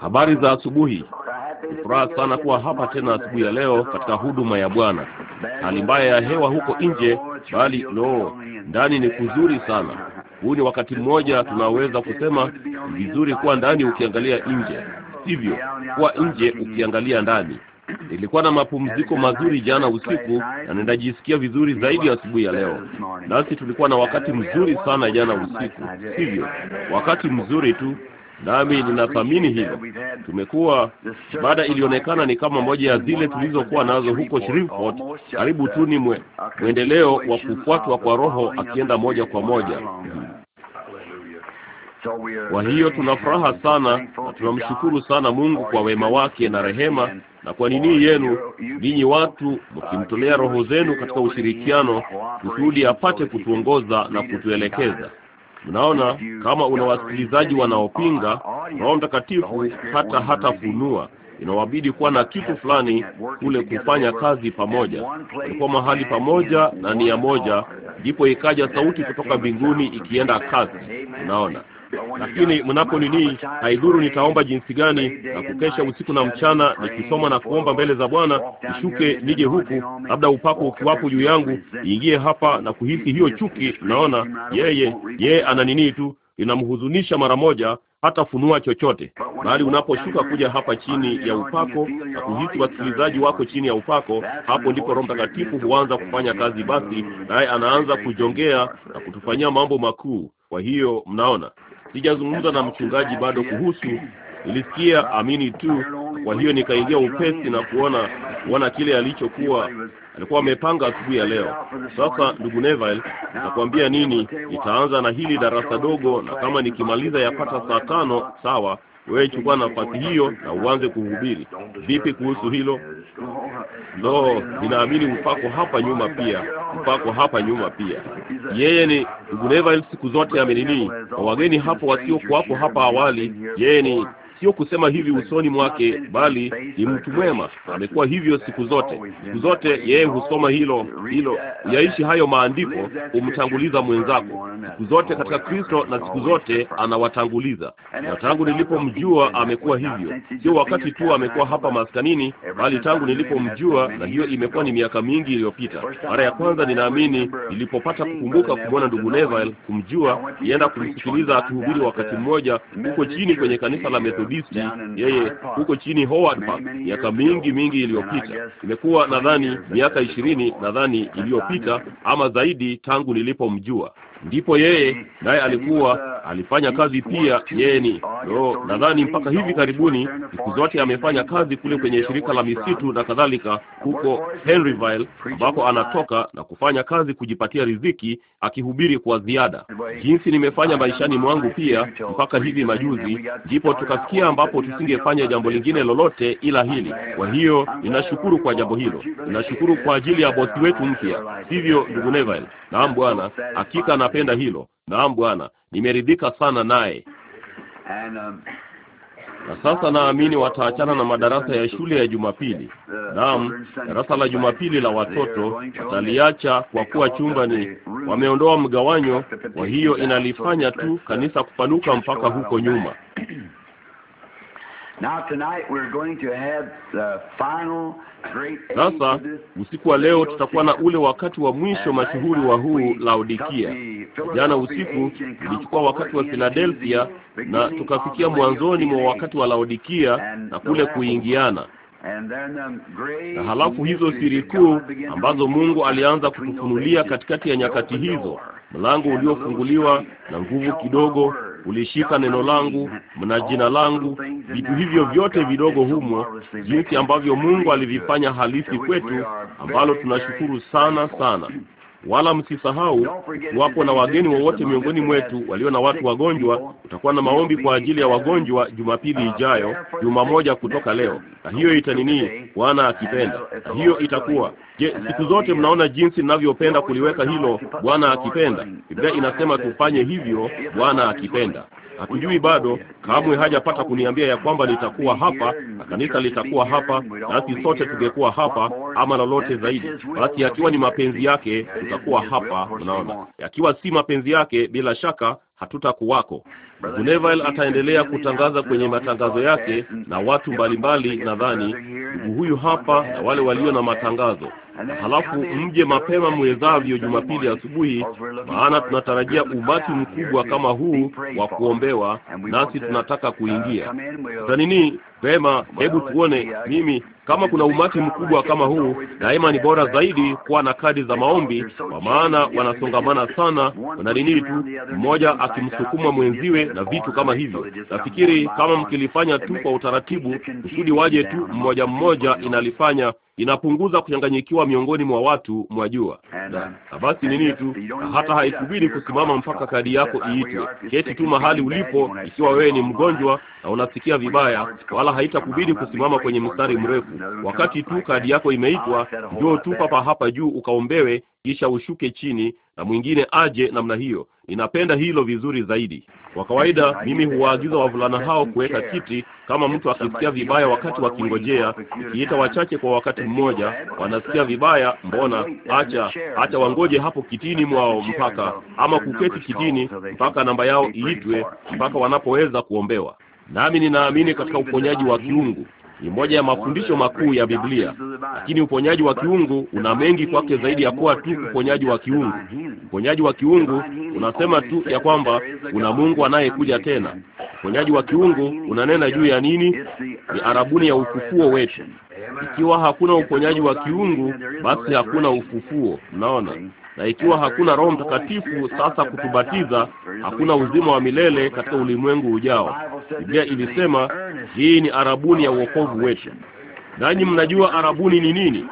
Habari za asubuhi. Ni furaha sana kuwa hapa tena asubuhi ya leo katika huduma ya Bwana. Hali mbaya ya hewa huko nje, bali no, ndani ni kuzuri sana. Huu ni wakati mmoja tunaweza kusema ni vizuri kuwa ndani ukiangalia nje, sivyo kuwa nje ukiangalia ndani. Nilikuwa na mapumziko mazuri jana usiku na ninajisikia vizuri zaidi asubuhi ya leo. Nasi tulikuwa na wakati mzuri sana jana usiku, sivyo? Wakati mzuri tu nami ninathamini hilo. Tumekuwa ibada ilionekana ni kama moja ya zile tulizokuwa nazo huko Shreveport, karibu tu ni mwe, mwendeleo wa kufuatwa kwa Roho akienda moja kwa moja. Kwa hiyo tunafuraha sana na tunamshukuru sana Mungu kwa wema wake na rehema, na kwa nini yenu ninyi watu mkimtolea roho zenu katika ushirikiano, kusudi apate kutuongoza na kutuelekeza. Mnaona, kama una wasikilizaji wanaopinga, Roho Mtakatifu hata hatafunua inawabidi kuwa na kitu fulani kule kufanya kazi pamoja. Walikuwa mahali pamoja na nia moja, ndipo ikaja sauti kutoka mbinguni ikienda kazi Unaona lakini mnapo nini, haidhuru nitaomba jinsi gani na kukesha usiku na mchana nikisoma na kuomba mbele za Bwana, nishuke nije huku, labda upako ukiwapo juu yangu ingie hapa na kuhisi hiyo chuki. Naona yeye yeye ana nini tu linamhuzunisha mara moja, hata funua chochote, bali unaposhuka kuja hapa chini ya upako na kuhisi wasikilizaji wako chini ya upako, hapo ndipo Roho Mtakatifu huanza kufanya kazi. Basi naye anaanza kujongea na kutufanyia mambo makuu. Kwa hiyo mnaona Sijazungumza na mchungaji bado kuhusu, nilisikia amini tu. Kwa hiyo nikaingia upesi na kuona kuona kile alichokuwa alikuwa amepanga asubuhi ya leo. Sasa ndugu Neville, nakwambia nini, nitaanza na hili darasa dogo, na kama nikimaliza yapata saa tano, sawa, wewe chukua nafasi hiyo na uanze kuhubiri. Vipi kuhusu hilo? Lo, ninaamini upako hapa nyuma pia, upako hapa nyuma pia. Yeye ni ndugu Neville, siku zote amenini na wageni hapo wasiokuwapo hapa awali, yeye ni sio kusema hivi usoni mwake, bali ni mtu mwema. Amekuwa hivyo siku zote, siku zote yeye husoma hilo hilo, uh, uh, yaishi hayo maandiko, humtanguliza mwenzako siku zote katika Kristo, na siku zote anawatanguliza. Na tangu nilipomjua amekuwa hivyo, sio wakati tu amekuwa hapa maskanini, bali tangu nilipomjua, na hiyo imekuwa ni miaka mingi iliyopita. Mara ya kwanza ninaamini nilipopata kukumbuka kumwona ndugu Neville, kumjua, nienda kumsikiliza akihubiri wakati uh, mmoja huko chini kwenye kanisa la Methodist mwandishi yeye huko chini Howard Park miaka mingi mingi iliyopita. Imekuwa nadhani miaka ishirini uh, nadhani iliyopita ama zaidi tangu nilipomjua. Ndipo yeye naye alikuwa alifanya kazi pia. Yeye ni no, nadhani mpaka hivi karibuni siku zote amefanya kazi kule kwenye shirika la misitu na kadhalika, huko Henryville ambako anatoka na kufanya kazi kujipatia riziki, akihubiri kwa ziada, jinsi nimefanya maishani mwangu pia mpaka hivi majuzi. Ndipo tukasikia ambapo tusingefanya jambo lingine lolote ila hili. Kwa hiyo ninashukuru kwa jambo hilo, ninashukuru kwa ajili ya bosi wetu mpya, sivyo ndugu Neville? Naam Bwana, hakika napenda hilo. Naam Bwana, nimeridhika sana naye. Um, na sasa naamini wataachana na madarasa ya shule ya Jumapili. Naam, darasa la Jumapili la watoto wataliacha kwa kuwa chumba ni wameondoa mgawanyo, kwa hiyo inalifanya tu kanisa kupanuka mpaka huko nyuma. Now tonight we're going to have the final sasa usiku wa leo tutakuwa na ule wakati wa mwisho mashuhuri wa huu Laodikia. Jana usiku ilichukua wakati wa Filadelfia na tukafikia mwanzoni mwa wakati wa Laodikia na kule kuingiana na halafu hizo siri kuu ambazo Mungu alianza kutufunulia katikati ya nyakati hizo, mlango uliofunguliwa na nguvu kidogo ulishika neno langu na jina langu, vitu hivyo vyote vidogo humo, jinsi ambavyo Mungu alivifanya halisi kwetu, ambalo tunashukuru sana sana. Wala msisahau, wapo na wageni wowote miongoni mwetu walio na watu wagonjwa, utakuwa na maombi kwa ajili ya wagonjwa Jumapili uh, ijayo, juma moja kutoka leo, na hiyo itanini, Bwana akipenda, na hiyo itakuwa Je, siku zote mnaona jinsi ninavyopenda kuliweka hilo, Bwana akipenda. Biblia inasema tufanye hivyo, Bwana akipenda hatujui bado, kamwe hajapata kuniambia ya kwamba litakuwa hapa na kanisa litakuwa hapa nasi sote tungekuwa hapa ama lolote zaidi. Basi yakiwa ni mapenzi yake tutakuwa hapa, unaona. Yakiwa si mapenzi yake, bila shaka hatutakuwako. Ndugu Neville ataendelea kutangaza kwenye matangazo yake na watu mbalimbali, nadhani ndugu huyu hapa na wale walio na matangazo halafu mje mapema mwezavyo Jumapili asubuhi, maana tunatarajia umati mkubwa kama huu wa kuombewa, nasi tunataka uh, kuingia. Sasa nini? Vema, hebu tuone. Mimi kama kuna umati mkubwa kama huu, daima ni bora zaidi kuwa na kadi za maombi, kwa maana wanasongamana sana, nini tu, mmoja akimsukuma mwenziwe na vitu kama hivyo. Nafikiri kama mkilifanya tu kwa utaratibu, kusudi waje tu mmoja mmoja, inalifanya inapunguza kuchanganyikiwa miongoni mwa watu mwajua. Na, na um, basi nini uh, tu, na hata haikubidi kusimama mpaka kadi yako uh, iitwe. Keti tu mahali ulipo, ikiwa wewe ni mgonjwa na unasikia vibaya, wala haitakubidi kusimama kwenye mstari mrefu. Wakati tu kadi yako imeitwa, njoo tu papa hapa juu ukaombewe, kisha ushuke chini na mwingine aje namna hiyo. Ninapenda hilo vizuri zaidi. Kwa kawaida mimi huwaagiza wavulana hao kuweka kiti kama mtu akisikia vibaya wakati wakingojea, kiita wachache kwa wakati mmoja, wanasikia vibaya, mbona, acha acha wangoje hapo kitini mwao mpaka, ama kuketi kitini mpaka namba yao iitwe, mpaka wanapoweza kuombewa. Nami ninaamini katika uponyaji wa kiungu ni moja ya mafundisho makuu ya Biblia, lakini uponyaji wa kiungu una mengi kwake zaidi ya kuwa tu uponyaji wa kiungu. Uponyaji wa kiungu unasema tu ya kwamba kuna Mungu anayekuja tena. Uponyaji wa kiungu unanena juu ya nini? Ni arabuni ya ufufuo wetu. Ikiwa hakuna uponyaji wa kiungu, basi hakuna ufufuo. Mnaona? na ikiwa hakuna Roho Mtakatifu sasa kutubatiza, hakuna uzima wa milele katika ulimwengu ujao. Biblia ilisema hii ni arabuni ya uokovu wetu. Nanyi mnajua arabuni ni nini?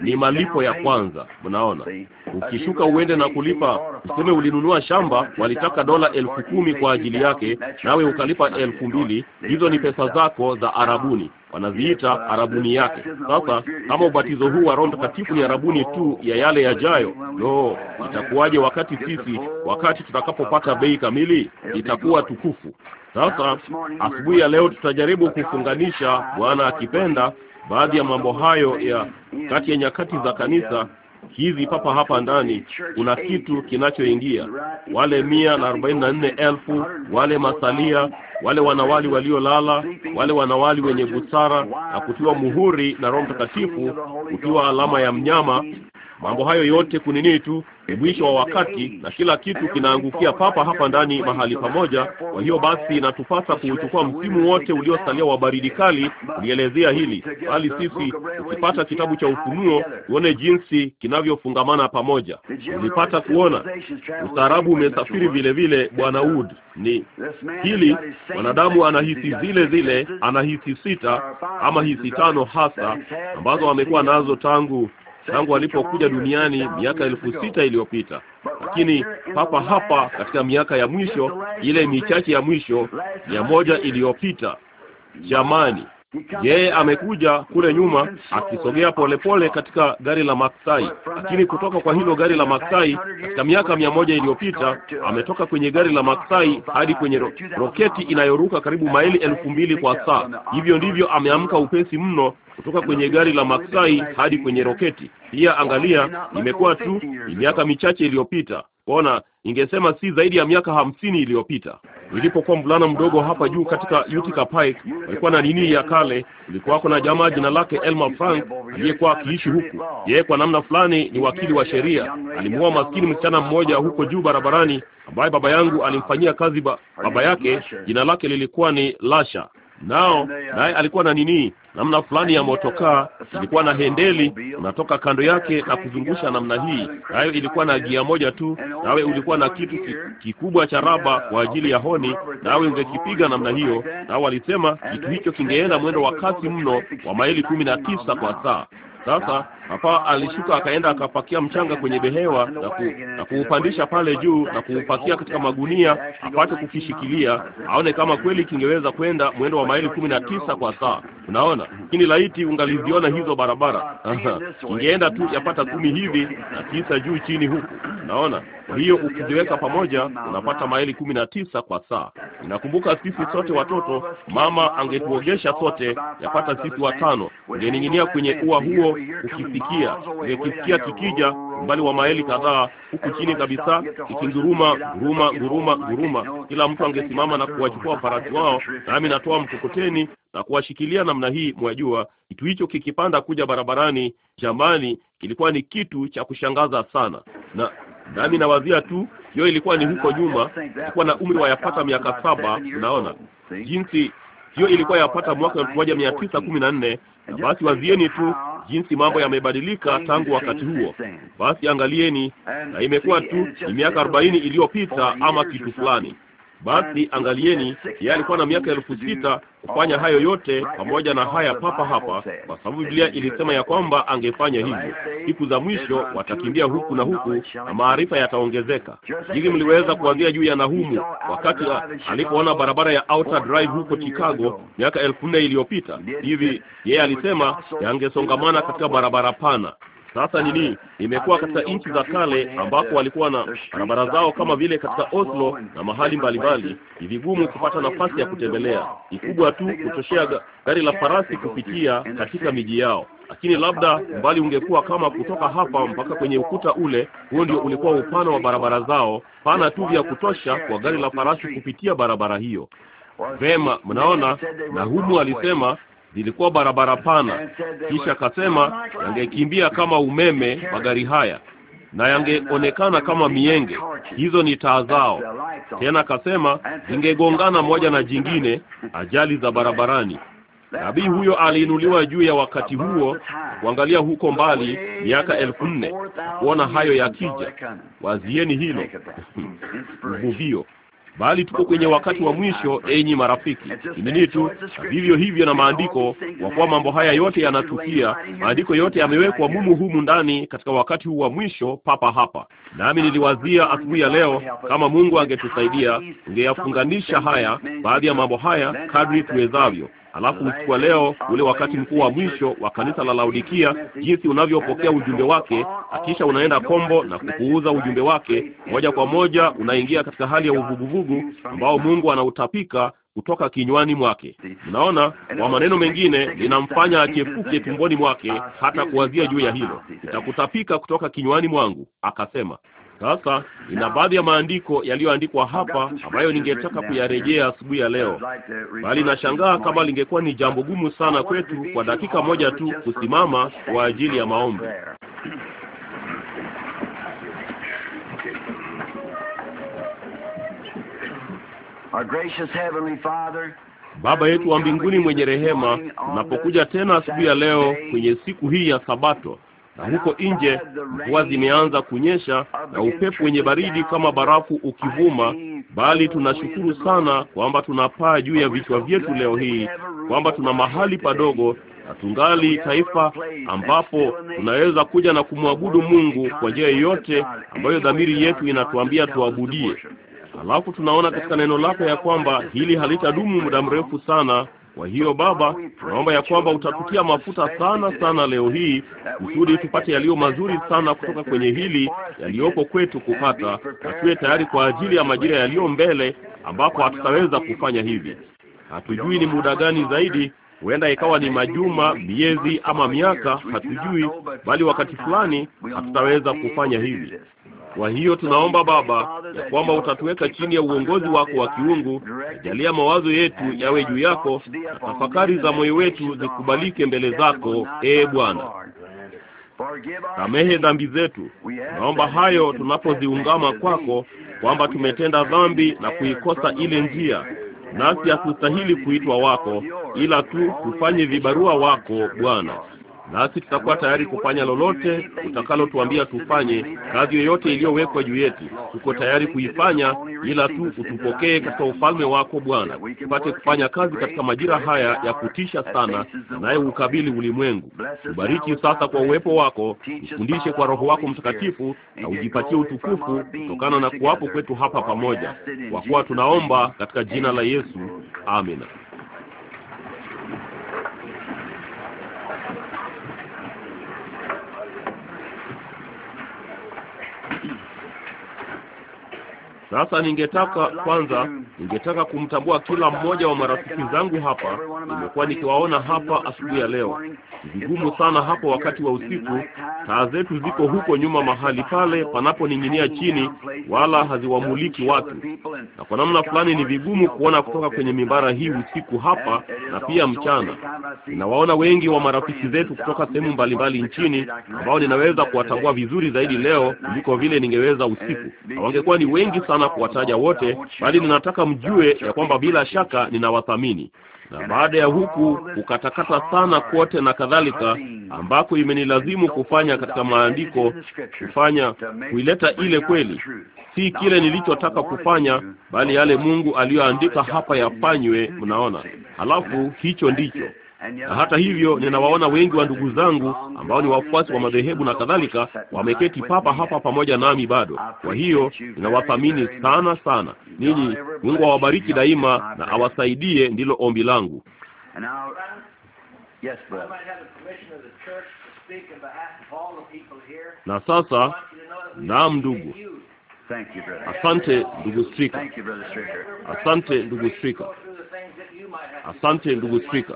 Ni malipo ya kwanza. Mnaona, ukishuka uende na kulipa, useme ulinunua shamba, walitaka dola elfu kumi kwa ajili yake, nawe ukalipa elfu mbili Hizo ni pesa zako za arabuni, wanaziita arabuni yake. Sasa kama ubatizo huu wa Roho Mtakatifu ni arabuni tu ya yale yajayo, no, itakuwaje wakati sisi, wakati tutakapopata bei kamili? Itakuwa tukufu. Sasa asubuhi ya leo tutajaribu kufunganisha, Bwana akipenda Baadhi ya mambo hayo ya kati ya nyakati za kanisa hizi papa hapa ndani kuna kitu kinachoingia, wale mia na arobaini na nne elfu wale masalia, wale wanawali waliolala, wale wanawali wenye busara na kutiwa muhuri na Roho Mtakatifu, kutiwa alama ya mnyama Mambo hayo yote kunini tu ni mwisho wa wakati, na kila kitu kinaangukia papa hapa ndani mahali pamoja. Kwa hiyo basi, inatupasa kuuchukua msimu wote uliosalia wa baridi kali kulielezea hili, bali sisi ukipata kitabu cha Ufunuo tuone jinsi kinavyofungamana pamoja. Ulipata kuona ustaarabu umesafiri vile vile, Bwana Wood ni hili mwanadamu anahisi zile zile, anahisi sita ama hisi tano hasa ambazo amekuwa nazo tangu tangu alipokuja duniani miaka elfu sita iliyopita, lakini papa hapa katika miaka ya mwisho, ile michache ya mwisho mia moja iliyopita. Jamani, yeye amekuja kule nyuma akisogea polepole katika gari la maksai, lakini kutoka kwa hilo gari la maksai katika miaka mia moja iliyopita ametoka kwenye gari la maksai hadi kwenye ro roketi inayoruka karibu maili elfu mbili kwa saa. Hivyo ndivyo ameamka upesi mno kutoka kwenye gari la maksai hadi kwenye roketi. Pia angalia, imekuwa tu ni miaka michache iliyopita, ona, ingesema si zaidi ya miaka hamsini iliyopita nilipokuwa mvulana mdogo hapa juu katika Utica Pike, walikuwa na nini ya kale. Kulikuwako na jamaa jina lake elma Frank aliyekuwa akiishi huku. Yeye kwa namna fulani ni wakili wa sheria. Alimuoa maskini msichana mmoja huko juu barabarani, ambaye baba yangu alimfanyia kazi. Ba, baba yake jina lake lilikuwa ni Lasha nao uh, naye alikuwa na nini, namna fulani ya uh, motokaa ilikuwa na hendeli, unatoka kando uh, yake na kuzungusha namna hii, nayo ilikuwa na gia moja tu, nawe ulikuwa na kitu kikubwa cha raba kwa ajili ya honi, nawe ungekipiga namna hiyo. Nao walisema kitu hicho kingeenda mwendo wa kasi mno wa maili kumi na tisa kwa saa. Sasa hapa alishuka akaenda akapakia mchanga kwenye behewa na, ku, na kuupandisha pale juu na kuupakia katika magunia apate kukishikilia aone kama kweli kingeweza kwenda mwendo wa maili kumi na tisa kwa saa. Unaona, lakini laiti ungaliziona hizo barabara ingeenda tu yapata kumi hivi na tisa juu chini huku. Unaona, kwa hiyo ukiziweka pamoja unapata maili kumi na tisa kwa saa. Inakumbuka sisi sote watoto, mama angetuogesha sote yapata sisi watano, ungening'inia kwenye ua huo uki nilisikia nilikisikia kikija umbali wa maeli kadhaa huku chini kabisa, ikinguruma guruma guruma guruma. Kila mtu angesimama na kuwachukua farasi wao, nami natoa mkokoteni na kuwashikilia namna hii. Mwajua, kitu hicho kikipanda kuja barabarani, jamani, kilikuwa ni kitu cha kushangaza sana, na nami nawazia tu hiyo ilikuwa ni huko nyuma, ilikuwa na umri wa yapata miaka saba. Unaona jinsi hiyo ilikuwa yapata mwaka elfu moja mia tisa kumi na nne basi wazieni tu jinsi mambo yamebadilika tangu wakati huo. Basi angalieni, na imekuwa tu ni miaka arobaini iliyopita ama kitu fulani. Basi angalieni, yeye alikuwa na miaka elfu sita kufanya hayo yote pamoja na haya papa hapa, kwa sababu Biblia ilisema ya kwamba angefanya hivyo. Siku za mwisho watakimbia huku na huku na maarifa yataongezeka. Jili mliweza kuanzia juu ya Nahumu wakati alipoona barabara ya Outer Drive huko Chicago miaka elfu nne iliyopita hivi, yeye alisema yangesongamana katika barabara pana sasa nini, imekuwa katika nchi za kale ambapo walikuwa na barabara zao kama vile katika Oslo na mahali mbalimbali, ni vigumu kupata nafasi ya kutembelea, ikubwa tu kutoshea gari la farasi kupitia katika miji yao. Lakini labda mbali ungekuwa kama kutoka hapa mpaka kwenye ukuta ule, huo ndio ulikuwa upana wa barabara zao, pana tu vya kutosha kwa gari la farasi kupitia barabara hiyo. Vema, mnaona. Nahumu alisema Zilikuwa barabara pana. Kisha akasema yangekimbia kama umeme magari haya, na yangeonekana uh, kama uh, mienge. Uh, Hizo ni taa zao. Tena akasema zingegongana moja na jingine, ajali za barabarani. Nabii huyo aliinuliwa juu ya wakati huo kuangalia huko mbali miaka elfu nne kuona hayo yakija. Wazieni hilo uvuvio bali tuko kwenye wakati wa mwisho, enyi marafiki. Imini tu vivyo hivyo na maandiko, kwa kuwa mambo haya yote yanatukia. Maandiko yote yamewekwa mumu humu ndani katika wakati huu wa mwisho papa hapa. Nami niliwazia asubuhi ya leo, kama Mungu angetusaidia, ungeyafunganisha haya, baadhi ya mambo haya kadri tuwezavyo Alafu uchukua leo ule wakati mkuu wa mwisho wa kanisa la Laodikia, jinsi unavyopokea ujumbe wake, akisha unaenda kombo na kupuuza ujumbe wake moja kwa moja, unaingia katika hali ya uvuguvugu ambao Mungu anautapika kutoka kinywani mwake. Mnaona, kwa maneno mengine, linamfanya achefuke tumboni mwake hata kuwazia juu ya hilo. Nitakutapika kutoka kinywani mwangu, akasema. Sasa ina baadhi ya maandiko yaliyoandikwa hapa ambayo ningetaka kuyarejea asubuhi ya leo, bali nashangaa kama lingekuwa ni jambo gumu sana kwetu kwa dakika moja tu kusimama kwa ajili ya maombi. Baba yetu wa mbinguni mwenye rehema, unapokuja tena asubuhi ya leo kwenye siku hii ya Sabato na huko nje mvua zimeanza kunyesha na upepo wenye baridi kama barafu ukivuma, bali tunashukuru sana kwamba tunapaa juu ya vichwa vyetu leo hii, kwamba tuna mahali padogo na tungali taifa ambapo tunaweza kuja na kumwabudu Mungu kwa njia yoyote ambayo dhamiri yetu inatuambia tuabudie. Alafu tunaona katika neno lako ya kwamba hili halitadumu muda mrefu sana, kwa hiyo Baba, tunaomba ya kwamba utatutia mafuta sana sana leo hii kusudi tupate yaliyo mazuri sana kutoka kwenye hili yaliyopo kwetu kupata, na tuwe tayari kwa ajili ya majira yaliyo mbele, ambapo hatutaweza kufanya hivi. Hatujui ni muda gani zaidi, huenda ikawa ni majuma, miezi ama miaka, hatujui, bali wakati fulani hatutaweza kufanya hivi. Kwa hiyo tunaomba Baba ya kwamba utatuweka chini ya uongozi wako wa kiungu, jalia mawazo yetu yawe juu yako na tafakari za moyo wetu zikubalike mbele zako, ee Bwana. Samehe dhambi zetu. Naomba hayo tunapoziungama kwako, kwamba tumetenda dhambi na kuikosa ile njia, nasi hatustahili kuitwa wako, ila tu tufanye vibarua wako Bwana nasi tutakuwa tayari kufanya lolote utakalotuambia tufanye. Kazi yoyote iliyowekwa juu yetu tuko tayari kuifanya, ila tu utupokee katika ufalme wako Bwana, tupate kufanya kazi katika majira haya ya kutisha sana, naye ukabili ulimwengu. Tubariki sasa kwa uwepo wako, ufundishe kwa Roho wako Mtakatifu, na ujipatie utukufu kutokana na kuwapo kwetu hapa pamoja, kwa kuwa tunaomba katika jina la Yesu, amina. Sasa ningetaka kwanza, ningetaka kumtambua kila mmoja wa marafiki zangu hapa. Nimekuwa nikiwaona hapa asubuhi ya leo, vigumu sana hapo wakati wa usiku. Taa zetu ziko huko nyuma mahali pale panaponing'inia chini, wala haziwamuliki watu, na kwa namna fulani ni vigumu kuona kutoka kwenye mimbara hii usiku hapa na pia mchana. Ninawaona wengi wa marafiki zetu kutoka sehemu mbalimbali nchini ambao ninaweza kuwatambua vizuri zaidi leo kuliko vile ningeweza usiku, na wangekuwa ni wengi sana sana kuwataja wote, bali ninataka mjue ya kwamba bila shaka ninawathamini na baada ya huku kukatakata sana kote na kadhalika, ambako imenilazimu kufanya katika maandiko, kufanya kuileta ile kweli, si kile nilichotaka kufanya, bali yale Mungu aliyoandika hapa yafanywe. Mnaona, halafu hicho ndicho na hata hivyo ninawaona wengi wa ndugu zangu ambao ni wafuasi wa madhehebu na kadhalika, wameketi papa hapa pamoja nami bado. Kwa hiyo ninawathamini sana sana ninyi. Mungu awabariki daima na awasaidie, ndilo ombi langu. Na sasa, naam ndugu. Asante ndugu Strika, asante ndugu Strika, asante ndugu Strika.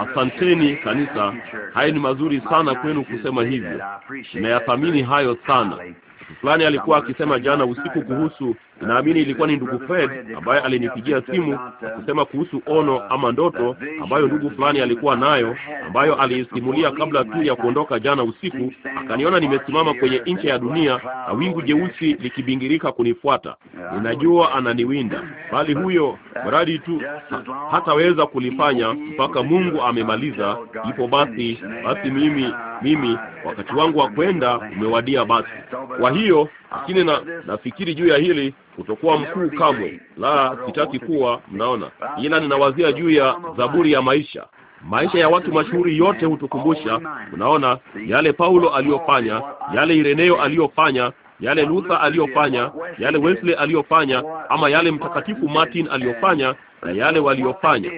Asanteni kanisa, hayo ni mazuri sana kwenu kusema hivyo, nimeyathamini hayo sana. Fulani alikuwa akisema jana usiku uh, kuhusu Naamini ilikuwa ni ndugu Fred ambaye alinipigia simu na kusema kuhusu ono ama ndoto ambayo ndugu fulani alikuwa nayo, ambayo aliisimulia kabla tu ya kuondoka jana usiku. Akaniona nimesimama kwenye ncha ya dunia na wingu jeusi likibingirika kunifuata. Ninajua ananiwinda, bali huyo mradi tu hataweza kulifanya mpaka Mungu amemaliza. Ipo basi, basi mimi mimi wakati wangu wa kwenda umewadia basi. Kwa hiyo lakini na nafikiri juu ya hili kutokuwa mkuu kamwe, la sitaki kuwa. Mnaona, ila ninawazia juu ya Zaburi ya maisha maisha ya watu mashuhuri yote hutukumbusha. Unaona yale Paulo aliyofanya, yale Ireneo aliyofanya, yale Luther aliyofanya, yale Wesley aliyofanya, ama yale Mtakatifu Martin aliyofanya na yale waliofanya.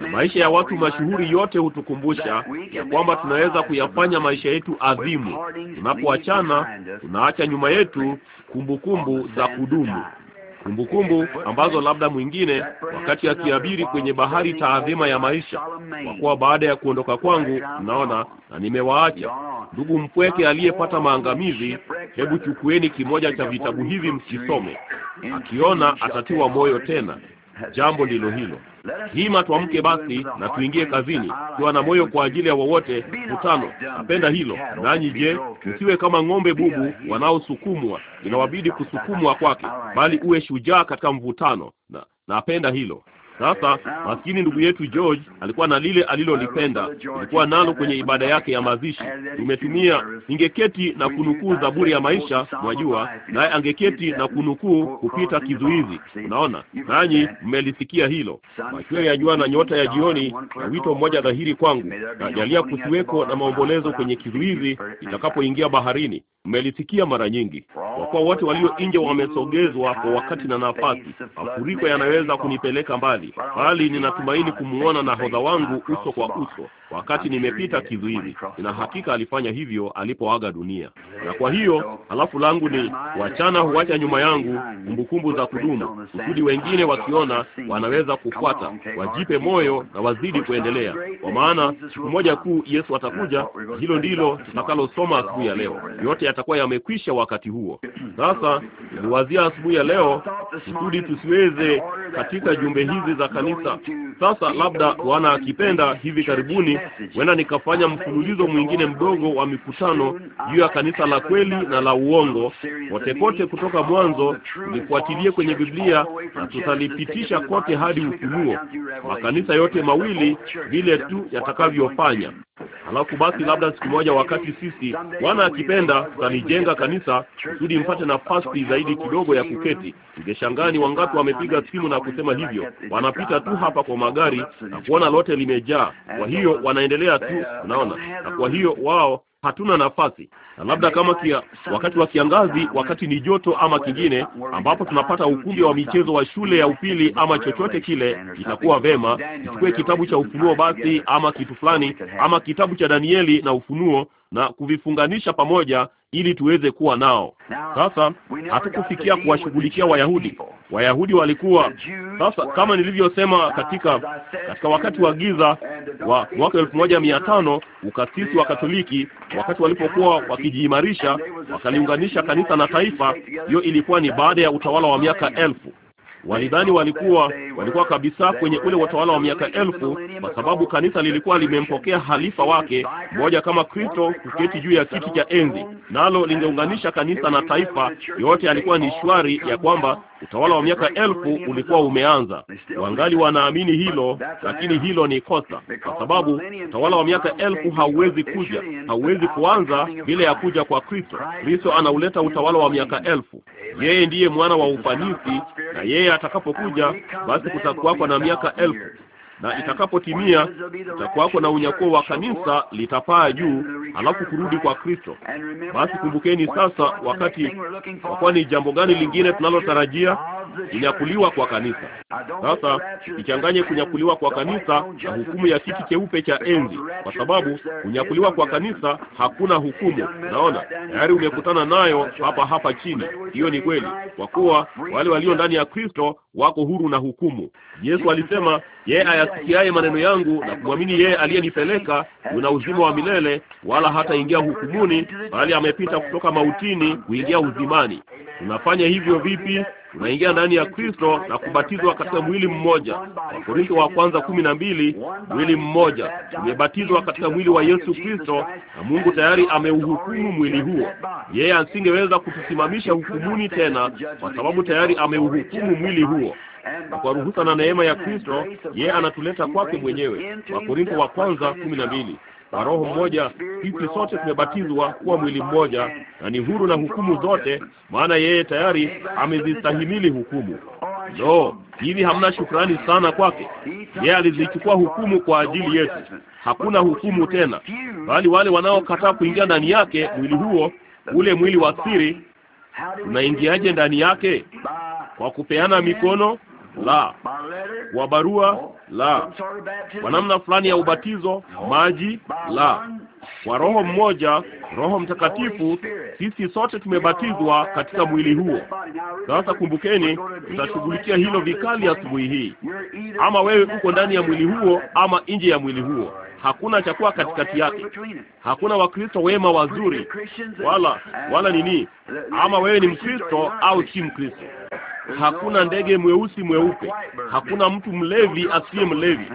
Na maisha ya watu mashuhuri yote hutukumbusha ya kwamba tunaweza kuyafanya maisha yetu adhimu. Tunapoachana tunaacha nyuma yetu kumbukumbu za kudumu kumbukumbu ambazo labda mwingine wakati akiabiri kwenye bahari taadhima ya maisha, kwa kuwa baada ya kuondoka kwangu, mnaona na nimewaacha ndugu mpweke aliyepata maangamizi. Hebu chukueni kimoja cha vitabu hivi mkisome, akiona atatiwa moyo tena jambo lilo hilo. Hima tuamke basi na tuingie kazini tukiwa na moyo kwa ajili ya wowote mkutano. Napenda hilo. Nanyi je, msiwe kama ng'ombe bubu wanaosukumwa, inawabidi kusukumwa kwake, bali uwe shujaa katika mvutano na napenda hilo. Sasa maskini ndugu yetu George alikuwa na lile alilolipenda, alikuwa nalo kwenye ibada yake ya mazishi. Tumetumia ningeketi na kunukuu Zaburi ya maisha, mwajua, naye angeketi na kunukuu kupita kizuizi. Unaona, nanyi mmelisikia hilo, machweo ya jua na nyota ya jioni, na wito mmoja dhahiri kwangu, najalia kusiweko na maombolezo kwenye kizuizi itakapoingia baharini. Mmelisikia mara nyingi, kwa kuwa wote walio nje wamesogezwa kwa wakati na nafasi. Mafuriko yanaweza kunipeleka mbali bali ninatumaini kumwona nahodha wangu uso kwa uso wakati nimepita kizuizi. Nina hakika alifanya hivyo alipoaga dunia, na kwa hiyo halafu langu ni wachana huacha nyuma yangu kumbukumbu za kudumu, kusudi wengine wakiona wanaweza kufuata, wajipe moyo na wazidi kuendelea, kwa maana siku moja kuu Yesu atakuja. Hilo ndilo tutakalosoma asubuhi ya leo, yote yatakuwa yamekwisha wakati huo. Sasa niliwazia asubuhi ya leo kusudi tusiweze katika jumbe hizi za kanisa, sasa labda Bwana akipenda hivi karibuni wenda huenda nikafanya mfululizo mwingine mdogo wa mikutano juu ya kanisa la kweli na la uongo, pote kote kutoka mwanzo, nifuatilie kwenye Biblia na tutalipitisha kote hadi Ufunuo, makanisa yote mawili vile tu yatakavyofanya. Halafu basi, labda siku moja, wakati sisi Bwana akipenda, tutalijenga kanisa kusudi mpate nafasi zaidi kidogo ya kuketi. Ningeshangaa ni wangapi wamepiga simu na kusema hivyo, wanapita tu hapa kwa magari na kuona lote limejaa, kwa hiyo wanaendelea tu, unaona, na kwa hiyo wao hatuna nafasi, na labda kama kia, wakati wa kiangazi, wakati ni joto ama kingine, ambapo tunapata ukumbi wa michezo wa shule ya upili ama chochote kile, itakuwa vema. Chukue kitabu cha Ufunuo basi ama kitu fulani ama kitabu cha Danieli na Ufunuo na kuvifunganisha pamoja ili tuweze kuwa nao. Sasa hatukufikia kuwashughulikia Wayahudi. Wayahudi walikuwa sasa, kama nilivyosema, katika katika wakati wa giza wa mwaka elfu moja mia tano ukasisi wa uh, Katoliki, wakati walipokuwa wakijiimarisha, wakaliunganisha kanisa na taifa. Hiyo ilikuwa ni baada ya utawala wa miaka elfu. Walidhani walikuwa walikuwa kabisa kwenye ule watawala wa miaka elfu, kwa sababu kanisa lilikuwa limempokea halifa wake mmoja kama Kristo kuketi juu ya kiti cha enzi, nalo lingeunganisha kanisa na taifa. Yote alikuwa ni shwari ya kwamba Utawala wa miaka elfu ulikuwa umeanza. Wangali wanaamini hilo, lakini hilo ni kosa, kwa sababu utawala wa miaka elfu hauwezi kuja, hauwezi kuanza bila ya kuja kwa Kristo. Kristo anauleta utawala wa miaka elfu. Yeye ndiye mwana wa ufanisi, na yeye atakapokuja, basi kutakuwako na miaka elfu na itakapotimia itakuwako na unyakuo wa kanisa litapaa juu, alafu kurudi kwa Kristo. Basi kumbukeni sasa, wakati wakuwa ni jambo gani lingine tunalotarajia? kunyakuliwa kwa kanisa. Sasa ichanganye kunyakuliwa kwa kanisa na hukumu ya kiti cheupe cha enzi, kwa sababu kunyakuliwa kwa kanisa hakuna hukumu. Naona tayari umekutana nayo hapa hapa chini. Hiyo ni kweli, kwa kuwa wale walio ndani ya Kristo wako huru na hukumu. Yesu alisema, yeye ayasikiaye maneno yangu na kumwamini yeye aliyenipeleka yuna uzima wa milele, wala hataingia hukumuni, bali amepita kutoka mautini kuingia uzimani. Tunafanya hivyo vipi? tunaingia ndani ya Kristo na kubatizwa katika mwili mmoja. Wakorintho wa kwanza kumi na mbili, mwili mmoja. Tumebatizwa katika mwili wa Yesu Kristo, na Mungu tayari ameuhukumu mwili huo. Yeye asingeweza kutusimamisha hukumuni tena, kwa sababu tayari ameuhukumu mwili huo na kwa ruhusa na neema ya Kristo yeye anatuleta kwake mwenyewe. Wakorintho wa kwanza kumi na mbili na roho mmoja, sisi sote tumebatizwa kuwa mwili mmoja, na ni huru na hukumu zote, maana yeye tayari amezistahimili hukumu. No, hivi hamna shukrani sana kwake? Yeye alizichukua hukumu kwa ajili yetu. Hakuna hukumu tena, bali wale wanaokataa kuingia ndani yake, mwili huo ule mwili wa siri. Tunaingiaje ndani yake? Kwa kupeana mikono la, kwa barua oh, la, kwa namna fulani ya ubatizo maji la, kwa roho mmoja, Roho Mtakatifu. Sisi sote tumebatizwa katika mwili huo. Sasa kumbukeni, tutashughulikia hilo vikali asubuhi hii. Ama wewe uko ndani ya mwili huo ama nje ya mwili huo, hakuna cha kuwa katikati yake. Hakuna Wakristo wema wazuri wala wala nini, uh, ama wewe ni Mkristo au si Mkristo hakuna ndege mweusi mweupe, hakuna mtu mlevi asiye mlevi.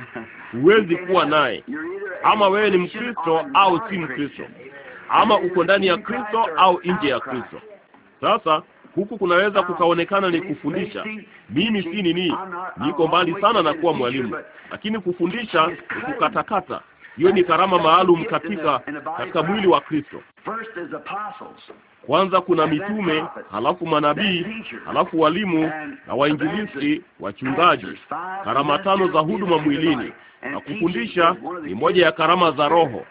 Huwezi kuwa naye. Ama wewe ni Mkristo au si Mkristo, ama uko ndani ya Kristo au nje ya Kristo. Sasa huku kunaweza kukaonekana ni kufundisha. Mimi si nini, niko mbali sana na kuwa mwalimu, lakini kufundisha ni kukatakata. Hiyo ni karama maalum katika katika mwili wa Kristo. Kwanza kuna mitume, halafu manabii, halafu walimu na wainjilisti, wachungaji. Karama tano za huduma mwilini, na kufundisha ni moja ya karama za Roho.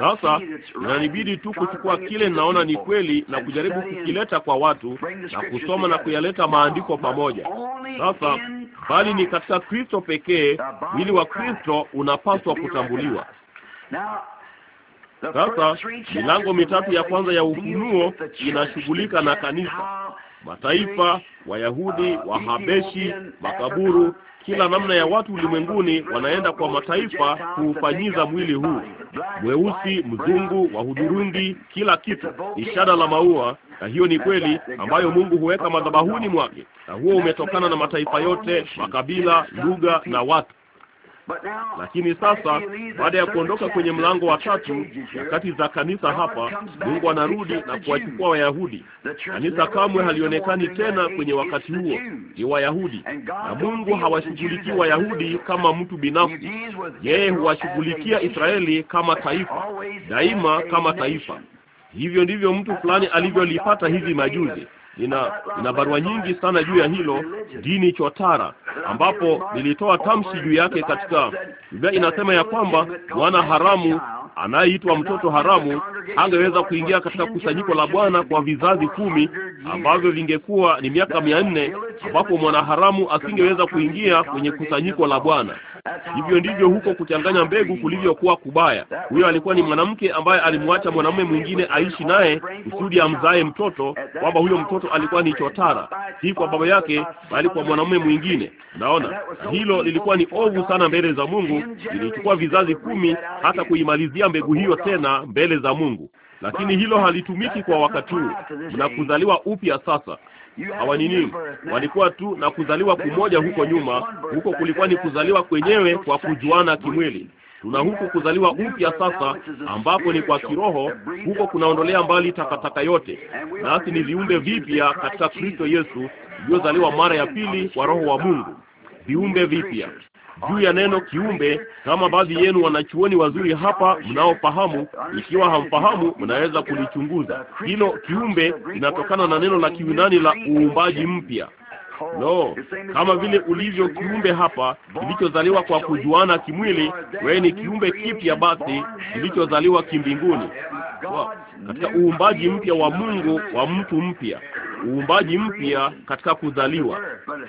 Sasa inanibidi tu kuchukua kile ninaona ni kweli na kujaribu kukileta kwa watu na kusoma na kuyaleta maandiko pamoja. Sasa bali ni katika Kristo pekee mwili wa Kristo unapaswa kutambuliwa. Sasa milango mitatu ya kwanza ya Ufunuo inashughulika na kanisa, mataifa, Wayahudi, uh, Wahabeshi, makaburu, kila namna ya watu ulimwenguni wanaenda kwa mataifa kuufanyiza mwili huu, mweusi, mzungu, wa hudhurungi, kila kitu, ishara la maua. Na hiyo ni kweli ambayo Mungu huweka madhabahuni mwake, na huo umetokana na mataifa yote, makabila, lugha na watu. Lakini sasa baada ya kuondoka kwenye mlango wa tatu, nyakati za kanisa hapa, Mungu anarudi na kuwachukua Wayahudi. Kanisa kamwe halionekani tena kwenye wakati huo, ni Wayahudi, na Mungu hawashughulikii Wayahudi kama mtu binafsi. Yeye huwashughulikia Israeli kama taifa, daima kama taifa. Hivyo ndivyo mtu fulani alivyolipata hivi majuzi nina, nina barua nyingi sana juu ya hilo dini chotara, ambapo nilitoa tamshi juu yake katika Biblia. Inasema ya kwamba mwana haramu anayeitwa mtoto haramu hangeweza kuingia katika kusanyiko la Bwana kwa vizazi kumi ambavyo vingekuwa ni miaka mia nne ambapo mwanaharamu asingeweza kuingia kwenye kusanyiko la Bwana. Hivyo ndivyo huko kuchanganya mbegu kulivyokuwa kubaya. Huyo alikuwa ni mwanamke ambaye alimwacha mwanamume mwingine aishi naye kusudi amzae mtoto, kwamba huyo mtoto alikuwa ni chotara, si kwa baba yake, bali kwa mwanamume mwingine. Naona na hilo lilikuwa ni ovu sana mbele za Mungu. Lilichukua vizazi kumi hata kuimalizia mbegu hiyo tena mbele za Mungu, lakini hilo halitumiki kwa wakati huu. Mnakuzaliwa upya sasa hawanini, walikuwa tu na kuzaliwa kumoja huko nyuma. Huko kulikuwa ni kuzaliwa kwenyewe kwa kujuana kimwili tuna huku kuzaliwa upya sasa, ambapo ni kwa kiroho. Huko kunaondolea mbali takataka yote, nasi ni viumbe vipya katika Kristo Yesu, iliyozaliwa mara ya pili kwa Roho wa Mungu, viumbe vipya juu ya neno kiumbe, kama baadhi yenu wanachuoni wazuri hapa mnaofahamu. Ikiwa hamfahamu, mnaweza kulichunguza hilo. Kiumbe linatokana na neno la Kiunani la uumbaji mpya. Lo, no, kama vile ulivyo kiumbe hapa kilichozaliwa kwa kujuana kimwili, wewe ni kiumbe kipya basi kilichozaliwa kimbinguni. Wow. Katika uumbaji mpya wa Mungu wa mtu mpya, uumbaji mpya katika kuzaliwa,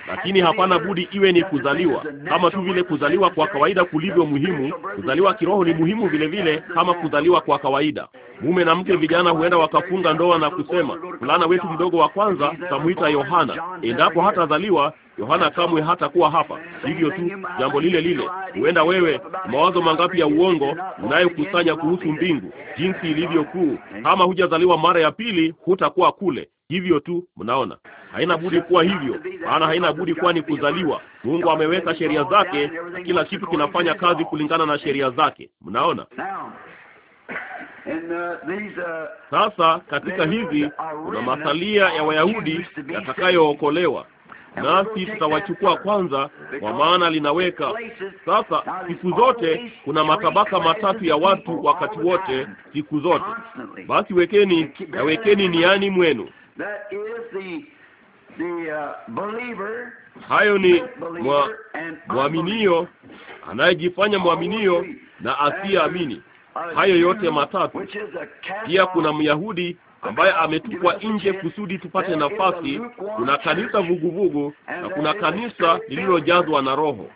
lakini hapana budi iwe ni kuzaliwa. Kama tu vile kuzaliwa kwa kawaida kulivyo muhimu, kuzaliwa kiroho ni muhimu vile vile kama kuzaliwa kwa kawaida. Mume na mke vijana huenda wakafunga ndoa na kusema, fulana wetu mdogo wa kwanza tutamuita Yohana, endapo hata hatazaliwa, Yohana kamwe hatakuwa hapa. Hivyo tu jambo lile lile. Huenda wewe, mawazo mangapi ya uongo unayokusanya kuhusu mbingu, jinsi ilivyokuu! Kama hujazaliwa mara ya pili, hutakuwa kule. Hivyo tu, mnaona, haina budi kuwa hivyo, maana haina budi kuwa ni kuzaliwa. Mungu ameweka sheria zake na kila kitu kinafanya kazi kulingana na sheria zake. Mnaona sasa, katika hizi kuna masalia ya Wayahudi yatakayookolewa nasi tutawachukua kwanza, kwa maana linaweka sasa. Siku zote kuna matabaka matatu ya watu, wakati wote, siku zote. Basi wekeni na wekeni niani mwenu uh, hayo ni mwa, mwaminio anayejifanya mwaminio na asiyeamini, hayo yote matatu. Pia kuna Myahudi ambaye ametupwa nje kusudi tupate nafasi. Kuna kanisa vuguvugu na kuna kanisa lililojazwa na Roho.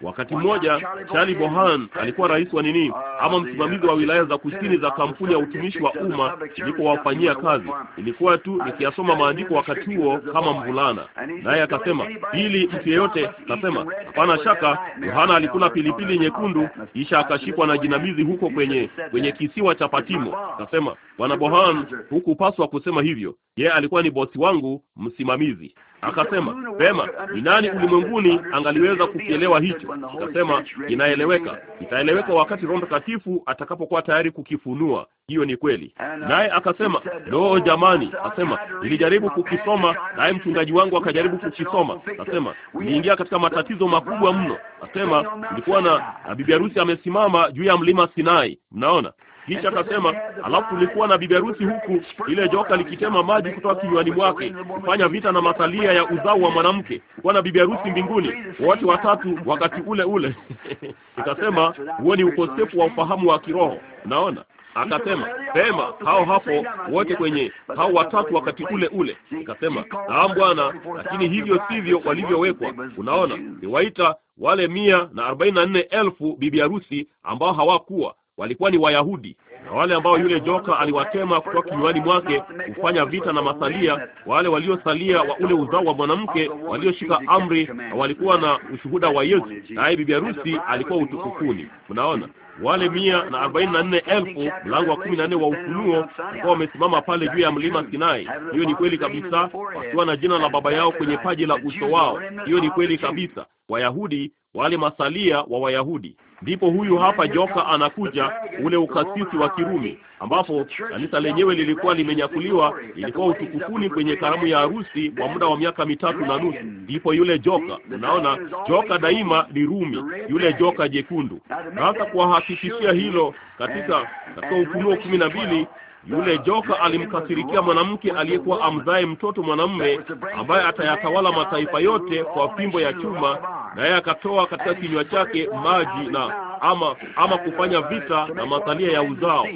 Wakati mmoja Charlie Bohan alikuwa rais wa nini ama msimamizi uh, wa wilaya za kusini za kampuni ya utumishi wa umma nilipowafanyia kazi. Ilikuwa tu nikiyasoma maandiko wakati huo kama mvulana, naye akasema ili mtu yeyote, akasema hapana shaka Yohana alikula pilipili nyekundu kisha akashikwa na jinamizi huko kwenye kwenye kisiwa cha Patimo. Akasema bwana Bohan, hukupaswa kusema hivyo. Yeye alikuwa ni bosi wangu, msimamizi. Akasema pema, ni nani ulimwenguni angaliweza kukielewa hicho? ikasema inaeleweka, itaeleweka wakati Roho Mtakatifu atakapokuwa tayari kukifunua. Hiyo ni kweli. Uh, naye akasema loo, oh, jamani, asema nilijaribu kukisoma, naye mchungaji wangu akajaribu kukisoma. Nasema niliingia katika matatizo makubwa mno. Nasema oh, nilikuwa na bibi harusi amesimama juu ya mlima Sinai, mnaona kisha akasema, alafu kulikuwa na bibiarusi huku, ile joka likitema maji kutoka kinywani mwake kufanya vita na masalia ya uzao wa mwanamke. Kuwa na bibiarusi mbinguni, wote watatu wakati ule ule. Ikasema huo ni ukosefu wa ufahamu wa kiroho. Unaona? Akasema sema hao hapo wote kwenye hao watatu wakati ule ule. Akasema naam Bwana, lakini hivyo sivyo walivyowekwa. Unaona, niwaita wale mia na arobaini na nne elfu bibi harusi ambao hawakuwa walikuwa ni Wayahudi na wale ambao yule joka aliwatema kutoka kinywani mwake kufanya vita na masalia wale waliosalia wa ule uzao wa mwanamke walioshika amri na walikuwa na ushuhuda wa Yesu, naye bibi harusi alikuwa utukufuni. Mnaona wale mia na arobaini na nne elfu mlango wa kumi na nne wa Ufunuo ambao wamesimama pale juu ya mlima Sinai. Hiyo ni kweli kabisa, wakiwa na jina la baba yao kwenye paji la uso wao. Hiyo ni kweli kabisa, Wayahudi wale masalia wa Wayahudi Ndipo huyu hapa joka anakuja, ule ukasisi wa Kirumi, ambapo kanisa lenyewe lilikuwa limenyakuliwa, ilikuwa utukufuni kwenye karamu ya harusi kwa muda wa miaka mitatu na nusu. Ndipo yule joka, unaona, joka daima ni Rumi, yule joka jekundu. Sasa kuwahakikishia hilo, katika katika Ufunuo kumi na mbili yule joka alimkasirikia mwanamke aliyekuwa amzae mtoto mwanamume ambaye atayatawala mataifa yote kwa fimbo ya chuma, yeye akatoa katika kinywa chake maji na ama ama kufanya vita na masalia ya uzao.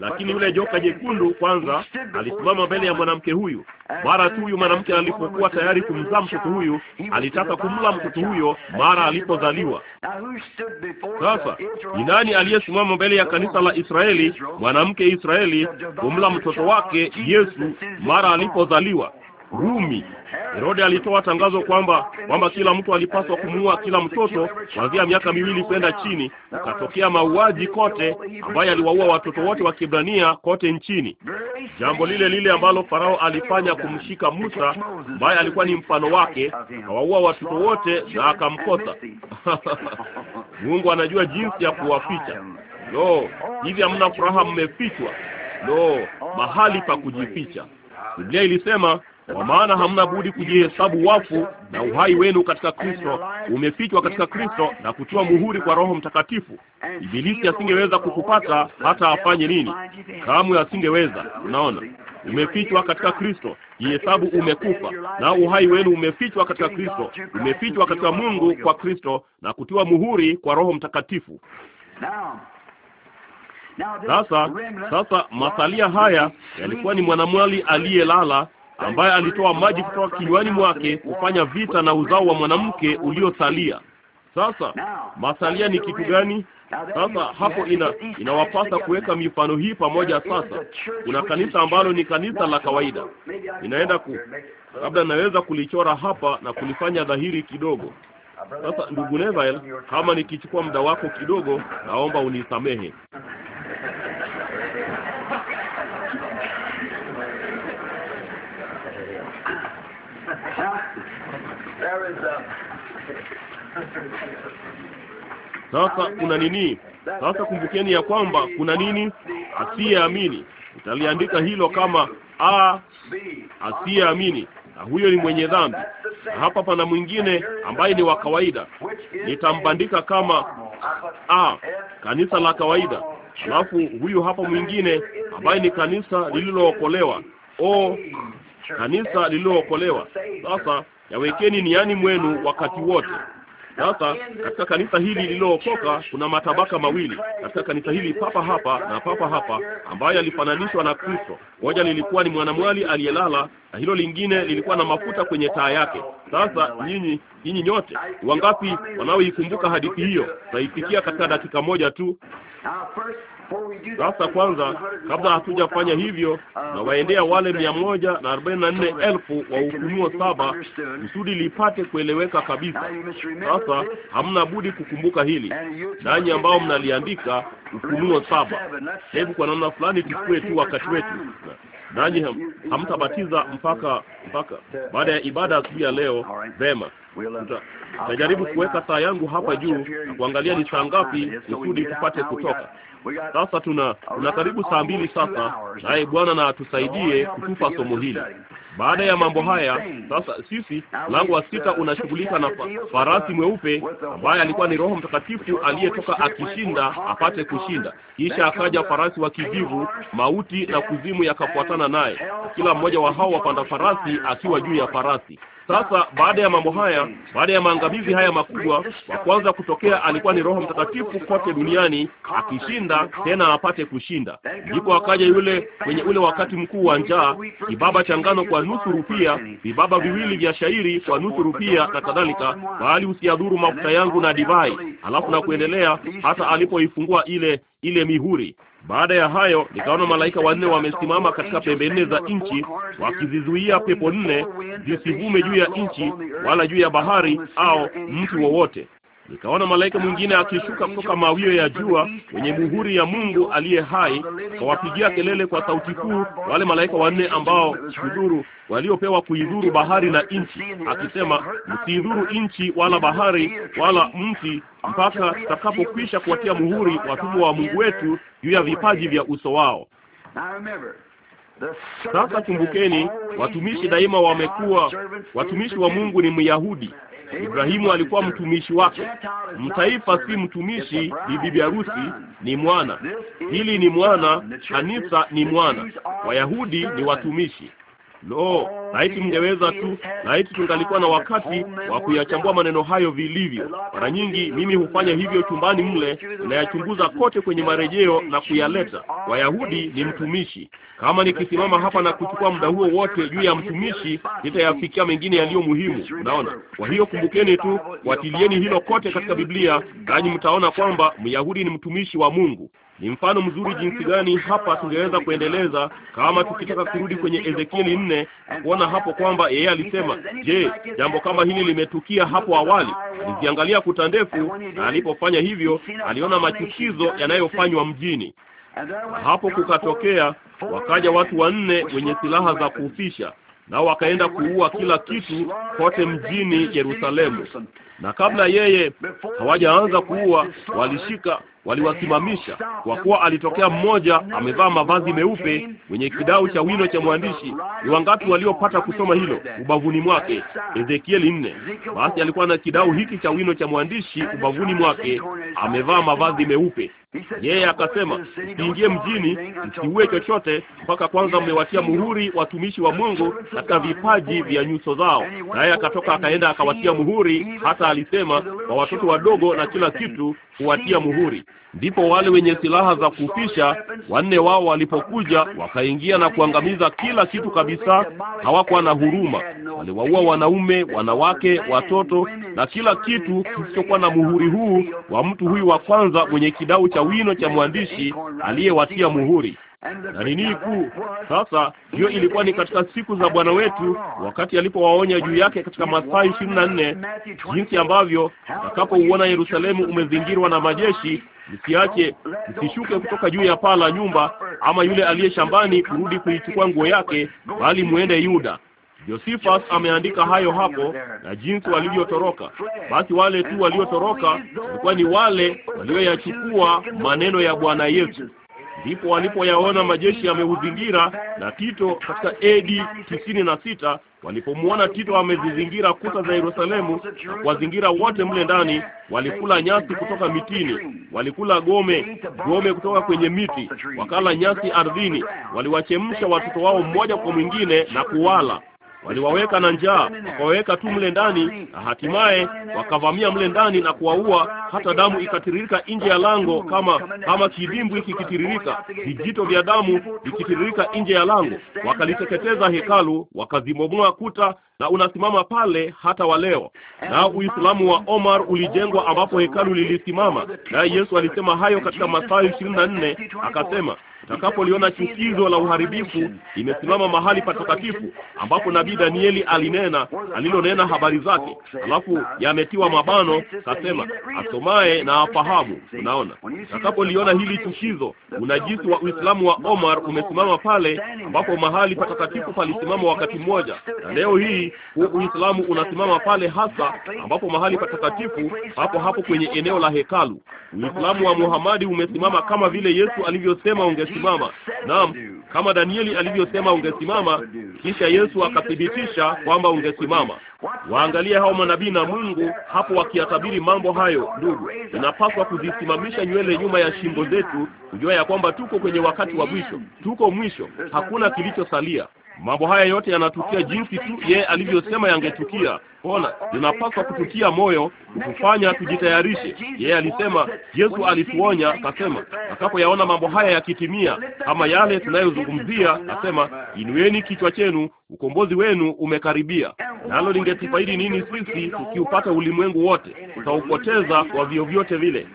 Lakini yule joka jekundu kwanza alisimama mbele ya mwanamke huyu. Mara tu huyu mwanamke alipokuwa tayari kumzaa mtoto huyu, alitaka kumla mtoto huyo mara alipozaliwa. Sasa ni nani aliyesimama mbele ya kanisa la Israeli, mwanamke Israeli, kumla mtoto wake Yesu mara alipozaliwa? Rumi. Herode alitoa tangazo kwamba kwamba kila mtu alipaswa kumuua kila mtoto kuanzia miaka miwili kwenda chini. Ukatokea mauaji kote, ambaye aliwaua watoto wote wa Kibrania kote nchini, jambo lile lile ambalo Farao alifanya kumshika Musa, ambaye alikuwa ni mfano wake, akawaua watoto wote na akamkosa. Mungu anajua jinsi ya kuwaficha. Lo, hivi hamna furaha, mmefichwa. Lo, mahali pa kujificha. Biblia ilisema kwa maana hamna budi kujihesabu wafu, na uhai wenu katika Kristo umefichwa katika Kristo na kutiwa muhuri kwa Roho Mtakatifu. Ibilisi asingeweza kukupata hata afanye nini, kamwe asingeweza. Unaona, umefichwa katika Kristo, jihesabu umekufa, na uhai wenu umefichwa katika Kristo, umefichwa katika Mungu kwa Kristo na kutiwa muhuri kwa Roho Mtakatifu. Sasa sasa, masalia haya yalikuwa ni mwanamwali aliyelala ambaye alitoa maji kutoka kinywani mwake kufanya vita na uzao wa mwanamke uliosalia. Sasa masalia ni kitu gani? Sasa hapo ina inawapasa kuweka mifano hii pamoja. Sasa kuna kanisa ambalo ni kanisa la kawaida, inaenda ku labda naweza kulichora hapa na kulifanya dhahiri kidogo. Sasa ndugu Neville, kama nikichukua muda wako kidogo, naomba unisamehe. Sasa kuna nini? Sasa kumbukeni ya kwamba kuna nini? Asiyeamini. Utaliandika hilo kama a asiyeamini, na huyo ni mwenye dhambi. Na hapa pana mwingine ambaye ni wa kawaida, nitambandika kama a kanisa la kawaida, alafu huyu hapa mwingine ambaye ni kanisa lililookolewa, o kanisa lililookolewa. Sasa yawekeni niani mwenu wakati wote. Sasa katika kanisa hili lililookoka kuna matabaka mawili, katika kanisa hili papa hapa na papa hapa, ambayo alifananishwa na Kristo. Moja lilikuwa ni mwanamwali aliyelala na hilo lingine lilikuwa na mafuta kwenye taa yake. Sasa nyinyi nyinyi nyote wangapi wanaoikumbuka hadithi hiyo? Tutaifikia katika dakika moja tu. Sasa kwanza, kabla hatujafanya hivyo, na waendea wale mia moja na arobaini na nne elfu wa Ufunuo saba kusudi lipate kueleweka kabisa. Sasa hamna budi kukumbuka hili, nanyi ambao mnaliandika Ufunuo saba. Hebu kwa namna fulani tukue tu wakati wetu, nanyi ham, hamtabatiza mpaka mpaka baada ya ibada asubuhi ya leo. Vema, tutajaribu kuweka saa yangu hapa juu na kuangalia ni saa ngapi kusudi tupate kutoka. Sasa tuna tuna karibu saa mbili sasa, naye Bwana na atusaidie kutupa somo hili. Baada ya mambo haya sasa, sisi mlango wa sita unashughulika na farasi mweupe ambaye alikuwa ni Roho Mtakatifu aliyetoka akishinda apate kushinda. Kisha akaja farasi wa kijivu, mauti na kuzimu yakafuatana naye, kila mmoja wa hao wapanda farasi akiwa juu ya farasi. Sasa baada ya mambo haya, baada ya maangamizi haya makubwa, wa kwanza kutokea alikuwa ni Roho Mtakatifu kote duniani akishinda tena apate kushinda. Ndipo akaja yule kwenye ule wakati mkuu wa njaa, kibaba cha ngano kwa nusu rupia, vibaba viwili vya shairi kwa nusu rupia na kadhalika, bali usiadhuru mafuta yangu na divai. Alafu na kuendelea hata alipoifungua ile ile mihuri baada ya hayo nikaona malaika wanne wamesimama katika pembe nne za nchi, wakizizuia pepo nne zisivume juu ya nchi wala juu ya bahari au mtu wowote. Nikaona malaika mwingine akishuka kutoka mawio ya jua wenye muhuri ya Mungu aliye hai, akawapigia kelele kwa sauti kuu wale malaika wanne ambao kudhuru waliopewa kuidhuru bahari na nchi, akisema, msiidhuru nchi wala bahari wala mti mpaka tutakapokwisha kuwatia muhuri watumwa wa Mungu wetu juu ya vipaji vya uso wao. Sasa kumbukeni, watumishi daima wamekuwa watumishi wa Mungu ni Myahudi Ibrahimu alikuwa mtumishi wake. Mtaifa si mtumishi, ni bibi harusi, ni mwana. Hili ni mwana, kanisa ni mwana, Wayahudi ni watumishi. Lo, laiti mngeweza tu, laiti tungalikuwa na wakati wa kuyachambua maneno hayo vilivyo. Mara nyingi mimi hufanya hivyo chumbani mle, inayachunguza kote kwenye marejeo na kuyaleta. Wayahudi ni mtumishi. Kama nikisimama hapa na kuchukua muda huo wote juu ya mtumishi, nitayafikia mengine yaliyo muhimu. Unaona? Kwa hiyo kumbukeni tu, watilieni hilo kote katika Biblia, nanyi mtaona kwamba Myahudi ni mtumishi wa Mungu. Ni mfano mzuri jinsi gani hapa tungeweza kuendeleza, kama tukitaka kurudi kwenye Ezekieli nne na kuona hapo kwamba yeye alisema, je, jambo kama hili limetukia hapo awali? Aliziangalia kuta ndefu, na alipofanya hivyo aliona machukizo yanayofanywa mjini. Na hapo kukatokea wakaja watu wanne wenye silaha za kufisha, nao wakaenda kuua kila kitu kote mjini Yerusalemu na kabla yeye hawajaanza kuua, walishika waliwasimamisha, kwa kuwa alitokea mmoja amevaa mavazi meupe mwenye kidau cha wino cha mwandishi. Ni wangapi waliopata kusoma hilo ubavuni mwake? Ezekieli nne. Basi alikuwa na kidau hiki cha wino cha mwandishi ubavuni mwake, amevaa mavazi meupe. Yeye akasema, msiingie mjini, msiue chochote mpaka kwanza mmewatia muhuri watumishi wa Mungu katika vipaji vya nyuso zao. Naye akatoka akaenda akawatia muhuri hata Musa alisema kwa watoto wadogo na kila kitu kuwatia muhuri. Ndipo wale wenye silaha za kufisha wanne wao walipokuja wakaingia na kuangamiza kila kitu kabisa. Hawakuwa na huruma, waliwaua wanaume, wanawake, watoto na kila kitu kisichokuwa na muhuri huu wa mtu huyu wa kwanza mwenye kidau cha wino cha mwandishi aliyewatia muhuri na nini kuu. Sasa hiyo ilikuwa ni katika siku za Bwana wetu, wakati alipowaonya juu yake katika masaa ishirini na nne jinsi ambavyo utakapouona Yerusalemu umezingirwa na majeshi, msiache msishuke kutoka juu ya paa la nyumba, ama yule aliye shambani kurudi kuichukua nguo yake, bali muende Yuda. Josephus ameandika hayo hapo na jinsi walivyotoroka. Basi wale tu waliotoroka walikuwa ni wale walioyachukua maneno ya Bwana yesu ndipo walipoyaona majeshi yameuzingira, na Tito katika AD tisini na sita walipomwona Tito amezizingira kuta za Yerusalemu na kuwazingira wote mle ndani, walikula nyasi kutoka mitini, walikula gome gome kutoka kwenye miti, wakala nyasi ardhini, waliwachemsha watoto wao mmoja kwa mwingine na kuwala waliwaweka na njaa, wakawaweka tu mle ndani, na hatimaye wakavamia mle ndani na kuwaua, hata damu ikatiririka nje ya lango, kama kama kidimbwi kikitiririka, vijito vya damu vikitiririka nje ya lango. Wakaliteketeza hekalu, wakazimomoa kuta na unasimama pale hata wa leo. Na Uislamu wa Omar ulijengwa ambapo hekalu lilisimama, naye Yesu alisema hayo katika Mathayo ishirini na nne akasema Utakapoliona chukizo la uharibifu imesimama mahali patakatifu ambapo nabii Danieli alinena alilonena habari zake, alafu yametiwa mabano, kasema asomaye na afahamu. Unaona, utakapoliona hili chukizo, unajisi wa Uislamu wa Omar umesimama pale ambapo mahali patakatifu palisimama wakati mmoja, na leo hii Uislamu unasimama pale hasa ambapo mahali patakatifu, hapo hapo kwenye eneo la hekalu. Uislamu wa Muhamadi umesimama kama vile Yesu alivyosema ungesimama, naam, kama Danieli alivyosema ungesimama, kisha Yesu akathibitisha kwamba ungesimama. Waangalie hao manabii na Mungu hapo wakiyatabiri mambo hayo. Ndugu, inapaswa kuzisimamisha nywele nyuma ya shingo zetu, kujua ya kwamba tuko kwenye wakati wa mwisho, tuko mwisho, hakuna kilichosalia. Mambo haya yote yanatukia jinsi tu yeye alivyosema yangetukia. Ona, linapaswa kututia moyo, kutufanya tujitayarishe. Yeye alisema, Yesu alituonya akasema, atakapoyaona mambo haya yakitimia, kama yale tunayozungumzia, akasema, inueni kichwa chenu, ukombozi wenu umekaribia. Nalo lingetufaidi nini sisi tukiupata ulimwengu wote? Tutaupoteza kwa vyovyote vile.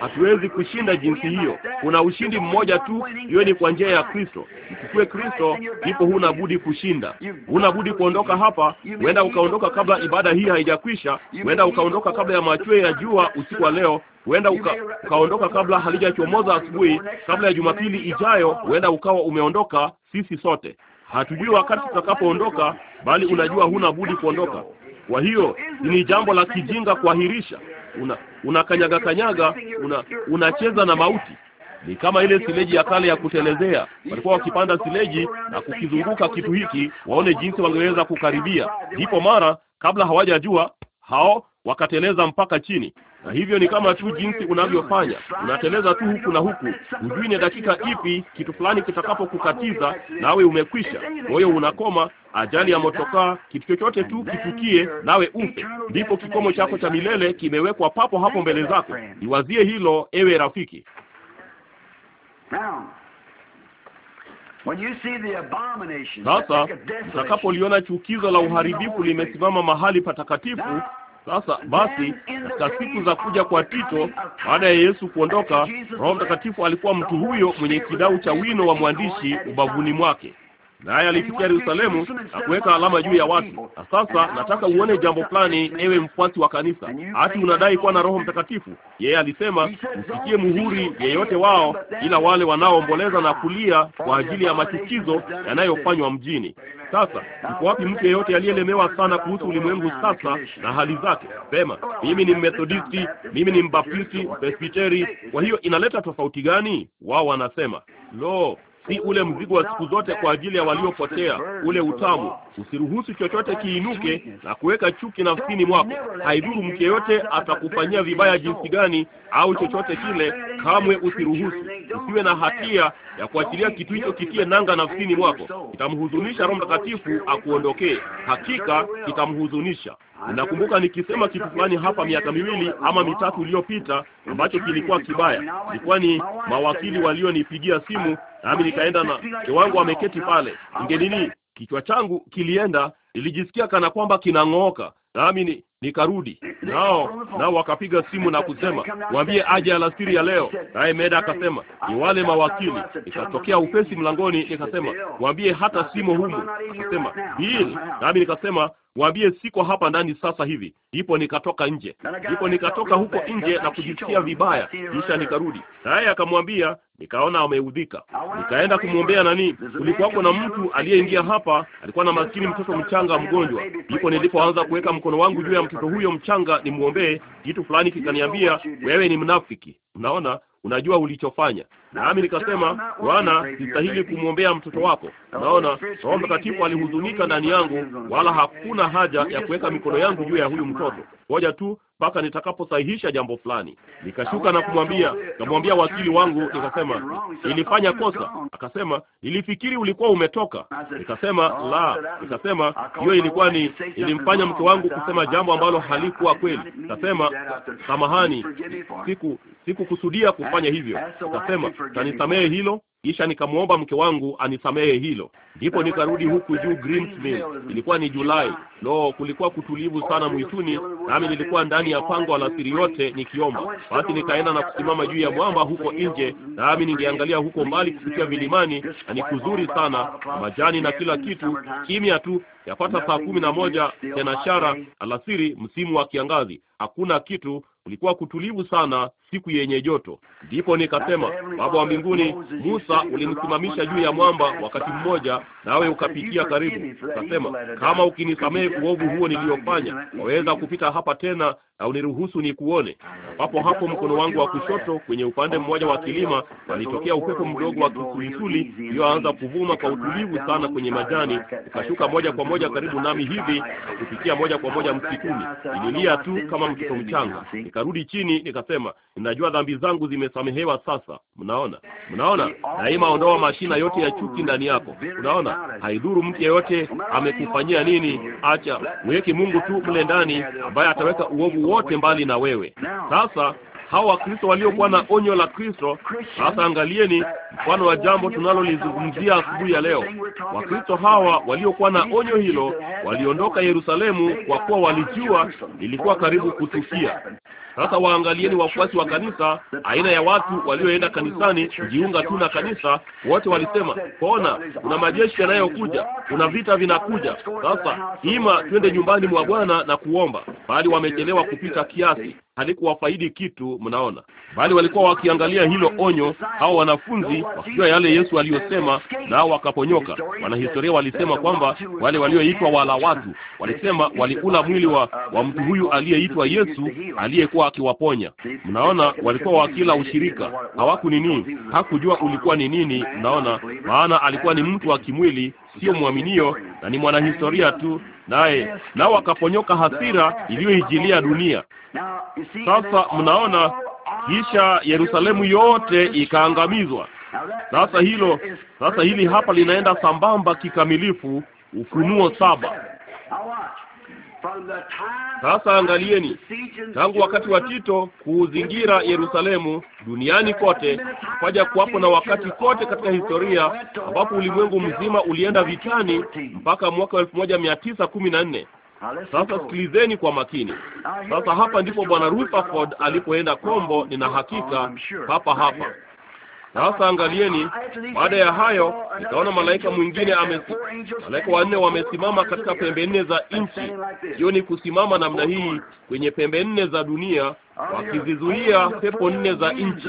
Hatuwezi kushinda jinsi hiyo. Kuna ushindi mmoja tu, hiyo ni kwa njia ya Kristo. Mchukue Kristo, ndipo huna budi kushinda, huna budi kuondoka hapa. Huenda ukaondoka kabla ibada hii haijakwisha, huenda ukaondoka kabla ya machweo ya jua usiku wa leo, huenda uka, ukaondoka kabla halijachomoza asubuhi, kabla ya Jumapili ijayo, huenda ukawa umeondoka. Sisi sote hatujui wakati tutakapoondoka, bali unajua huna budi kuondoka. Kwa hiyo ni jambo la kijinga kuahirisha unakanyaga una kanyaga unacheza una na mauti. Ni kama ile sileji ya kale ya kutelezea. Walikuwa wakipanda sileji na kukizunguka kitu hiki waone jinsi wangeweza kukaribia, ndipo mara kabla hawajajua hao wakateleza mpaka chini, na hivyo ni kama tu jinsi unavyofanya, unateleza tu huku na huku, hujui ni dakika ipi kitu fulani kitakapokukatiza, nawe umekwisha, moyo unakoma, ajali ya motokaa, kitu chochote tu kitukie, nawe ufe. Ndipo kikomo chako cha milele kimewekwa papo hapo mbele zako. Iwazie hilo, ewe rafiki. Sasa utakapoliona chukizo la uharibifu limesimama mahali patakatifu sasa basi, katika siku za kuja kwa Tito baada ya Yesu kuondoka, Roho Mtakatifu alikuwa mtu huyo mwenye kidau cha wino wa mwandishi ubavuni mwake naye alifikia Yerusalemu na kuweka alama juu ya watu. Na sasa nataka uone jambo fulani, ewe mfuasi wa kanisa, hati unadai kuwa na Roho Mtakatifu. Yeye alisema msikie muhuri yeyote wao, ila wale wanaoomboleza na kulia kwa ajili ya machukizo yanayofanywa mjini. Sasa uko wapi mtu yeyote aliyelemewa sana kuhusu ulimwengu sasa na hali zake? Sema mimi ni Methodisti, mimi ni Mbaptisti, Presbiteri. Kwa hiyo inaleta tofauti gani? Wao wanasema lo si ule mzigo wa siku zote kwa ajili ya waliopotea, ule utamu. Usiruhusu chochote kiinuke na kuweka chuki nafsini mwako. Haidhuru mke yote atakufanyia vibaya jinsi gani au chochote kile, kamwe usiruhusu. Usiwe na hatia ya kuachilia kitu hicho kitie nanga nafsini mwako. Kitamhuzunisha Roho Mtakatifu akuondokee, hakika kitamhuzunisha. Ninakumbuka nikisema kitu fulani hapa miaka miwili ama mitatu iliyopita ambacho kilikuwa kibaya. Ilikuwa ni mawakili walionipigia simu nami nikaenda na mke wangu ameketi pale. Ingenini, kichwa changu kilienda, nilijisikia kana kwamba kinang'ooka, nami ni nikarudi nao nao wakapiga simu na kusema waambie aje alasiri ya leo. Naye Meda akasema ni wale mawakili. Nikatokea upesi mlangoni, nikasema waambie hata simo humu. Akasema Bill, nami nikasema Mwambie siko hapa ndani sasa hivi, ndipo nikatoka nje, ndipo nikatoka huko nje na kujisikia vibaya, kisha nikarudi. Naye akamwambia, nikaona ameudhika, nikaenda kumwombea. Nani kulikuwako na mtu aliyeingia hapa, alikuwa na maskini mtoto mchanga mgonjwa. Ndipo nilipoanza kuweka mkono wangu juu ya mtoto huyo mchanga nimwombee, kitu fulani kikaniambia, wewe ni mnafiki. Unaona, unajua ulichofanya. Nami nikasema, Bwana, sistahili kumwombea mtoto wako. Naona Roho Mtakatifu alihuzunika ndani yangu, wala hakuna haja ya kuweka mikono yangu juu ya huyu mtoto. Ngoja tu mpaka nitakaposahihisha jambo fulani. Nikashuka na kumwambia, nikamwambia wakili wangu, nikasema nilifanya kosa. Akasema nilifikiri ulikuwa umetoka. Nikasema la, nikasema hiyo ilikuwa ni ilimfanya mke wangu kusema jambo ambalo halikuwa kweli. Nikasema samahani, siku sikukusudia kufanya hivyo. Nikasema tanisamehe hilo. Kisha nikamwomba mke wangu anisamehe hilo, ndipo nikarudi huku juu Greens Ilikuwa ni Julai. Lo, kulikuwa kutulivu sana mwituni, nami nilikuwa ndani ya pango alasiri yote nikiomba. Basi nikaenda na kusimama juu ya mwamba huko nje, nami ningeangalia huko mbali kupitia vilimani, na ni kuzuri sana, majani na kila kitu, kimya tu. Yapata saa kumi na moja tena shara alasiri, msimu wa kiangazi, hakuna kitu. Kulikuwa kutulivu sana siku yenye joto. Ndipo nikasema, Baba wa mbinguni, Musa ulimsimamisha juu ya mwamba wakati mmoja, nawe ukapitia karibu. Kasema, kama ukinisamehe uovu huo niliyofanya, waweza kupita hapa tena na uniruhusu nikuone. Papo hapo mkono wangu wa kushoto kwenye upande oh, mmoja wa kilima palitokea upepo mdogo wa kisulisuli ulioanza kuvuma kwa utulivu sana kwenye majani, ukashuka moja kwa moja karibu nami hivi na kupitia moja kwa moja msituni. Nililia tu kama mtoto mchanga, nikarudi chini, nikasema Ninajua dhambi zangu zimesamehewa sasa. Mnaona, mnaona, daima ondoa mashina yote ya chuki ndani yako. Unaona, haidhuru mtu yeyote amekufanyia nini, acha uweke Mungu tu mle ndani, ambaye ataweka uovu wote mbali na wewe. Sasa hawa Wakristo waliokuwa na onyo la Kristo, sasa angalieni mfano wa jambo tunalolizungumzia asubuhi ya leo. Wakristo hawa waliokuwa na onyo hilo waliondoka Yerusalemu kwa kuwa walijua lilikuwa karibu kutukia. Sasa waangalieni wafuasi wa kanisa, aina ya watu walioenda kanisani kujiunga tu na kanisa. Wote walisema pona, kuna majeshi yanayokuja, kuna vita vinakuja. Sasa hima twende nyumbani mwa Bwana na kuomba, bali wamechelewa kupita kiasi. Halikuwafaidi kitu, mnaona. Bali walikuwa wakiangalia hilo onyo, hao wanafunzi wakijua yale Yesu aliyosema, nao wakaponyoka. Wanahistoria walisema kwamba wale walioitwa wala watu walisema walikula mwili wa, wa mtu huyu aliyeitwa Yesu aliyekuwa akiwaponya. Mnaona, walikuwa wakila ushirika, hawaku nini, hakujua ulikuwa ni nini. Mnaona, maana alikuwa ni mtu wa kimwili, sio mwaminio na ni mwanahistoria tu, naye nao wakaponyoka hasira iliyoijilia dunia. Sasa mnaona, kisha Yerusalemu yote ikaangamizwa. Sasa hilo, sasa hili hapa linaenda sambamba kikamilifu, Ufunuo saba. Sasa angalieni, tangu wakati wa Tito kuuzingira Yerusalemu duniani kote, kwaja kuwapo na wakati kote katika historia ambapo ulimwengu mzima ulienda vitani mpaka mwaka wa elfu moja mia tisa kumi na nne. Sasa sikilizeni kwa makini. Sasa hapa ndipo Bwana Rutherford alipoenda kombo, nina hakika, papa hapa sasa angalieni, baada ya hayo nikaona malaika mwingine ame malaika wanne wamesimama katika pembe nne za nchi. Hiyo ni kusimama namna hii kwenye pembe nne za dunia, wakizizuia pepo nne za nchi.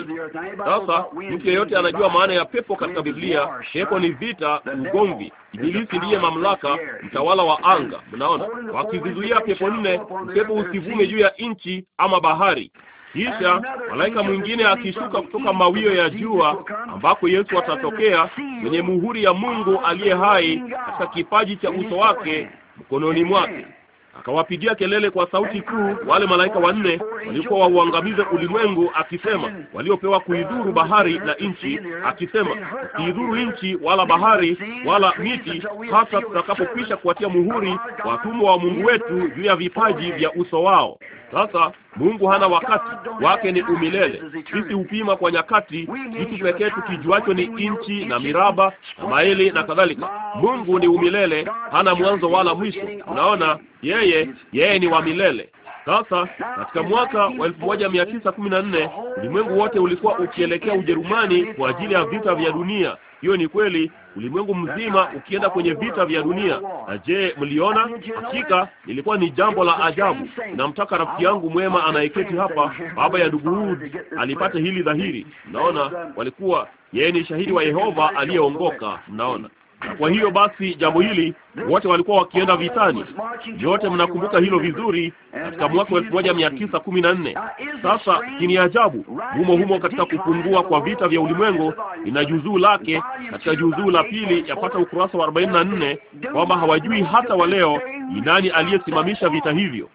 Sasa mtu yeyote anajua maana ya pepo katika Biblia. Pepo ni vita, ugomvi. Ibilisi ndiye mamlaka, mtawala wa anga. Mnaona, wakizizuia pepo nne, pepo usivume juu ya nchi ama bahari. Kisha malaika mwingine akishuka kutoka mawio ya jua ambako Yesu atatokea kwenye muhuri ya Mungu aliye hai katika kipaji cha uso wake mkononi mwake akawapigia kelele kwa sauti kuu wale malaika wanne waliokuwa wauangamize ulimwengu, akisema waliopewa kuidhuru bahari na nchi, akisema kuidhuru nchi wala bahari wala miti, hasa tutakapokwisha kuwatia muhuri watumwa wa Mungu wetu juu ya vipaji vya uso wao. Sasa Mungu hana wakati wake, ni umilele. Sisi hupima kwa nyakati, kitu pekee tukijuacho ni inchi na miraba na maili na kadhalika. Mungu ni umilele, hana mwanzo wala mwisho. Unaona, yeye yeye ni wa milele. Sasa katika mwaka wa elfu moja mia tisa kumi na nne ulimwengu wote ulikuwa ukielekea Ujerumani kwa ajili ya vita vya dunia. Hiyo ni kweli, ulimwengu mzima ukienda kwenye vita vya dunia. Na je, mliona? Hakika ilikuwa ni jambo la ajabu. Namtaka rafiki yangu mwema anayeketi hapa, baba ya ndugu Hud, alipata hili dhahiri. Mnaona, um, walikuwa yeye ni shahidi wa Yehova aliyeongoka. Mnaona, kwa hiyo basi, jambo hili wote walikuwa wakienda vitani. Nyote mnakumbuka hilo vizuri, katika mwaka wa elfu moja mia tisa kumi na nne. Sasa ni ajabu, humo humo katika kupungua kwa vita vya ulimwengu, ina juzuu lake katika juzuu la pili, yapata ukurasa wa arobaini na nne, kwamba hawajui hata waleo ni nani aliyesimamisha vita hivyo.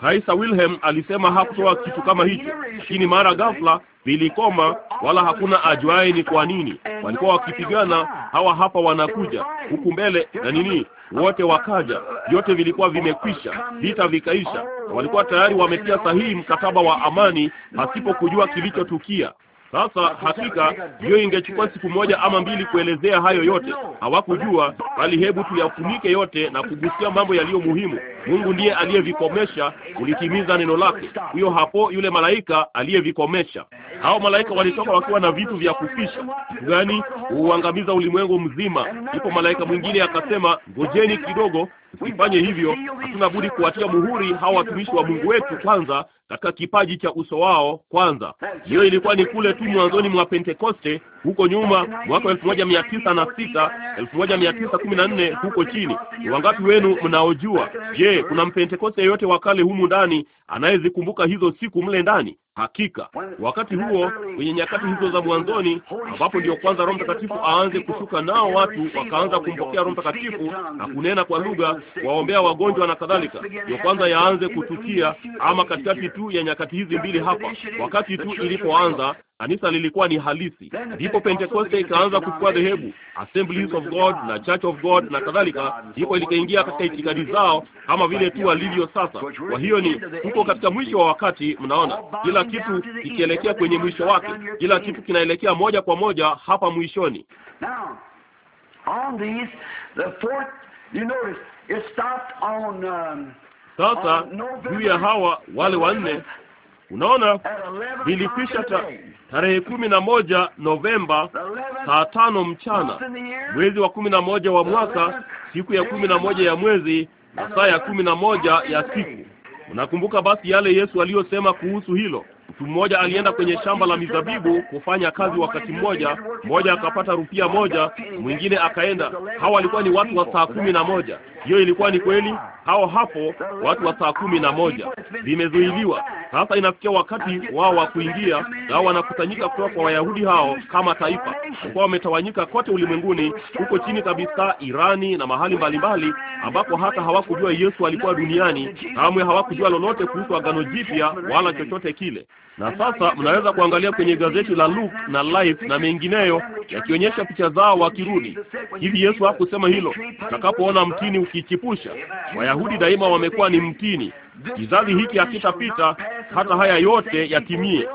Kaisa Wilhelm alisema hakutoa kitu kama hicho, lakini mara ghafla vilikoma, wala hakuna ajuaye ni kwa nini. Walikuwa wakipigana, hawa hapa wanakuja huku mbele na nini, wote wakaja, vyote vilikuwa vimekwisha, vita vikaisha, na walikuwa tayari wametia sahihi mkataba wa amani, pasipo kujua kilichotukia. Sasa hakika hiyo ingechukua siku moja ama mbili kuelezea hayo yote, hawakujua bali, hebu tuyafunike yote na kugusia mambo yaliyo muhimu. Mungu ndiye aliyevikomesha, ulitimiza neno lake. Huyo hapo yule malaika aliyevikomesha. Hao malaika walitoka wakiwa na vitu vya kufisha gani, huuangamiza ulimwengu mzima. Ndipo malaika mwingine akasema, ngojeni kidogo, tusifanye hivyo, hatuna budi kuwatia muhuri hawa watumishi wa Mungu wetu kwanza, katika kipaji cha uso wao kwanza. Hiyo ilikuwa ni kule tu mwanzoni mwa Pentekoste, huko nyuma mwaka elfu moja mia tisa na sita elfu moja mia tisa kumi na nne huko chini. Ni wangapi wenu mnaojua? Je, kuna mpentekoste yeyote wa kale humu ndani anayezikumbuka hizo siku mle ndani? Hakika wakati huo, kwenye nyakati hizo za mwanzoni, ambapo ndio kwanza Roho Mtakatifu aanze kushuka, nao watu wakaanza kumpokea Roho Mtakatifu na kunena kwa lugha, waombea wagonjwa na kadhalika, ndio kwanza yaanze kutukia, ama katikati tu ya nyakati hizi mbili hapa, wakati tu ilipoanza Kanisa lilikuwa ni halisi. Ndipo Pentekoste ikaanza kuchukua dhehebu, Assemblies of God na Church of God na kadhalika, ndipo likaingia katika itikadi zao kama vile tu walivyo sasa. Kwa hiyo ni tuko katika mwisho wa wakati, mnaona, kila kitu kikielekea kwenye mwisho wake, kila kitu kinaelekea moja kwa moja hapa mwishoni. Um, sasa juu ya hawa wale wanne Unaona, vilikwisha ta, tarehe kumi na moja Novemba saa tano mchana mwezi wa kumi na moja wa mwaka siku ya kumi na moja ya mwezi na saa ya kumi na moja ya siku. Unakumbuka basi yale Yesu aliyosema kuhusu hilo. Mtu mmoja alienda kwenye shamba la mizabibu kufanya kazi wakati mmoja, mmoja akapata rupia moja, mwingine akaenda. Hawa walikuwa ni watu wa saa kumi na moja. Hiyo ilikuwa ni kweli, hao hapo watu wa saa kumi na moja vimezuiliwa. Sasa inafikia wakati wao wa kuingia, nao wanakusanyika kutoka kwa Wayahudi hao kama taifa. kwa wametawanyika kote ulimwenguni, huko chini kabisa Irani na mahali mbalimbali, ambapo hata hawakujua Yesu alikuwa duniani. Kamwe hawakujua lolote kuhusu Agano Jipya wala chochote kile. Na sasa mnaweza kuangalia kwenye gazeti la Luke na Life na mengineyo yakionyesha picha zao wakirudi hivi. Yesu hakusema hilo, utakapoona mtini ukichipusha. Wayahudi daima wamekuwa ni mtini, kizazi hiki hakitapita hata haya yote yatimie.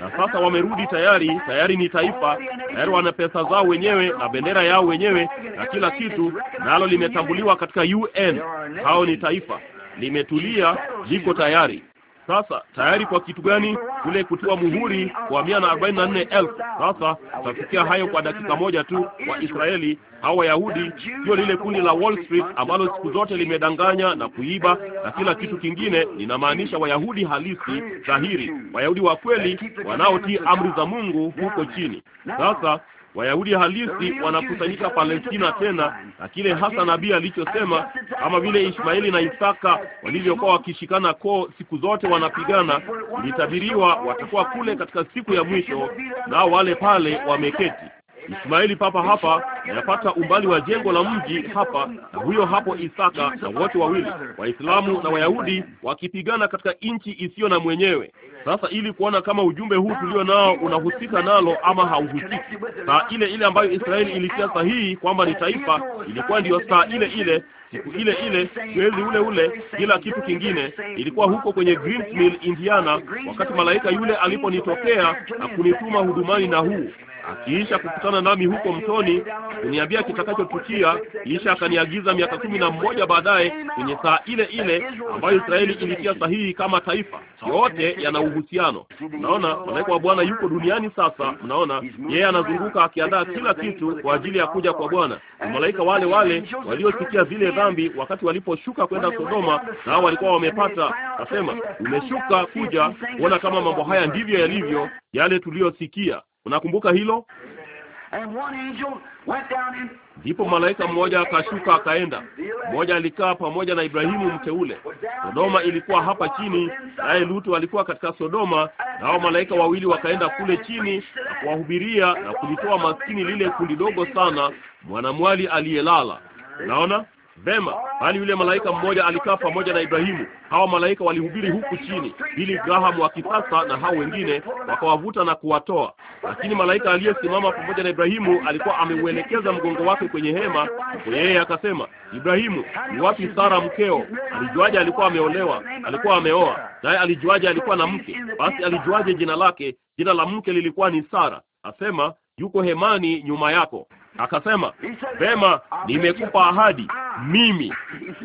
Na sasa wamerudi tayari, tayari ni taifa, tayari wana pesa zao wenyewe na bendera yao wenyewe na kila kitu, nalo limetambuliwa katika UN. Hao ni taifa limetulia, liko tayari sasa tayari kwa kitu gani? Kule kutua muhuri kwa mia na arobaini na nne elfu. Sasa tutafikia hayo kwa dakika moja tu. Waisraeli au Wayahudi sio lile kundi la Wall Street ambalo siku zote limedanganya na kuiba na kila kitu kingine. Ninamaanisha Wayahudi halisi dhahiri, Wayahudi wa kweli wanaotii amri za Mungu huko chini. Sasa Wayahudi halisi wanakusanyika Palestina tena, na kile hasa nabii alichosema, kama vile Ishmaeli na Isaka walivyokuwa wakishikana koo siku zote wanapigana, ilitabiriwa watakuwa kule katika siku ya mwisho, nao wale pale wameketi Ismaeli papa hapa, napata umbali wa jengo la mji hapa na huyo hapo Isaka, na wote wawili Waislamu na Wayahudi wakipigana katika nchi isiyo na mwenyewe. Sasa ili kuona kama ujumbe huu tulio nao unahusika nalo ama hauhusiki, saa ile ile ambayo Israeli ilitia sahihi kwamba ni taifa ilikuwa ndiyo saa ile ile siku ile ile, mwezi ule ule, kila kitu kingine. Ilikuwa huko kwenye Greenville, Indiana, wakati malaika yule aliponitokea na kunituma hudumani na huu akiisha kukutana nami huko mtoni kuniambia kitakachotukia. Kisha akaniagiza miaka kumi na mmoja baadaye kwenye saa ile ile ambayo Israeli ilitia sahihi kama taifa. Yote yana uhusiano. Mnaona, malaika wa Bwana yuko duniani sasa. Mnaona, yeye anazunguka akiandaa kila kitu kwa ajili ya kuja kwa Bwana. Malaika wale wale waliosikia zile dhambi wakati waliposhuka kwenda Sodoma, nao walikuwa wamepata. Nasema umeshuka kuja kuona kama mambo haya ndivyo yalivyo yale tuliyosikia. Unakumbuka hilo? Ndipo malaika mmoja akashuka akaenda. Mmoja alikaa pamoja na Ibrahimu mteule. Sodoma ilikuwa hapa chini, naye Lutu alikuwa katika Sodoma, nao malaika wawili wakaenda kule chini na kuwahubiria na kulitoa maskini lile kundi dogo sana, mwanamwali aliyelala. Unaona? Vema, bali yule malaika mmoja alikaa pamoja na Ibrahimu. Hawa malaika walihubiri huku chini, ili Grahamu wa kisasa na hao wengine wakawavuta na kuwatoa. Lakini malaika aliyesimama pamoja na Ibrahimu alikuwa ameuelekeza mgongo wake kwenye hema, kwa yeye akasema, Ibrahimu, ni wapi Sara mkeo? Alijuaje alikuwa ameolewa? Alikuwa ameoa. Naye alijuaje alikuwa na mke? Basi alijuaje jina lake? Jina la mke lilikuwa ni Sara. Asema, yuko hemani nyuma yako. Akasema, vema, nimekupa ahadi mimi.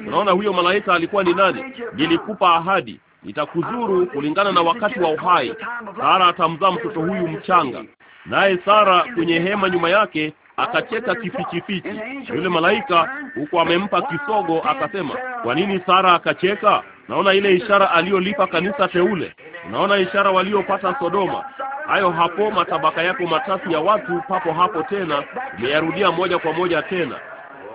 Unaona, huyo malaika alikuwa ni nani? Nilikupa ahadi nitakuzuru kulingana na wakati wa uhai. Sara atamzaa mtoto huyu mchanga, naye Sara kwenye hema nyuma yake akacheka kifichifichi. Yule malaika huku amempa kisogo, akasema, kwa nini Sara akacheka? Naona ile ishara aliyolipa kanisa teule, unaona ishara waliopata Sodoma. Hayo hapo matabaka yako matatu ya watu, papo hapo tena umeyarudia moja kwa moja tena.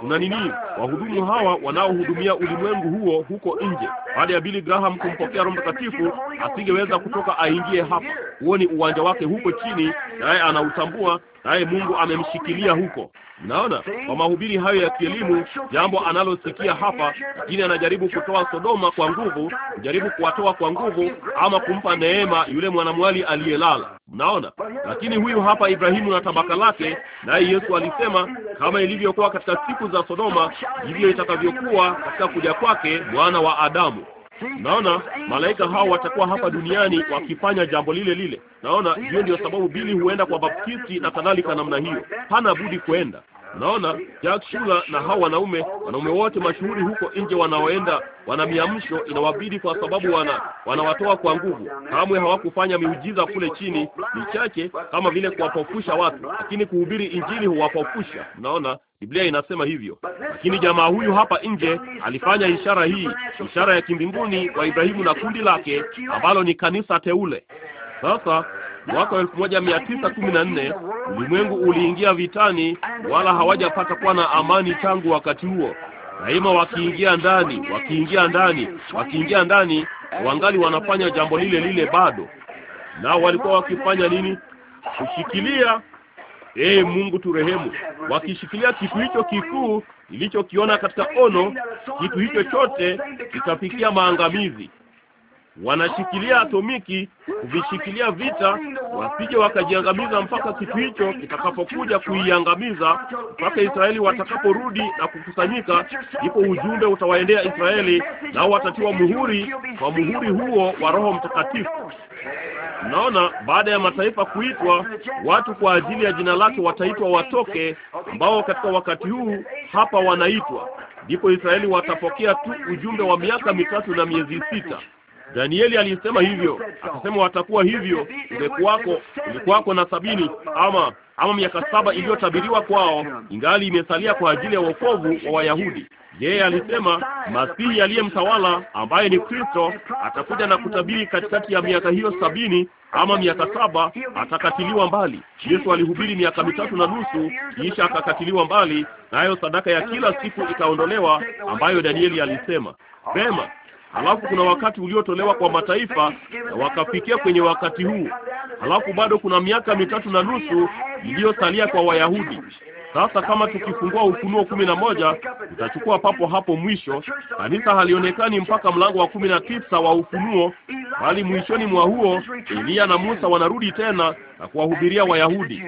Una nini? Wahudumu hawa wanaohudumia ulimwengu huo huko nje, baada ya Billy Graham kumpokea Roho Mtakatifu asingeweza kutoka aingie hapa. Huo ni uwanja wake huko chini, naye anautambua naye Mungu amemshikilia huko. Mnaona, kwa mahubiri hayo ya kielimu, jambo analosikia hapa, lakini anajaribu kutoa Sodoma kwa nguvu, jaribu kuwatoa kwa nguvu, ama kumpa neema yule mwanamwali aliyelala. Mnaona, lakini huyu hapa Ibrahimu na tabaka lake, naye Yesu alisema kama ilivyokuwa katika siku za Sodoma, ndivyo itakavyokuwa katika kuja kwake mwana wa Adamu. Naona malaika hao watakuwa hapa duniani wakifanya jambo lile lile. Naona hiyo ndio sababu Bili huenda kwa Baptisti na kadhalika namna hiyo. Hana budi kwenda. Naona Jack Shula na hao wanaume wanaume wote mashuhuri huko nje wanaoenda wana miamsho, inawabidi kwa sababu wana wanawatoa kwa nguvu. Kamwe hawakufanya miujiza kule chini, michache kama vile kuwapofusha watu, lakini kuhubiri injili huwapofusha. Mnaona, Biblia inasema hivyo. Lakini jamaa huyu hapa nje alifanya ishara hii, ishara ya kimbinguni kwa Ibrahimu na kundi lake, ambalo ni kanisa teule. Sasa mwaka wa elfu moja mia tisa kumi na nne ulimwengu uliingia vitani, wala hawajapata kuwa na amani tangu wakati huo. Daima wakiingia ndani, wakiingia ndani, wakiingia ndani, wangali wanafanya jambo lile lile bado. Nao walikuwa wakifanya nini? Kushikilia Ee Mungu turehemu, wakishikilia kitu hicho kikuu nilichokiona katika ono. Kitu hicho chote kitafikia maangamizi wanashikilia atomiki kuvishikilia vita, wasije wakajiangamiza mpaka kitu hicho kitakapokuja kuiangamiza, mpaka Israeli watakaporudi na kukusanyika. Ndipo ujumbe utawaendea Israeli, nao watatiwa muhuri kwa muhuri huo wa Roho Mtakatifu. Naona baada ya mataifa kuitwa, watu kwa ajili ya jina lake wataitwa watoke, ambao katika wakati huu hapa wanaitwa. Ndipo Israeli watapokea tu ujumbe wa miaka mitatu na miezi sita. Danieli alisema hivyo, akasema watakuwa hivyo, ingekuwako ilikuwako na sabini ama ama miaka saba iliyotabiriwa kwao ingali imesalia kwa ajili ya wokovu wa Wayahudi. Yeye alisema Masihi aliyemtawala ambaye ni Kristo atakuja na kutabiri katikati ya miaka hiyo sabini ama miaka saba atakatiliwa mbali. Yesu alihubiri miaka mitatu na nusu, kisha akakatiliwa mbali, nayo sadaka ya kila siku ikaondolewa, ambayo Danieli alisema. Vema, Halafu kuna wakati uliotolewa kwa mataifa na wakafikia kwenye wakati huu. Halafu bado kuna miaka mitatu na nusu iliyosalia kwa Wayahudi. Sasa kama tukifungua Ufunuo kumi na moja tutachukua papo hapo mwisho. Kanisa halionekani mpaka mlango wa kumi na tisa wa Ufunuo, bali mwishoni mwa huo elia na Musa wanarudi tena na kuwahubiria Wayahudi.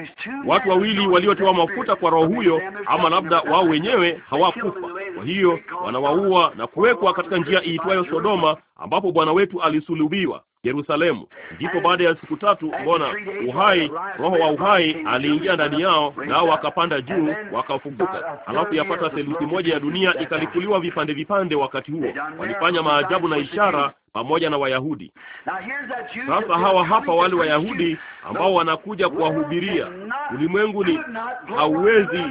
Watu wawili waliotoa mafuta kwa roho huyo, ama labda wao wenyewe hawakufa. Kwa hiyo wanawaua na kuwekwa katika njia iitwayo Sodoma, ambapo Bwana wetu alisulubiwa. Yerusalemu. Ndipo baada ya siku tatu, mbona uhai, roho wa uhai aliingia ndani yao, nao wakapanda juu wakafufuka. Halafu yapata theluthi moja ya dunia ikalikuliwa vipande vipande. Wakati huo walifanya maajabu na ishara pamoja na Wayahudi. Sasa hawa hapa wale Wayahudi ambao wanakuja kuwahubiria ulimwengu ni hauwezi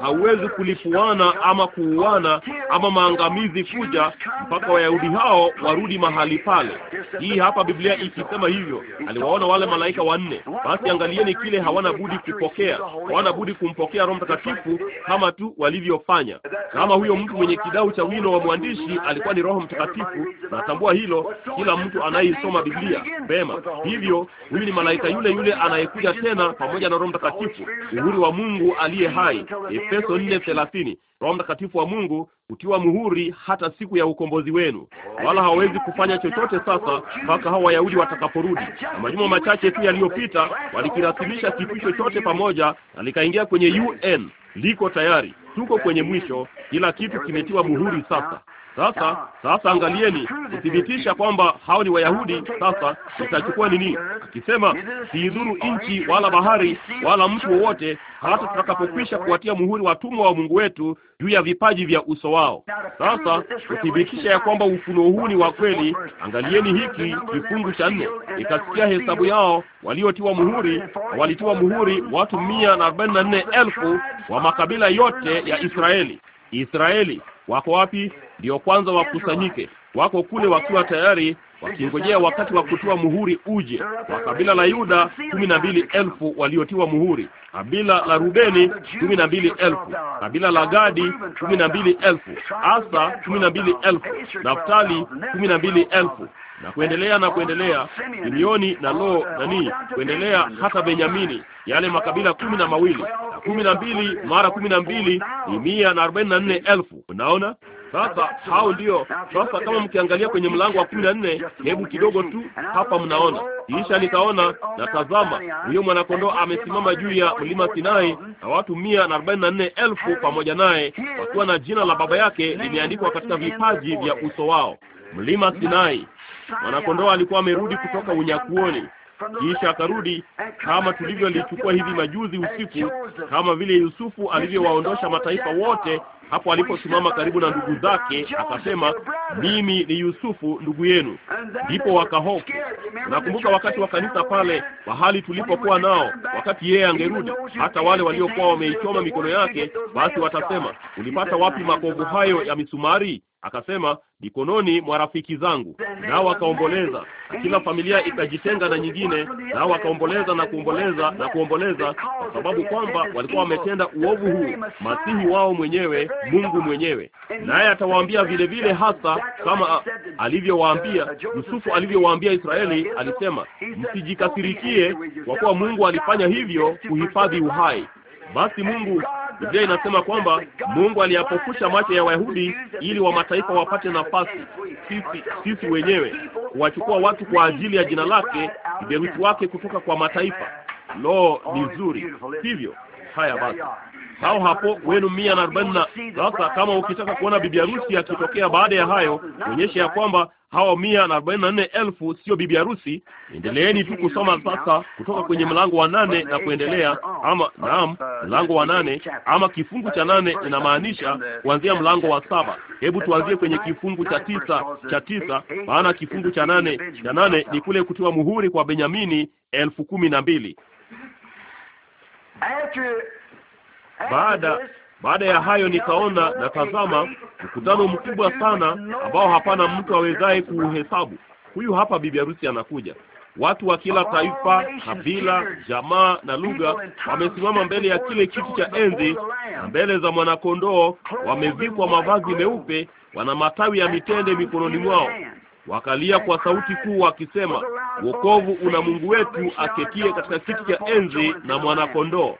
hauwezi kulipuana ama kuuana ama maangamizi kuja mpaka Wayahudi hao warudi mahali pale. Hii hapa Biblia ikisema hivyo, aliwaona wale malaika wanne. Basi angalieni kile hawana budi kupokea, hawana budi kumpokea Roho Mtakatifu kama tu walivyofanya. Kama huyo mtu mwenye kidau cha wino wa mwandishi alikuwa ni Roho Mtakatifu, natambua hilo hilo kila mtu anayeisoma Biblia bema Hivyo huyu ni malaika yule yule anayekuja tena pamoja na Roho Mtakatifu, uhuru wa Mungu aliye hai, Efeso 4:30. Roho Mtakatifu wa Mungu hutiwa muhuri hata siku ya ukombozi wenu, wala hawawezi kufanya chochote sasa mpaka hao Wayahudi watakaporudi. Na majuma machache tu yaliyopita walikirasimisha kitu chochote pamoja na likaingia kwenye UN, liko tayari, tuko kwenye mwisho, kila kitu kimetiwa muhuri sasa. Sasa sasa, angalieni kuthibitisha kwamba hao ni Wayahudi. Sasa nitachukua nini? Akisema siidhuru nchi wala bahari wala mtu wowote, hata tutakapokwisha kuwatia muhuri watumwa wa Mungu wetu juu ya vipaji vya uso wao. Sasa kuthibitisha ya kwamba ufunuo huu ni wa kweli, angalieni hiki kifungu cha nne: ikasikia hesabu yao waliotiwa muhuri, na walitiwa muhuri watu mia na arobaini na nne elfu wa makabila yote ya Israeli. Israeli wako wapi? ndiyo kwanza wakusanyike, wako kule wakiwa tayari wakingojea wakati wa kutoa muhuri uje. Wa kabila la Yuda kumi na mbili elfu waliotiwa muhuri, kabila la Rubeni kumi na mbili elfu, kabila la Gadi kumi na mbili elfu, Asa kumi na mbili elfu, Naftali kumi na mbili elfu na kuendelea na kuendelea, Simeoni na Lo nani kuendelea hata Benyamini, yale makabila kumi na mawili na kumi na mbili mara kumi na mbili ni mia na arobaini na nne elfu. Unaona, sasa hao ndio sasa, kama mkiangalia kwenye mlango wa kumi na nne, hebu kidogo tu hapa, mnaona kisha nikaona na tazama, huyo mwanakondoo amesimama juu ya mlima Sinai na watu mia na arobaini na nne elfu pamoja naye, wakiwa na jina la baba yake limeandikwa katika vipaji vya uso wao. Mlima Sinai, mwanakondoo alikuwa amerudi kutoka unyakuoni kisha akarudi, kama tulivyolichukua hivi majuzi usiku, kama vile Yusufu alivyowaondosha mataifa wote hapo aliposimama karibu na ndugu zake, akasema mimi ni Yusufu ndugu yenu. Ndipo wakahofu. Nakumbuka wakati wa kanisa pale, mahali tulipokuwa nao, wakati yeye angerudi, hata wale waliokuwa wameichoma mikono yake, basi watasema ulipata wapi makovu hayo ya misumari? akasema, mikononi mwa rafiki zangu, nao wakaomboleza, na kila familia ikajitenga na nyingine, nao wakaomboleza na kuomboleza na kuomboleza, kwa sababu kwamba walikuwa wametenda uovu huu, masihi wao mwenyewe, Mungu mwenyewe. Naye atawaambia vile vile, hasa kama alivyowaambia Yusufu, alivyowaambia Israeli, alisema msijikasirikie, kwa kuwa Mungu alifanya hivyo kuhifadhi uhai basi Mungu, Biblia inasema kwamba Mungu aliyapofusha macho ya Wayahudi ili wa mataifa wapate nafasi, sisi sisi wenyewe kuwachukua watu kwa ajili ya jina lake, mjeruhi wake kutoka kwa mataifa. Lo, ni nzuri, sivyo? Haya basi au hapo wenu mia na arobaini na sasa. Kama ukitaka kuona bibi harusi akitokea baada ya hayo, onyesha ya kwamba hao mia na arobaini na nne elfu sio bibi harusi. Endeleeni tu kusoma sasa kutoka kwenye mlango wa nane na kuendelea, ama naam, mlango wa nane ama kifungu cha nane inamaanisha kuanzia mlango wa saba. Hebu tuanzie kwenye kifungu cha tisa cha tisa, maana kifungu cha nane cha nane ni kule kutiwa muhuri kwa Benyamini elfu kumi na mbili. Baada baada ya hayo nikaona, na tazama, mkutano mkubwa sana ambao hapana mtu awezaye kuuhesabu. Huyu hapa bibi harusi anakuja. Watu wa kila taifa, kabila, jamaa na lugha wamesimama mbele ya kile kiti cha enzi na mbele za mwanakondoo. Wamevikwa mavazi meupe, wana matawi ya mitende mikononi mwao, wakalia kwa sauti kuu wakisema, wokovu una Mungu wetu aketie katika kiti cha enzi na mwanakondoo.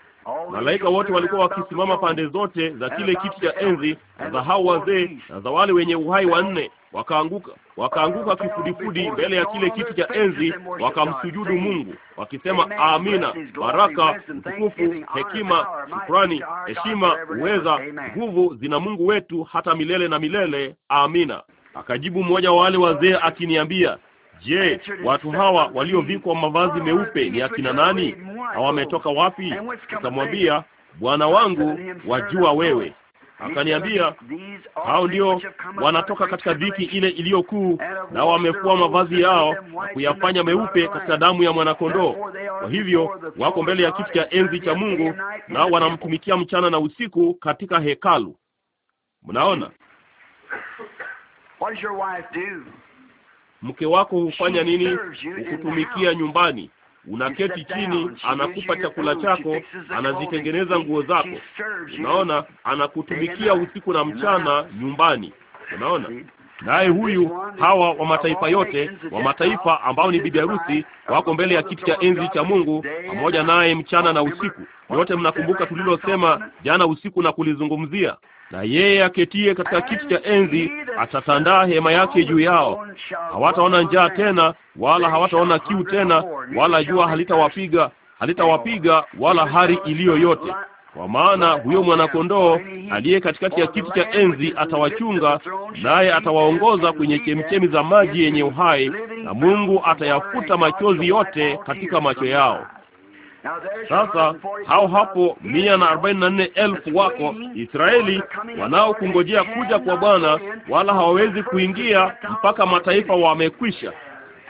Malaika wote walikuwa wakisimama pande zote za kile kiti cha enzi na za hao wazee na za wale wenye uhai wanne, wakaanguka wakaanguka kifudifudi mbele ya kile kiti cha enzi, wakamsujudu Mungu wakisema, amina, baraka, utukufu, hekima, shukrani, heshima, uweza, nguvu zina Mungu wetu hata milele na milele, amina. Akajibu mmoja wa wale wazee akiniambia, Je, watu hawa waliovikwa mavazi meupe ni akina nani na wametoka wapi? Nikamwambia, Bwana wangu, wajua wewe. Akaniambia, hao ndio wanatoka katika dhiki ile iliyokuu, na wamefua mavazi yao na kuyafanya meupe katika damu ya mwanakondoo. Kwa hivyo wako mbele ya kiti cha enzi cha Mungu, nao wanamtumikia mchana na usiku katika hekalu. Mnaona mke wako hufanya nini? Hukutumikia nyumbani, unaketi chini, anakupa chakula chako, anazitengeneza nguo zako, unaona, anakutumikia usiku na mchana nyumbani, unaona naye huyu hawa wa mataifa yote wa mataifa ambao ni bibi harusi wako mbele ya kiti cha enzi cha Mungu pamoja naye mchana na usiku. Yote mnakumbuka tulilosema jana usiku na kulizungumzia na yeye aketie katika kiti cha enzi atatandaa hema yake juu yao. Hawataona njaa tena, wala hawataona kiu tena, wala jua halitawapiga halitawapiga, wala hari iliyo yote, kwa maana huyo mwanakondoo aliye katikati ya kiti cha enzi atawachunga, naye atawaongoza kwenye chemchemi za maji yenye uhai, na Mungu atayafuta machozi yote katika macho yao. Sasa hao hapo mia na arobaini na nne elfu wako Israeli wanaokungojea kuja kwa Bwana, wala hawawezi kuingia mpaka mataifa wamekwisha,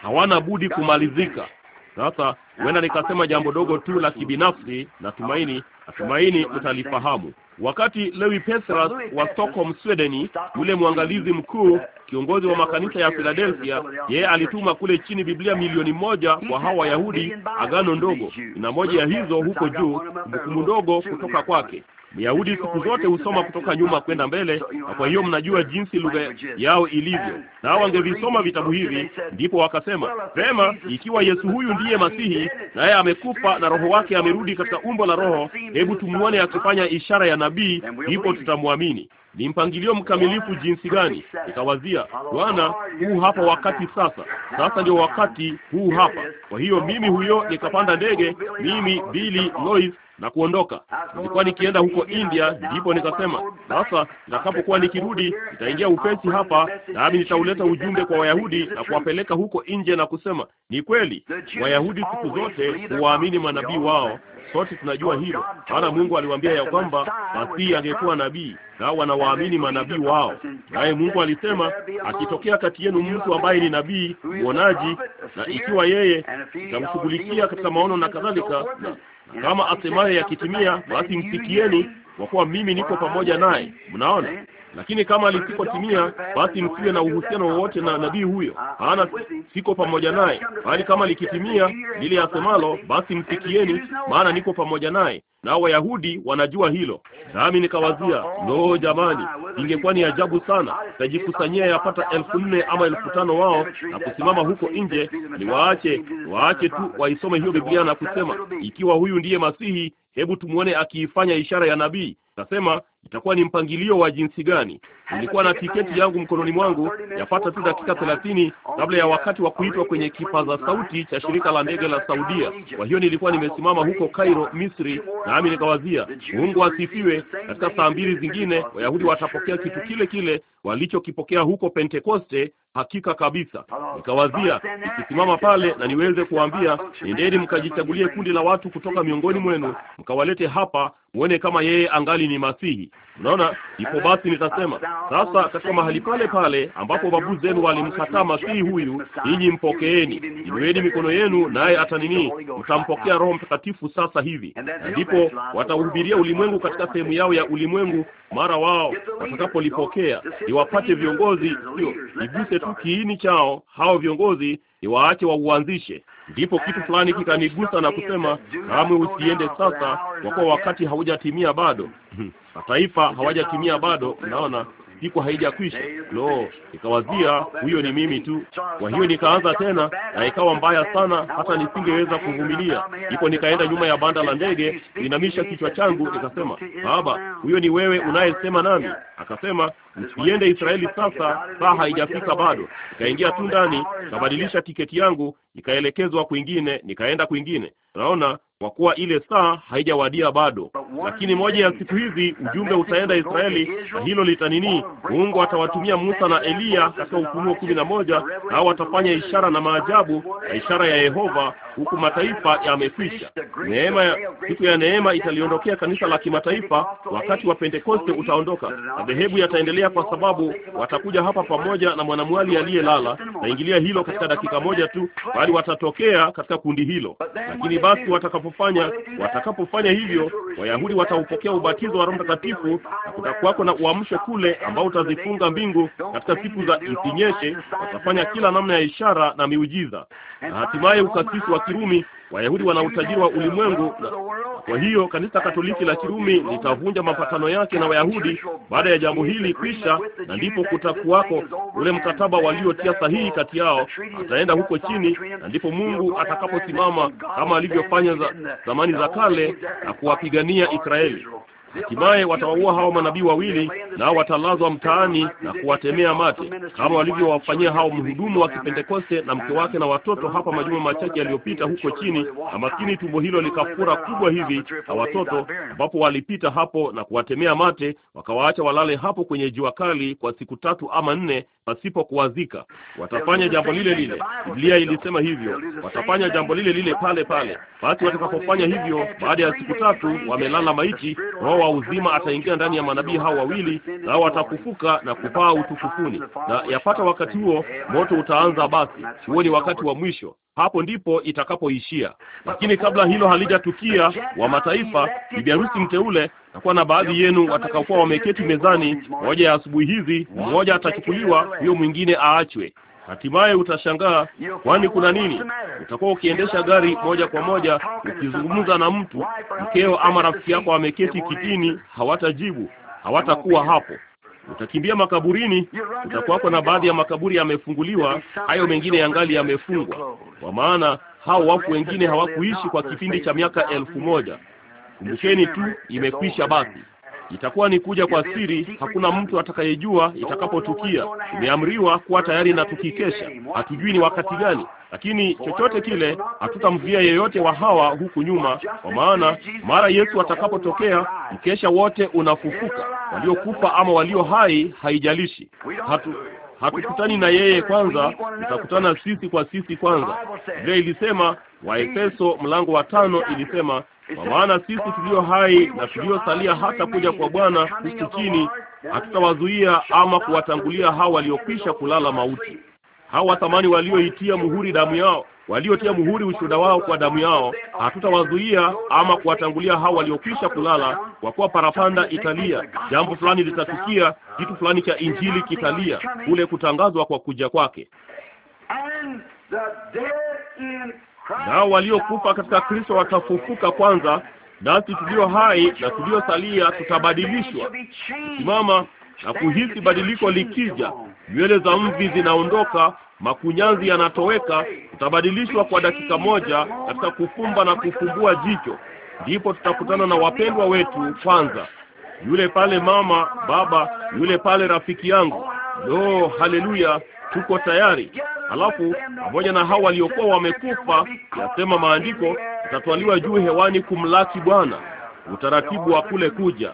hawana budi kumalizika. Sasa huenda nikasema jambo dogo tu la kibinafsi, natumaini natumaini utalifahamu Wakati Lewi Petras wa Stockholm, Swedeni, yule mwangalizi mkuu, kiongozi wa makanisa ya Philadelphia, yeye alituma kule chini Biblia milioni moja kwa hawa Wayahudi, agano ndogo, na moja ya hizo huko juu, kumbukumbu ndogo kutoka kwake. Myahudi siku zote husoma kutoka nyuma kwenda mbele, na kwa hiyo mnajua jinsi lugha yao ilivyo. Nao wangevisoma vitabu hivi, ndipo wakasema vema, ikiwa Yesu huyu ndiye Masihi, naye amekufa na roho wake amerudi katika umbo la roho, hebu tumwone akifanya ishara ya nabii, ndipo tutamwamini ni mpangilio mkamilifu jinsi gani. Nikawazia, Bwana, huu hapa wakati sasa, sasa ndio wakati huu hapa. Kwa hiyo mimi huyo, nikapanda ndege, mimi Billy Lois na kuondoka. Nilikuwa nikienda huko India, ndipo nikasema sasa, nitakapokuwa nikirudi, nitaingia upesi hapa, nami nitauleta ujumbe kwa Wayahudi na kuwapeleka huko nje na kusema, ni kweli Wayahudi siku zote huwaamini manabii wao, Sote tunajua hilo, maana Mungu aliwaambia ya kwamba Masihi angekuwa nabii, nao wanawaamini manabii wao. Naye Mungu alisema, akitokea kati yenu mtu ambaye ni nabii mwonaji, na ikiwa yeye itamshughulikia katika maono na kadhalika, na kama asemaye yakitimia, basi msikieni, kwa kuwa mimi niko pamoja naye. Mnaona, eh? lakini kama lisipotimia, basi msiwe na uhusiano wowote na nabii huyo, maana siko pamoja naye, bali kama likitimia lile asemalo, basi msikieni, maana niko pamoja naye na Wayahudi wanajua hilo. Nami nikawazia, ndoo jamani, ingekuwa ni ajabu sana, tajikusanyia yapata elfu nne ama elfu tano wao na kusimama huko nje, niwaache waache tu waisome hiyo Biblia na kusema, ikiwa huyu ndiye Masihi, hebu tumwone akiifanya ishara ya nabii. Nasema itakuwa ni mpangilio wa jinsi gani. Nilikuwa na tiketi yangu mkononi mwangu yapata tu dakika thelathini kabla ya wakati wa kuitwa kwenye kipaza sauti cha shirika la ndege la Saudia. Kwa hiyo nilikuwa nimesimama huko Cairo, Misri, na nami nikawazia, Mungu asifiwe, katika saa mbili zingine Wayahudi watapokea kitu kile kile walichokipokea huko Pentekoste. Hakika kabisa, nikawazia nikisimama pale na niweze kuambia, nendeni mkajichagulie kundi la watu kutoka miongoni mwenu, mkawalete hapa muone kama yeye angali ni Masihi. Unaona, ipo basi nitasema sasa, katika mahali pale pale ambapo babu zenu walimkataa Masihi huyu, ninyi mpokeeni, inueni mikono yenu, naye atanini, mtampokea Roho Mtakatifu sasa hivi, na ndipo watahubiria ulimwengu katika sehemu yao ya ulimwengu, mara wao watakapolipokea. Iwapate viongozi, sio iguse tu kiini chao, hao viongozi iwaache wauanzishe ndipo kitu fulani kikanigusa na kusema, kamwe usiende sasa, kwa kuwa wakati haujatimia bado. Mataifa hawajatimia bado, naona siku haijakwisha. Lo, nikawazia huyo ni mimi tu. Kwa hiyo nikaanza tena, na ikawa mbaya sana, hata nisingeweza kuvumilia. Ndipo nikaenda nyuma ya banda la ndege, kuinamisha kichwa changu, nikasema, Baba, huyo ni wewe unayesema nami? Akasema, msiende Israeli sasa, saa haijafika bado. Nikaingia tu ndani, nikabadilisha tiketi yangu, nikaelekezwa kwingine, nikaenda kwingine. Unaona, kwa kuwa ile saa haijawadia bado, lakini moja ya siku hizi ujumbe utaenda Israeli, na hilo litanini, Mungu atawatumia Musa na Eliya katika Ufunuo kumi na moja, na watafanya ishara na maajabu na ishara ya Yehova, huku mataifa yamekwisha. Neema, siku ya neema italiondokea kanisa la kimataifa. Wakati wa Pentekoste utaondoka, dhehebu yataendelea wataumia kwa sababu watakuja hapa pamoja na mwanamwali aliyelala. Naingilia hilo katika dakika moja tu, bali watatokea katika kundi hilo. Lakini basi watakapofanya watakapofanya hivyo, Wayahudi wataupokea ubatizo wa Roho Mtakatifu, na kutakuwako na uamsho kule ambao utazifunga mbingu katika siku za isinyeshe. Watafanya kila namna ya ishara na miujiza, na hatimaye ukasisi wa Kirumi Wayahudi wana utajiri wa ulimwengu, na kwa hiyo kanisa Katoliki la Kirumi litavunja mapatano yake na Wayahudi baada ya jambo hili kwisha, na ndipo kutakuwako ule mkataba waliotia sahihi kati yao. Ataenda huko chini, na ndipo Mungu atakaposimama kama alivyofanya za zamani za kale na kuwapigania Israeli. Hatimaye watawaua hao manabii wawili, nao watalazwa mtaani na kuwatemea mate, kama walivyowafanyia hao mhudumu wa Kipentekoste na mke wake na watoto hapa majuma machache yaliyopita huko chini, na maskini tumbo hilo likafura kubwa hivi na watoto, ambapo walipita hapo na kuwatemea mate, wakawaacha walale hapo kwenye jua kali kwa siku tatu ama nne, pasipo kuwazika. Watafanya jambo lile lile, Biblia ilisema hivyo, watafanya jambo lile lile pale pale. Basi watakapofanya hivyo, baada ya siku tatu wamelala maiti, roho wa uzima ataingia ndani ya manabii hao wawili, nao watafufuka na kupaa utukufuni, na yapata wakati huo moto utaanza. Basi huo ni wakati wa mwisho. Hapo ndipo itakapoishia. Lakini kabla hilo halijatukia, wa mataifa, bibi harusi mteule, takuwa na baadhi yenu watakaokuwa wameketi mezani, moja ya asubuhi hizi, mmoja atachukuliwa, huyo mwingine aachwe. Hatimaye utashangaa, kwani kuna nini? Utakuwa ukiendesha gari moja kwa moja, ukizungumza na mtu, mkeo ama rafiki yako ameketi kitini, hawatajibu, hawatakuwa hapo. Utakimbia makaburini, utakwako na baadhi ya makaburi yamefunguliwa, hayo mengine yangali yamefungwa, kwa maana hao wafu wengine hawakuishi kwa kipindi cha miaka elfu moja. Kumbusheni tu, imekwisha basi. Itakuwa ni kuja kwa siri, hakuna mtu atakayejua itakapotukia. Imeamriwa kuwa tayari na tukikesha. Hatujui ni wakati gani lakini chochote kile hatutamvia yeyote wa hawa huku nyuma, kwa maana mara Yesu atakapotokea mkesha wote unafufuka, waliokufa ama walio hai, haijalishi hatu hatukutani na yeye kwanza, tutakutana sisi kwa sisi kwanza. Vile ilisema Waefeso mlango wa tano ilisema, kwa maana sisi tulio hai na tuliosalia hata kuja kwa Bwana huku chini hatutawazuia ama kuwatangulia hao waliokwisha kulala mauti hao wathamani walioitia muhuri damu yao, waliotia muhuri ushuhuda wao kwa damu yao, hatutawazuia ama kuwatangulia hao waliokwisha kulala, kwa kuwa parapanda italia, jambo fulani litatukia, kitu fulani cha injili kitalia, kule kutangazwa kwa kuja kwake. Nao waliokufa katika Kristo watafufuka kwanza, nasi tulio hai na tuliosalia tutabadilishwa. Simama na kuhisi badiliko likija, nywele za mvi zinaondoka, makunyanzi yanatoweka, tutabadilishwa kwa dakika moja katika kufumba na kufumbua jicho. Ndipo tutakutana na wapendwa wetu kwanza, yule pale mama, baba, yule pale rafiki yangu. Lo, haleluya, tuko tayari. Alafu pamoja na hao waliokuwa wamekufa, yasema maandiko, tutatwaliwa juu hewani kumlaki Bwana. Utaratibu wa kule kuja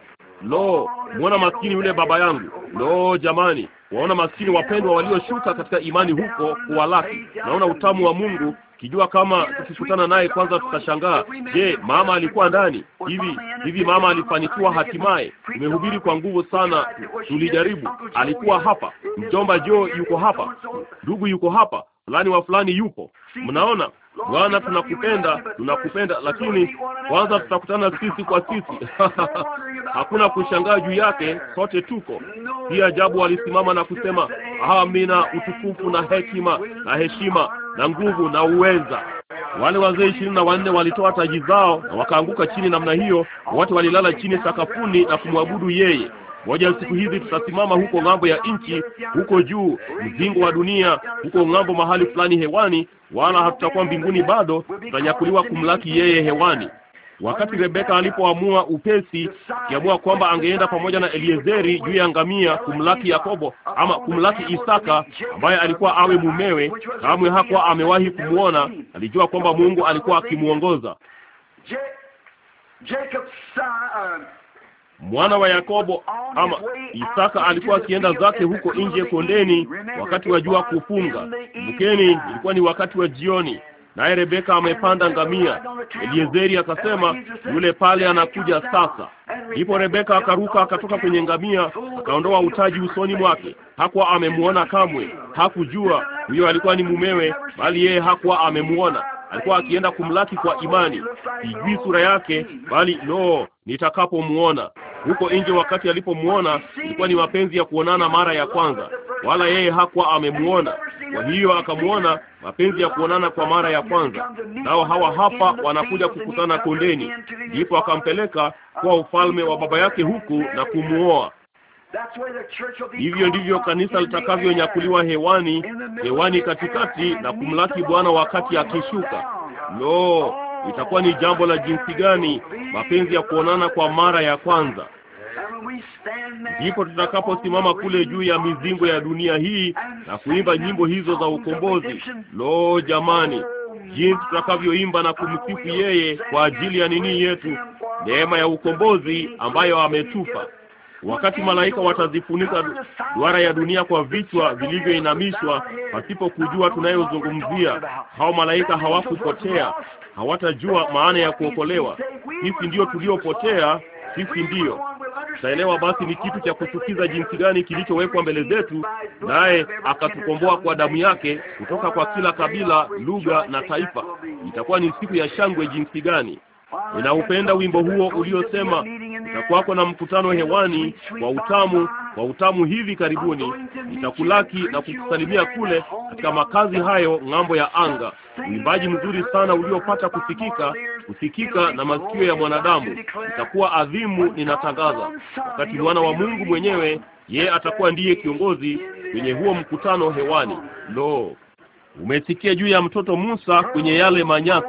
Lo, mwana maskini yule baba yangu! Lo, jamani, waona maskini wapendwa walioshuka katika imani huko kuwalaki. Naona utamu wa Mungu kijua kama tukikutana naye kwanza tutashangaa. Je, mama alikuwa ndani hivi hivi? Mama alifanikiwa hatimaye. Nimehubiri kwa nguvu sana, tulijaribu. Alikuwa hapa, mjomba Joe yuko hapa, ndugu yuko hapa, fulani wa fulani yupo. Mnaona, Bwana, tunakupenda, tunakupenda, lakini kwanza tutakutana sisi kwa sisi. Hakuna kushangaa juu yake, sote tuko hii. Ajabu, alisimama na kusema amina, utukufu na hekima na heshima na nguvu na uweza. Wale wazee ishirini na wanne walitoa taji zao na wakaanguka chini namna hiyo, wote walilala chini sakafuni na kumwabudu yeye. Moja siku hizi tutasimama huko ng'ambo ya nchi, huko juu mzingo wa dunia, huko ng'ambo mahali fulani hewani, wala hatutakuwa mbinguni bado, tutanyakuliwa kumlaki yeye hewani. Wakati Rebeka alipoamua upesi, akiamua kwamba angeenda pamoja na Eliezeri juu ya ngamia kumlaki Yakobo ama kumlaki Isaka ambaye alikuwa awe mumewe, kamwe hakuwa amewahi kumwona. Alijua kwamba Mungu alikuwa akimwongoza. Um, mwana wa Yakobo ama Isaka alikuwa akienda zake huko nje kondeni wakati wa jua kufunga. Mkeni ilikuwa ni wakati wa jioni, naye Rebeka amepanda ngamia. Eliezeri akasema, yule pale anakuja sasa. Ndipo Rebeka akaruka akatoka kwenye ngamia, oh, akaondoa utaji usoni mwake. Hakuwa amemwona kamwe, hakujua huyo alikuwa ni mumewe, bali yeye hakuwa amemwona alikuwa akienda kumlaki kwa imani. Sijui sura yake, bali no, nitakapomwona huko nje. Wakati alipomwona ilikuwa ni mapenzi ya kuonana mara ya kwanza, wala yeye hakuwa amemwona. Kwa hiyo akamwona, mapenzi ya kuonana kwa mara ya kwanza. Nao hawa hapa wanakuja kukutana kondeni, ndipo akampeleka kwa ufalme wa baba yake huku na kumwoa Hivyo ndivyo kanisa litakavyonyakuliwa hewani, hewani katikati na kumlaki Bwana wakati akishuka. Lo, oh, itakuwa ni jambo la jinsi gani! Mapenzi ya kuonana kwa mara ya kwanza. Ndipo tutakaposimama kule juu ya mizingo ya dunia hii na kuimba nyimbo hizo za ukombozi. Lo, jamani, jinsi tutakavyoimba na kumsifu yeye kwa ajili ya nini yetu, neema ya ukombozi ambayo ametupa. Wakati malaika watazifunika duara ya dunia kwa vichwa vilivyoinamishwa, pasipokujua tunayozungumzia, hao malaika hawakupotea, hawatajua maana ya kuokolewa. Sisi ndiyo tuliopotea, sisi ndiyo taelewa. Basi ni kitu cha kuchukiza jinsi gani kilichowekwa mbele zetu, naye akatukomboa kwa damu yake kutoka kwa kila kabila, lugha na taifa. Itakuwa ni siku ya shangwe jinsi gani! Ninaupenda wimbo huo uliosema nitakuwako na mkutano hewani wa utamu wa utamu hivi karibuni, nitakulaki na kukusalimia kule katika makazi hayo ng'ambo ya anga. Uimbaji mzuri sana uliopata kusikika kusikika na masikio ya mwanadamu. nitakuwa adhimu, ninatangaza, wakati mwana wa Mungu mwenyewe, yeye atakuwa ndiye kiongozi kwenye huo mkutano hewani. Lo no. Umesikia juu ya mtoto Musa kwenye yale manyasi.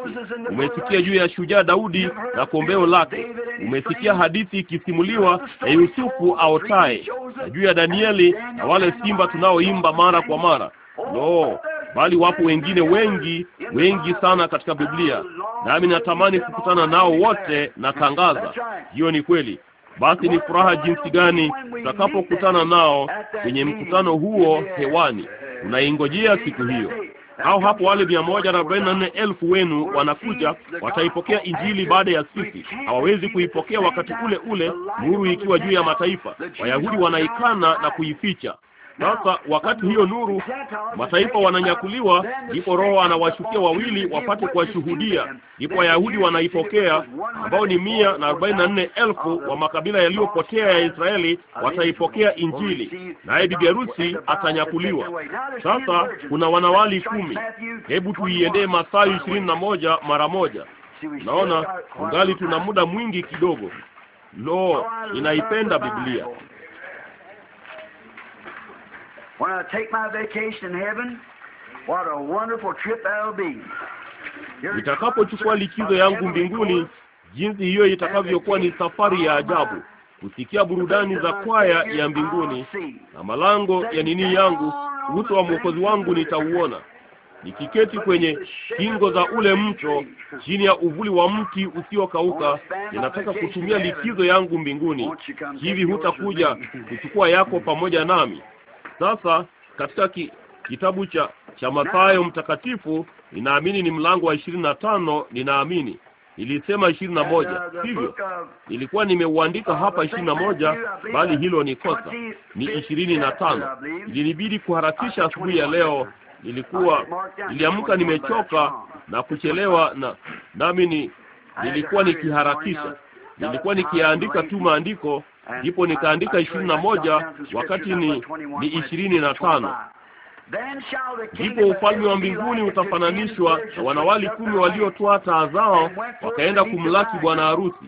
Umesikia juu ya shujaa Daudi na kombeo lake. Umesikia hadithi ikisimuliwa ya Yusufu aotae na juu ya Danieli na wale simba tunaoimba mara kwa mara. Lo, bali wapo wengine wengi wengi sana katika Biblia, nami natamani kukutana nao wote. na tangaza hiyo ni kweli. Basi ni furaha jinsi gani tutakapokutana nao kwenye mkutano huo hewani unaingojea siku hiyo. Hao hapo wale mia moja na arobaini na nne elfu wenu wanakuja, wataipokea injili baada ya sisi. Hawawezi kuipokea wakati ule ule, nuru ikiwa juu ya mataifa. Wayahudi wanaikana na kuificha, sasa wakati hiyo nuru, mataifa wananyakuliwa, ndipo Roho anawashukia wawili wapate kuwashuhudia, ndipo Wayahudi wanaipokea ambao ni mia na arobaini na nne elfu wa makabila yaliyopotea ya Israeli wataipokea Injili, naye bibi harusi atanyakuliwa. Sasa kuna wanawali kumi. Hebu tuiendee Mathayo ishirini na moja mara moja. Naona ungali tuna muda mwingi kidogo. Lo, inaipenda Biblia. When I take my vacation in heaven, what a wonderful trip that'll be. Nitakapochukua likizo yangu mbinguni, jinsi hiyo itakavyokuwa ni safari ya ajabu kusikia burudani za kwaya ya mbinguni na malango ya nini yangu, uso wa mwokozi wangu nitauona nikiketi kwenye kingo za ule mto chini ya uvuli wa mti usiokauka. Ninataka kutumia likizo yangu mbinguni. Hivi hutakuja kuchukua yako pamoja nami? Sasa katika ki, kitabu cha cha Mathayo mtakatifu ninaamini ni mlango wa ishirini na tano ninaamini ilisema ishirini na moja hivyo nilikuwa nimeuandika hapa ishirini na moja bali hilo ni kosa, ni ishirini na tano Ilinibidi kuharakisha asubuhi ya leo, nilikuwa niliamka nimechoka na kuchelewa, na nami ni nilikuwa nikiharakisha, nilikuwa nikiandika tu maandiko Ndipo nikaandika ishirini na moja wakati ni ni ishirini na tano ndipo ufalme wa mbinguni utafananishwa na wanawali kumi waliotoa taa zao wakaenda kumlaki bwana harusi.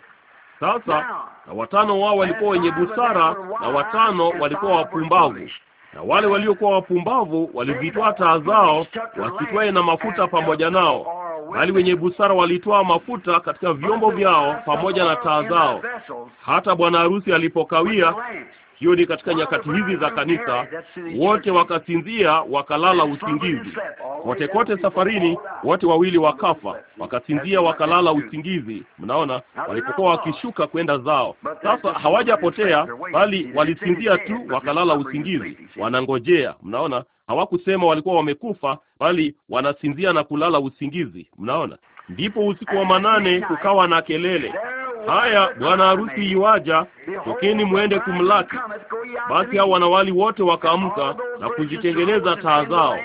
Sasa na watano wao walikuwa wenye busara na watano walikuwa wapumbavu, na wale waliokuwa wapumbavu walizitwaa taa zao wasitwae na mafuta pamoja nao bali wenye busara walitoa mafuta katika vyombo vyao pamoja na taa zao. Hata bwana harusi alipokawia, hiyo ni katika nyakati hizi za kanisa, wote wakasinzia, wakalala usingizi, kote kote safarini, wote wawili wakafa, wakasinzia, wakalala usingizi. Mnaona, walipokuwa wakishuka kwenda zao. Sasa hawajapotea, bali walisinzia tu, wakalala usingizi, wanangojea. Mnaona, hawakusema walikuwa wamekufa, bali wanasinzia na kulala usingizi. Mnaona? Ndipo usiku wa manane kukawa na kelele, haya, bwana harusi iwaja, tokeni mwende kumlaki. Basi hao wanawali wote wakaamka na kuzitengeneza taa zao,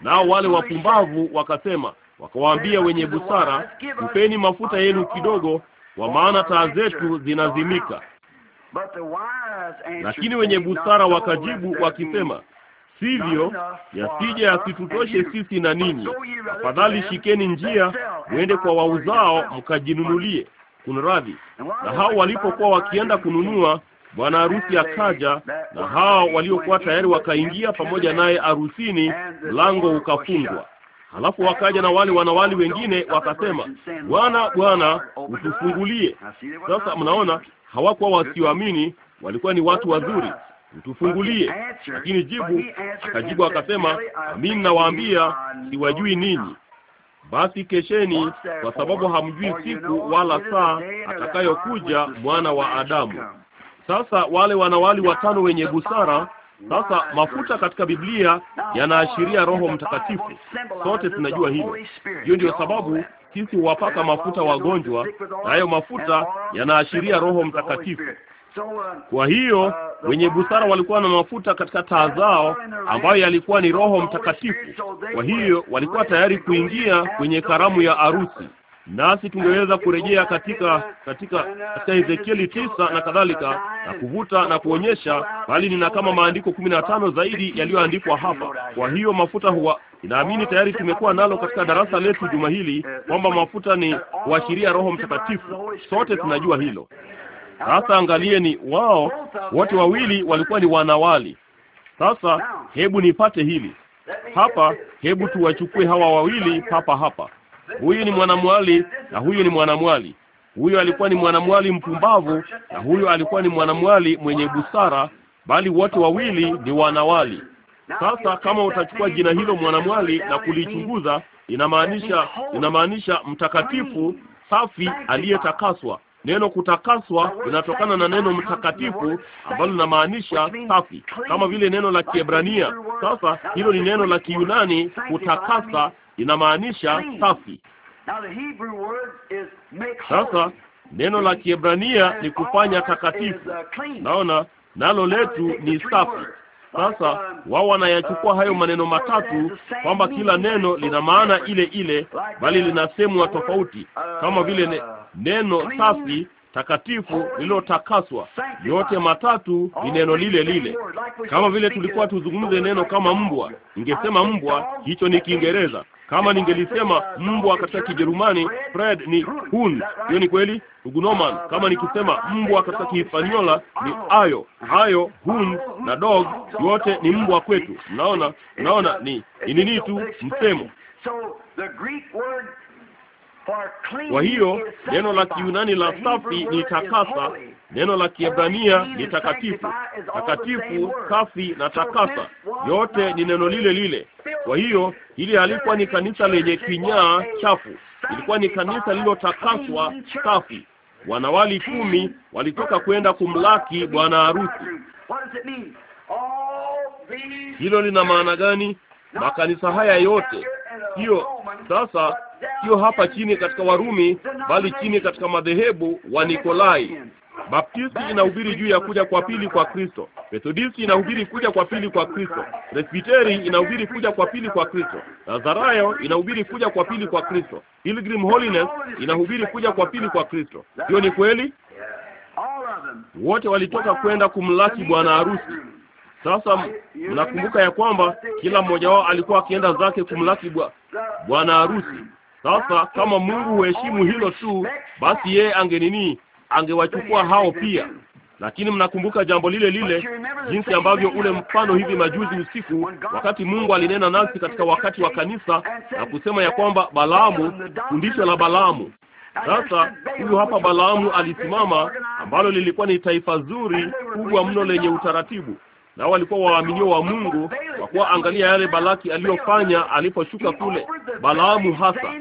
nao wale wapumbavu wakasema, wakawaambia wenye busara, tupeni mafuta yenu kidogo, kwa maana taa zetu zinazimika. Lakini wenye busara wakajibu wakisema sivyo yasije yasitutoshe sisi na ninyi. Afadhali shikeni njia, mwende kwa wauzao mkajinunulie. Kuna radhi. Na hao walipokuwa wakienda kununua, bwana harusi akaja, na hao waliokuwa tayari wakaingia pamoja naye harusini, mlango ukafungwa. Halafu wakaja na wale wanawali wengine wakasema, Bwana, Bwana, utufungulie. Sasa mnaona, hawakuwa wasioamini, walikuwa ni watu wazuri utufungulie Lakini jibu akajibu akasema, mimi nawaambia siwajui ninyi. Basi kesheni, kwa sababu hamjui siku wala saa atakayokuja mwana wa Adamu. Sasa wale wanawali watano wenye busara sasa mafuta katika Biblia yanaashiria Roho Mtakatifu. Sote tunajua hilo. Hiyo ndio sababu sisi huwapaka mafuta wagonjwa, na hayo mafuta yanaashiria Roho Mtakatifu. Kwa hiyo uh, wenye busara walikuwa na mafuta katika taa zao ambayo yalikuwa ni Roho Mtakatifu. Kwa hiyo walikuwa tayari kuingia kwenye karamu ya arusi, nasi tungeweza kurejea katika uh, katika uh, katika Ezekieli tisa na kadhalika na kuvuta na kuonyesha, bali nina kama maandiko kumi na tano zaidi yaliyoandikwa hapa. Kwa hiyo mafuta huwa inaamini tayari tumekuwa nalo katika darasa letu juma hili kwamba mafuta ni kuashiria Roho Mtakatifu. Sote tunajua hilo. Sasa angalieni, wao wote wawili walikuwa ni wanawali. Sasa hebu nipate hili hapa, hebu tuwachukue hawa wawili papa hapa. Huyu ni mwanamwali na huyu ni mwanamwali. Huyu alikuwa ni mwanamwali mpumbavu na huyu alikuwa ni mwanamwali mwenye busara, bali wote wawili ni wanawali. Sasa kama utachukua jina hilo mwanamwali na kulichunguza, inamaanisha inamaanisha mtakatifu, safi, aliyetakaswa Neno kutakaswa linatokana na neno mtakatifu ambalo linamaanisha safi, kama vile neno la Kiebrania. Sasa hilo ni neno la Kiyunani, kutakasa maanisha safi. Sasa neno la Kiebrania ni kufanya takatifu, naona nalo letu ni safi. Sasa wao wanayachukua hayo maneno matatu kwamba kila neno lina maana ile ile, bali linasemwa tofauti, kama vile neno safi takatifu lililotakaswa. Yote matatu ni neno lile lile. Kama vile tulikuwa tuzungumze neno kama mbwa, ningesema mbwa, hicho ni Kiingereza. Kama ningelisema uh, mbwa katika Kijerumani, Fred ni Hund. Hiyo ni kweli, ndugu Norman. Uh, kama nikisema mbwa katika Kihispaniola ni ayo ayo, Hund na dog, yote ni mbwa kwetu. Naona, naona ni nini tu msemo kwa hiyo neno la kiunani la safi ni takasa, neno la Kiebrania ni takatifu. Takatifu, safi na takasa yote ni neno lile lile. Kwa hiyo hili halikuwa ni kanisa lenye kinyaa chafu, ilikuwa ni kanisa lililotakaswa safi. Wanawali kumi walitoka kwenda kumlaki bwana harusi. Hilo lina maana gani? Makanisa haya yote, hiyo sasa sio hapa chini katika Warumi, bali chini katika madhehebu wa Nikolai. Baptisti inahubiri juu ya kuja kwa pili kwa Kristo. Methodisti inahubiri kuja kwa pili kwa Kristo. Presbiteri inahubiri kuja kwa pili kwa Kristo. Nazarayo inahubiri kuja kwa pili kwa Kristo. Pilgrim Holiness inahubiri kuja kwa pili kwa Kristo. Hiyo ni kweli. Wote walitoka kwenda kumlaki bwana harusi. Sasa mnakumbuka ya kwamba kila mmoja wao alikuwa akienda zake kumlaki bwana harusi. Sasa kama Mungu huheshimu hilo tu, basi yeye nini, angewachukua hao pia. Lakini mnakumbuka jambo lile lile, jinsi ambavyo ule mfano hivi majuzi usiku, wakati Mungu alinena nasi katika wakati wa kanisa na kusema ya kwamba Balaamu, fundisho la Balaamu. Sasa huyu hapa Balaamu alisimama, ambalo lilikuwa ni taifa zuri kubwa mno lenye utaratibu nao walikuwa waaminio wa Mungu, kwa kuwa angalia yale Balaki aliyofanya aliposhuka kule. Balaamu hasa,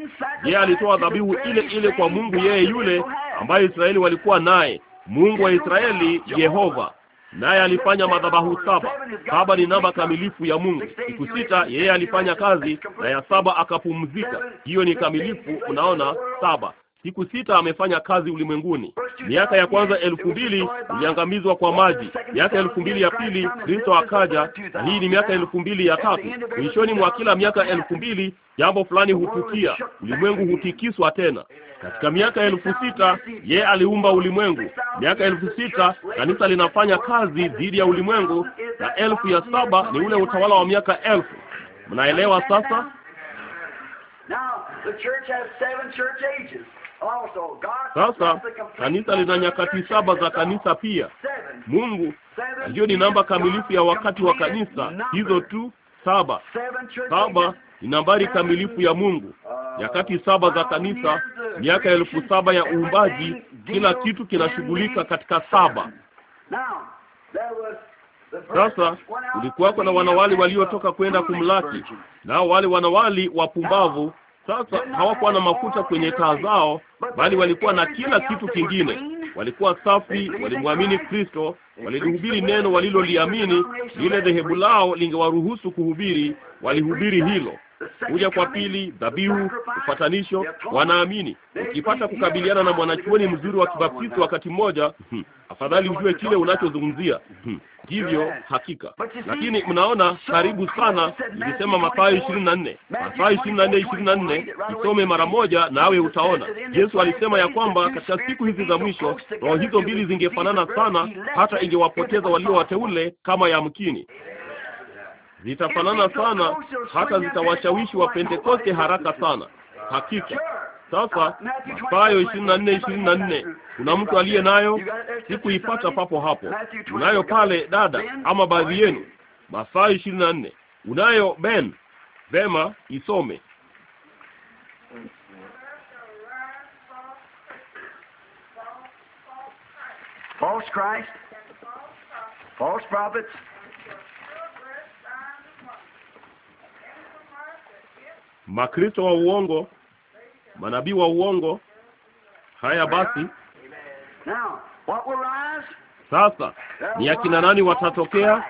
yeye alitoa dhabihu ile ile kwa Mungu, yeye yule ambaye Israeli walikuwa naye, Mungu wa Israeli, Yehova naye alifanya madhabahu saba. Saba ni namba kamilifu ya Mungu. Siku sita yeye alifanya kazi, na ya saba akapumzika. Hiyo ni kamilifu, unaona, saba siku sita amefanya kazi ulimwenguni. Miaka ya kwanza elfu mbili iliangamizwa kwa maji. Miaka elfu mbili ya pili Kristo akaja, na hii ni miaka elfu mbili ya tatu. Mwishoni mwa kila miaka elfu mbili jambo fulani hutukia, ulimwengu hutikiswa tena. Katika miaka elfu sita ye aliumba ulimwengu. Miaka elfu sita kanisa linafanya kazi dhidi ya ulimwengu, na elfu ya saba ni ule utawala wa miaka elfu. Mnaelewa sasa? Sasa kanisa lina nyakati saba za kanisa pia. Mungu hiyo ni namba kamilifu ya wakati wa kanisa, hizo tu saba. Saba ni nambari kamilifu ya Mungu. Uh, nyakati saba za kanisa, miaka elfu saba ya uumbaji, kila kitu kinashughulika katika saba. Sasa kulikuwako na wanawali waliotoka kwenda kumlaki, nao wale wanawali wapumbavu sasa hawakuwa na mafuta kwenye taa zao, bali walikuwa na kila kitu kingine. Walikuwa safi, walimwamini Kristo, walilihubiri neno waliloliamini, lile dhehebu lao lingewaruhusu kuhubiri, walihubiri hilo kuja kwa pili, dhabihu, upatanisho. Wanaamini ukipata kukabiliana na mwanachuoni mzuri wa kibaptisti wakati mmoja, hmm, afadhali ujue kile unachozungumzia. Hmm, hivyo hakika, lakini mnaona, karibu sana nilisema Mathayo ishirini na nne Mathayo ishirini na nne ishirini na nne Isome mara moja nawe utaona. Yesu alisema ya kwamba katika siku hizi za mwisho roho hizo mbili zingefanana sana, hata ingewapoteza walio wateule kama yamkini zitafanana sana hata zitawashawishi wa Pentekoste haraka sana, hakika. Sasa uh, Mathayo ishirini na nne ishirini na nne kuna mtu aliye nayo sikuipata papo hapo, unayo pale dada, ama baadhi yenu. Mathayo ishirini na nne unayo Ben? Vema, isome False Christ, false prophets makristo wa uongo, manabii wa uongo. Haya basi, sasa ni akina nani watatokea?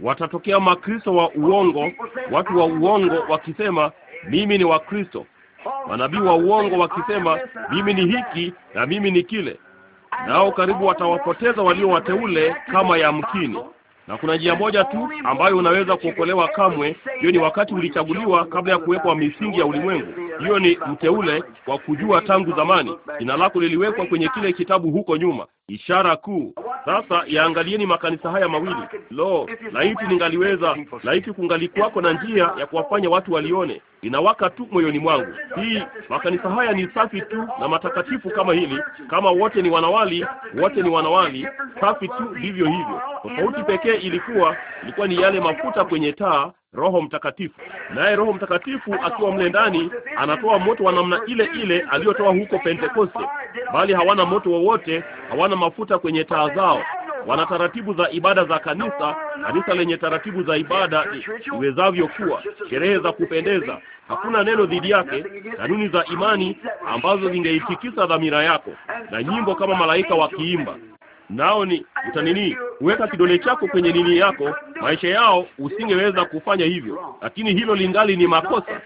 Watatokea makristo wa uongo, watu wa uongo wakisema mimi ni wa Kristo, manabii wa uongo wakisema mimi ni hiki na mimi ni kile, nao karibu watawapoteza walio wateule kama yamkini na kuna njia moja tu ambayo unaweza kuokolewa kamwe. Hiyo ni wakati ulichaguliwa kabla ya kuwekwa misingi ya ulimwengu hiyo ni mteule wa kujua tangu zamani. Jina lako liliwekwa kwenye kile kitabu huko nyuma, ishara kuu. Sasa yaangalieni makanisa haya mawili. Lo, laiti ningaliweza, laiti kungalikuwako na njia ya kuwafanya watu walione. Inawaka tu moyoni mwangu hii. Makanisa haya ni safi tu na matakatifu kama hili, kama wote ni wanawali, wote ni wanawali, safi tu vivyo hivyo. Tofauti pekee ilikuwa ilikuwa ni yale mafuta kwenye taa Roho Mtakatifu, naye Roho Mtakatifu akiwa mle ndani anatoa moto wa namna ile ile aliyotoa huko Pentekoste, bali hawana moto wowote, hawana mafuta kwenye taa zao. Wana taratibu za ibada za kanisa, kanisa lenye taratibu za ibada iwezavyo kuwa, sherehe za kupendeza. Hakuna neno dhidi yake, kanuni za imani ambazo zingeitikisa dhamira yako, na nyimbo kama malaika wakiimba nao ni utanini weka kidole chako kwenye nini yako maisha yao, usingeweza kufanya hivyo, lakini hilo lingali ni makosa,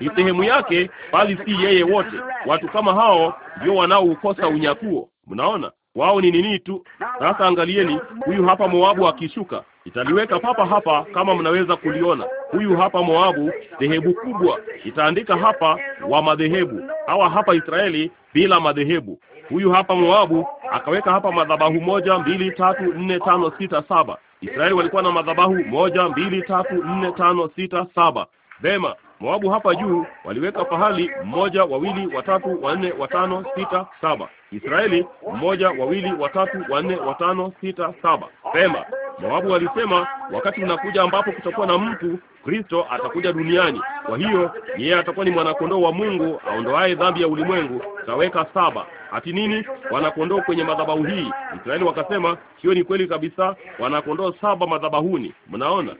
ni sehemu yake, bali si yeye wote. Watu kama hao ndio wanaoukosa unyakuo. Mnaona, wao ni nini tu. Sasa angalieni, huyu hapa Moabu akishuka, italiweka papa hapa, kama mnaweza kuliona. Huyu hapa Moabu, dhehebu kubwa, itaandika hapa wa madhehebu. Hawa hapa Israeli bila madhehebu. Huyu hapa Moabu akaweka hapa madhabahu moja, mbili, tatu, nne, tano, sita, saba. Israeli walikuwa na madhabahu moja, mbili, tatu, nne, tano, sita, saba. Vema, Moabu hapa juu waliweka fahali mmoja, wawili, watatu, wanne, watano, sita, saba. Israeli mmoja, wawili, watatu, wanne, watano, sita, saba. Vema, Moabu walisema wakati unakuja ambapo kutakuwa na mtu Kristo atakuja duniani. Kwa hiyo yeye atakuwa ni mwanakondoo wa Mungu aondoaye dhambi ya ulimwengu, taweka saba ati nini wanakondoo kwenye madhabahu hii? Israeli wakasema, hiyo ni kweli kabisa, wanakondoo saba madhabahuni. Mnaona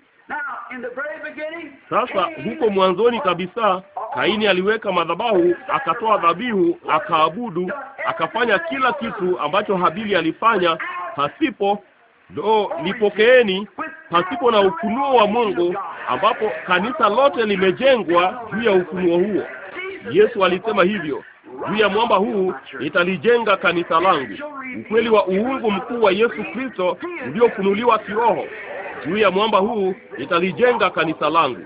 sasa, huko mwanzoni kabisa Kaini aliweka madhabahu, akatoa dhabihu, akaabudu, akafanya kila kitu ambacho Habili alifanya, pasipo doo lipokeeni, pasipo na ufunuo wa Mungu, ambapo kanisa lote limejengwa juu ya ufunuo huo. Yesu alisema hivyo juu ya mwamba huu nitalijenga kanisa langu. Ukweli wa uungu mkuu wa Yesu Kristo uliofunuliwa kiroho, juu ya mwamba huu nitalijenga kanisa langu.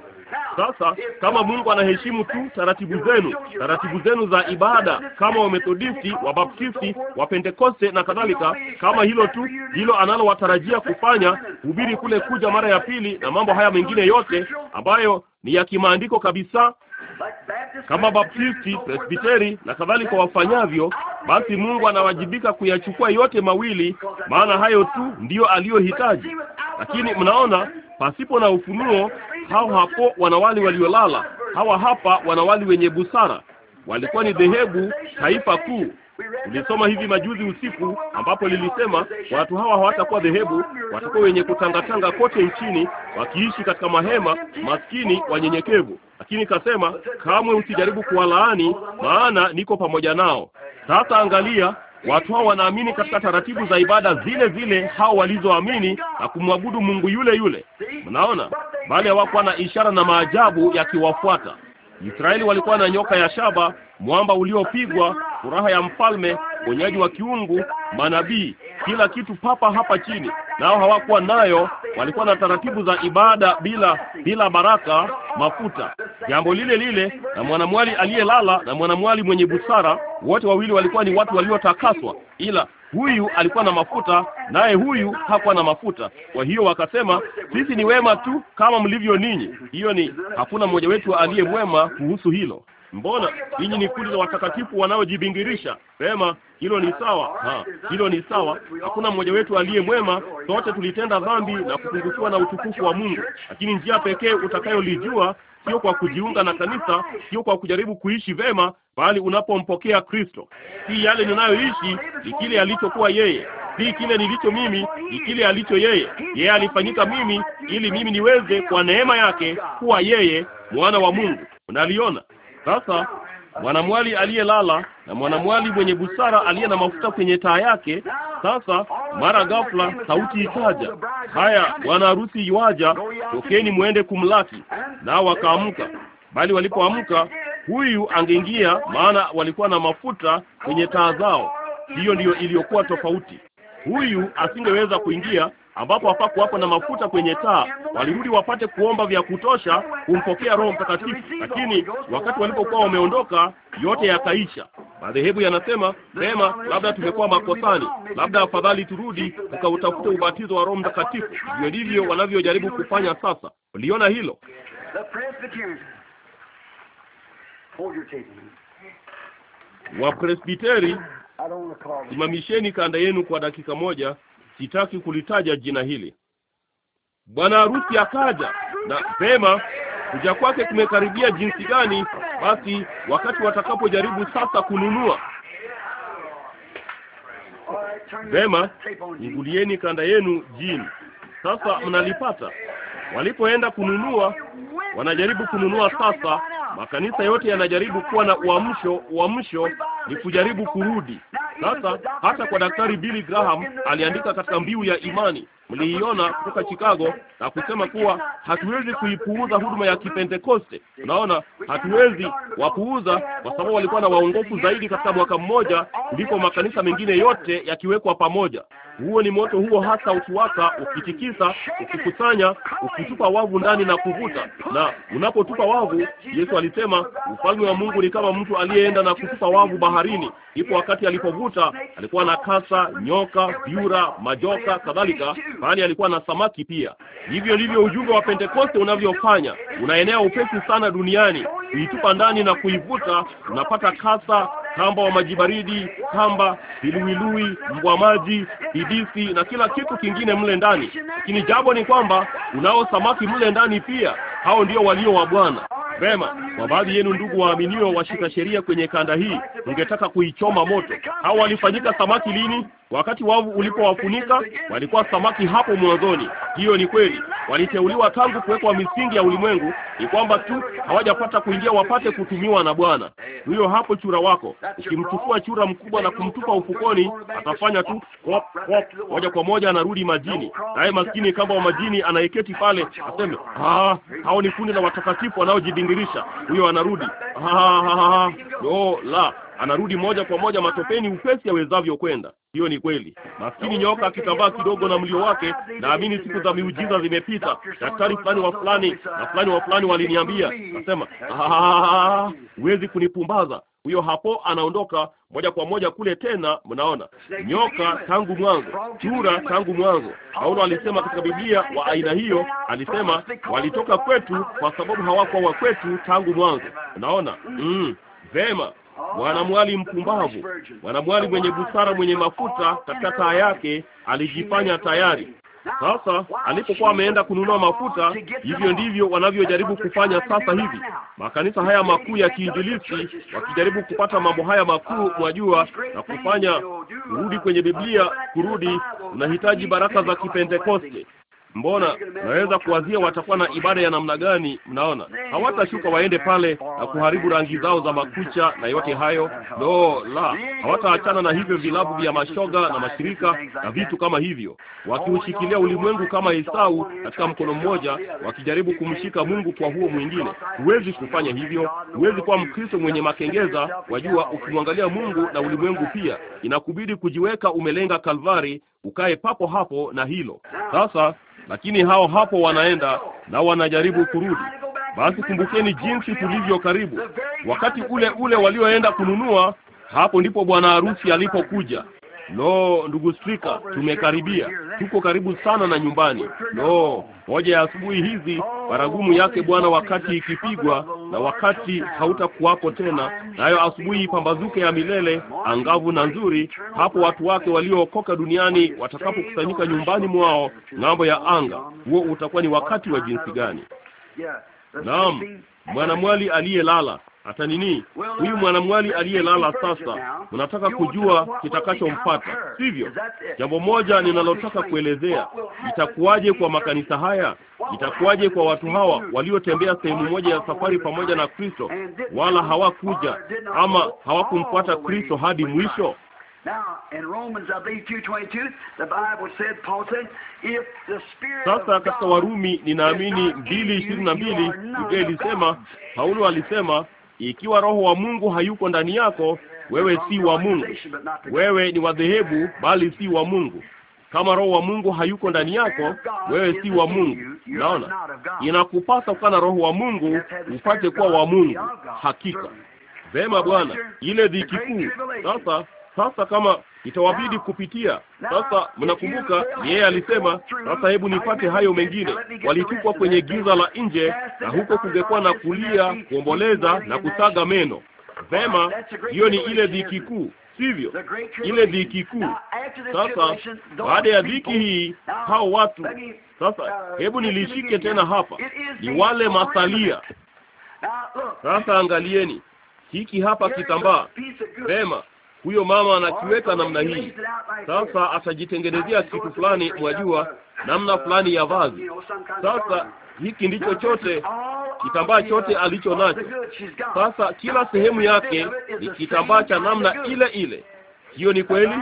Sasa kama Mungu anaheshimu tu taratibu zenu, taratibu zenu za ibada, kama Wamethodisti, Wabaptisti, Wapentekoste na kadhalika, kama hilo tu hilo analowatarajia kufanya, hubiri kule kuja mara ya pili na mambo haya mengine yote ambayo ni ya kimaandiko kabisa, kama Baptisti, Presbiteri na kadhalika wafanyavyo, basi Mungu anawajibika kuyachukua yote mawili, maana hayo tu ndiyo aliyohitaji. Lakini mnaona, pasipo na ufunuo, hao hapo wanawali waliolala, hawa hapa wanawali wenye busara, walikuwa ni dhehebu, taifa kuu Nilisoma hivi majuzi usiku, ambapo lilisema watu hawa hawatakuwa dhehebu, watakuwa wenye kutangatanga kote nchini, wakiishi katika mahema, maskini, wanyenyekevu. Lakini kasema kamwe usijaribu kuwalaani, maana niko pamoja nao. Sasa angalia, watu hao wanaamini katika taratibu za ibada zile zile hao walizoamini na kumwabudu Mungu yule yule. Mnaona, bali hawakuwa na ishara na maajabu yakiwafuata. Israeli walikuwa na nyoka ya shaba, mwamba uliopigwa, furaha ya mfalme, uponyaji wa kiungu, manabii, kila kitu papa hapa chini. Nao hawakuwa nayo, walikuwa na taratibu za ibada bila bila baraka mafuta, jambo lile lile na mwanamwali aliyelala na mwanamwali mwenye busara. Wote wawili walikuwa ni watu waliotakaswa, ila huyu alikuwa na mafuta, naye huyu hakuwa na mafuta. Kwa hiyo wakasema, sisi ni wema tu kama mlivyo ninyi. Hiyo ni hakuna mmoja wetu aliye mwema kuhusu hilo. Mbona ninyi ni kundi la watakatifu wanaojibingirisha? Vema, hilo ni sawa. Ha, hilo ni sawa. Hakuna mmoja wetu aliye mwema, sote tulitenda dhambi na kupungukiwa na utukufu wa Mungu. Lakini njia pekee utakayolijua sio kwa kujiunga na kanisa, sio kwa kujaribu kuishi vema, bali unapompokea Kristo. Si yale ninayoishi, ni kile alichokuwa yeye, si kile nilicho mimi, ni kile alicho yeye. Yeye alifanyika mimi ili mimi niweze kwa neema yake kuwa yeye mwana wa Mungu. Unaliona? Sasa mwanamwali aliyelala na mwanamwali mwenye busara aliye na mafuta kwenye taa yake. Sasa mara ghafla sauti ikaja, haya, bwana harusi iwaja, tokeni mwende kumlaki. Nao wakaamka, bali walipoamka huyu angeingia, maana walikuwa na mafuta kwenye taa zao. Hiyo ndiyo iliyokuwa tofauti. Huyu asingeweza kuingia ambapo hapakuwapo na mafuta kwenye taa, walirudi wapate kuomba vya kutosha kumpokea Roho Mtakatifu. Lakini wakati walipokuwa wameondoka, yote yakaisha. Madhehebu yanasema vema, labda tumekuwa makosani, labda afadhali turudi tukautafute ubatizo wa Roho Mtakatifu. Ndio ndivyo wanavyojaribu kufanya sasa. Uliona hilo? Wapresbiteri, simamisheni kanda yenu kwa dakika moja sitaki kulitaja jina hili. Bwana harusi akaja na pema kuja kwake kumekaribia jinsi gani basi, wakati watakapojaribu sasa kununua vema, ngulieni kanda yenu jini. Sasa mnalipata. Walipoenda kununua, wanajaribu kununua sasa. Makanisa yote yanajaribu kuwa na uamsho, uamsho ni kujaribu kurudi. Sasa hata kwa Daktari Billy Graham aliandika katika mbiu ya imani, mliiona kutoka Chicago, na kusema kuwa hatuwezi kuipuuza huduma ya Kipentekoste. Unaona, hatuwezi wapuuza kwa sababu walikuwa na waongofu zaidi katika mwaka mmoja kuliko makanisa mengine yote yakiwekwa pamoja. Huo ni moto huo hasa, ukiwaka, ukitikisa, ukikusanya, ukitupa wavu ndani na kuvuta. Na unapotupa wavu, Yesu alisema ufalme wa Mungu ni kama mtu aliyeenda na kutupa wavu bahari baharini. Ndipo wakati alipovuta, alikuwa na kasa, nyoka, vyura, majoka, kadhalika, bali alikuwa na samaki pia. Hivyo ndivyo ujumbe wa Pentekoste unavyofanya, unaenea upesi sana duniani, kuitupa ndani na kuivuta, unapata kasa kamba wa maji baridi, kamba, viluilui, mbwa maji, bibisi na kila kitu kingine mle ndani. Lakini jambo ni kwamba unao samaki mle ndani pia, hao ndio walio wa Bwana. Vema, kwa baadhi yenu ndugu waaminio washika sheria kwenye kanda hii, ungetaka kuichoma moto. Hao walifanyika samaki lini? Wakati wavu ulipowafunika walikuwa samaki hapo mwanzoni. Hiyo ni kweli, waliteuliwa tangu kuwekwa misingi ya ulimwengu. Ni kwamba tu hawajapata kuingia wapate kutumiwa na Bwana. Huyo hapo chura wako, ukimchukua chura mkubwa na kumtupa ufukoni, atafanya tu moja kwa moja anarudi majini, naye maskini kamba wa majini anaeketi pale aseme ah, hao ni kundi la watakatifu wanaojidi dirisha, huyo anarudi. Ha, ha, ha, ha. la, anarudi moja kwa moja matopeni upesi awezavyo kwenda. Hiyo ni kweli. Maskini nyoka akitambaa kidogo na mlio wake. Naamini siku za miujiza zimepita. Daktari fulani wa fulani na fulani wa fulani waliniambia, nasema ah, huwezi kunipumbaza. Huyo hapo anaondoka moja kwa moja kule tena. Mnaona nyoka tangu mwanzo, chura tangu mwanzo. Paulo alisema katika Biblia wa aina hiyo, alisema walitoka kwetu kwa sababu hawakuwa wa kwetu tangu mwanzo. Mnaona mm, vema mwanamwali mpumbavu, mwanamwali mwenye busara, mwenye mafuta katika taa yake, alijifanya tayari. Sasa alipokuwa ameenda kununua mafuta, hivyo ndivyo wanavyojaribu kufanya sasa hivi makanisa haya makuu ya kiinjilisti, wakijaribu kupata mambo haya makuu, mwajua, na kufanya kurudi kwenye Biblia. Kurudi unahitaji baraka za Kipentekoste, Mbona naweza kuwazia watakuwa na ibada ya namna gani? Mnaona, hawatashuka waende pale na kuharibu rangi zao za makucha na yote hayo. No, la, hawataachana na hivyo vilabu vya mashoga na mashirika na vitu kama hivyo, wakiushikilia ulimwengu kama Esau katika mkono mmoja, wakijaribu kumshika Mungu kwa huo mwingine. Huwezi kufanya hivyo, huwezi kuwa Mkristo mwenye makengeza. Wajua, ukimwangalia Mungu na ulimwengu pia, inakubidi kujiweka umelenga Kalvari ukae papo hapo na hilo sasa. Lakini hao hapo wanaenda na wanajaribu kurudi. Basi kumbukeni jinsi tulivyo karibu, wakati ule ule walioenda kununua. Hapo ndipo bwana harusi alipokuja, Lo, ndugu spika, tumekaribia, tuko karibu sana na nyumbani. Lo, moja ya asubuhi hizi baragumu yake Bwana wakati ikipigwa, na wakati hautakuwapo tena, nayo asubuhi ipambazuke ya milele angavu na nzuri, hapo watu wake waliookoka duniani watakapokusanyika nyumbani mwao ng'ambo ya anga. Huo utakuwa ni wakati wa jinsi gani? Naam, mwanamwali aliyelala hata nini, huyu mwanamwali aliyelala sasa, mnataka kujua kitakachompata, sivyo? Jambo moja ninalotaka kuelezea, itakuwaje kwa makanisa haya? Itakuwaje kwa watu hawa waliotembea sehemu moja ya safari pamoja na Kristo, wala hawakuja ama hawakumpata Kristo hadi mwisho? Sasa katika Warumi ninaamini mbili ishirini na mbili Biblia ilisema, Paulo alisema ikiwa Roho wa Mungu hayuko ndani yako, wewe si wa Mungu. Wewe ni wa dhehebu, bali si wa Mungu. Kama Roho wa Mungu hayuko ndani yako, wewe si wa Mungu. Naona inakupasa kuwa na Roho wa Mungu upate kuwa wa Mungu. Hakika vema, Bwana, ile dhiki kuu sasa sasa kama itawabidi kupitia sasa, mnakumbuka yeye alisema, sasa hebu nipate hayo mengine. Walitupwa kwenye giza la nje, na huko kungekuwa na kulia, kuomboleza na kusaga meno. Vema, hiyo ni ile dhiki kuu, sivyo? Ile dhiki kuu. Sasa baada ya dhiki hii, hao watu sasa, uh, hebu nilishike tena hapa, ni wale masalia. Sasa angalieni hiki hapa kitambaa, vema huyo mama anakiweka namna hii. Sasa atajitengenezea kitu fulani, mwajua, namna fulani ya vazi. Sasa hiki ndicho chote kitambaa chote uh, alicho nacho. Sasa kila sehemu yake ni kitambaa cha namna ile ile. Hiyo ni kweli.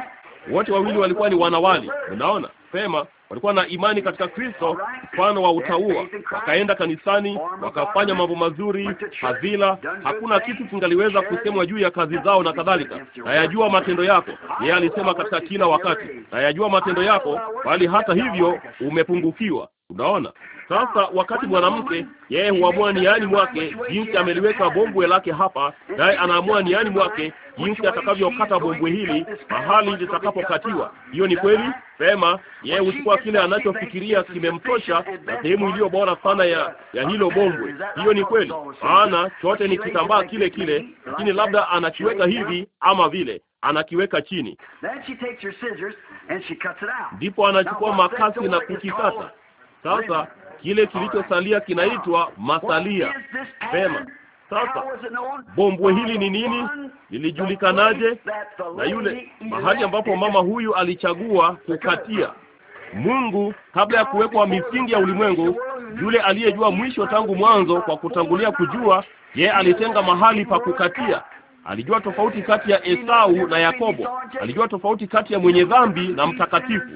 Wote wawili walikuwa ni wanawali, unaona pema walikuwa na imani katika Kristo, mfano wa utaua, wakaenda kanisani, wakafanya mambo mazuri, hadhila. Hakuna kitu kingaliweza kusemwa juu ya kazi zao na kadhalika. Nayajua matendo yako, yeye alisema katika kila wakati, nayajua matendo yako, bali hata hivyo umepungukiwa. Unaona, sasa wakati mwanamke yeye huamua niani mwake jinsi ameliweka bombwe lake hapa, naye anaamua niani mwake jinsi atakavyokata bombwe hili mahali litakapokatiwa. Hiyo ni kweli sema, yeye huchukua kile anachofikiria kimemtosha na sehemu iliyo bora sana ya ya hilo bombwe. Hiyo ni kweli, maana chote ni kitambaa kile kile, lakini labda anakiweka hivi ama vile anakiweka chini, ndipo anachukua makasi na kukikata. Sasa Kile kilichosalia kinaitwa masalia. Vema. Sasa bombwe hili ni nini? Lilijulikanaje? Na yule mahali ambapo mama huyu alichagua kukatia Mungu kabla ya kuwekwa misingi ya ulimwengu, yule aliyejua mwisho tangu mwanzo, kwa kutangulia kujua, yeye alitenga mahali pa kukatia, Alijua tofauti kati ya Esau na Yakobo. Alijua tofauti kati ya mwenye dhambi na mtakatifu.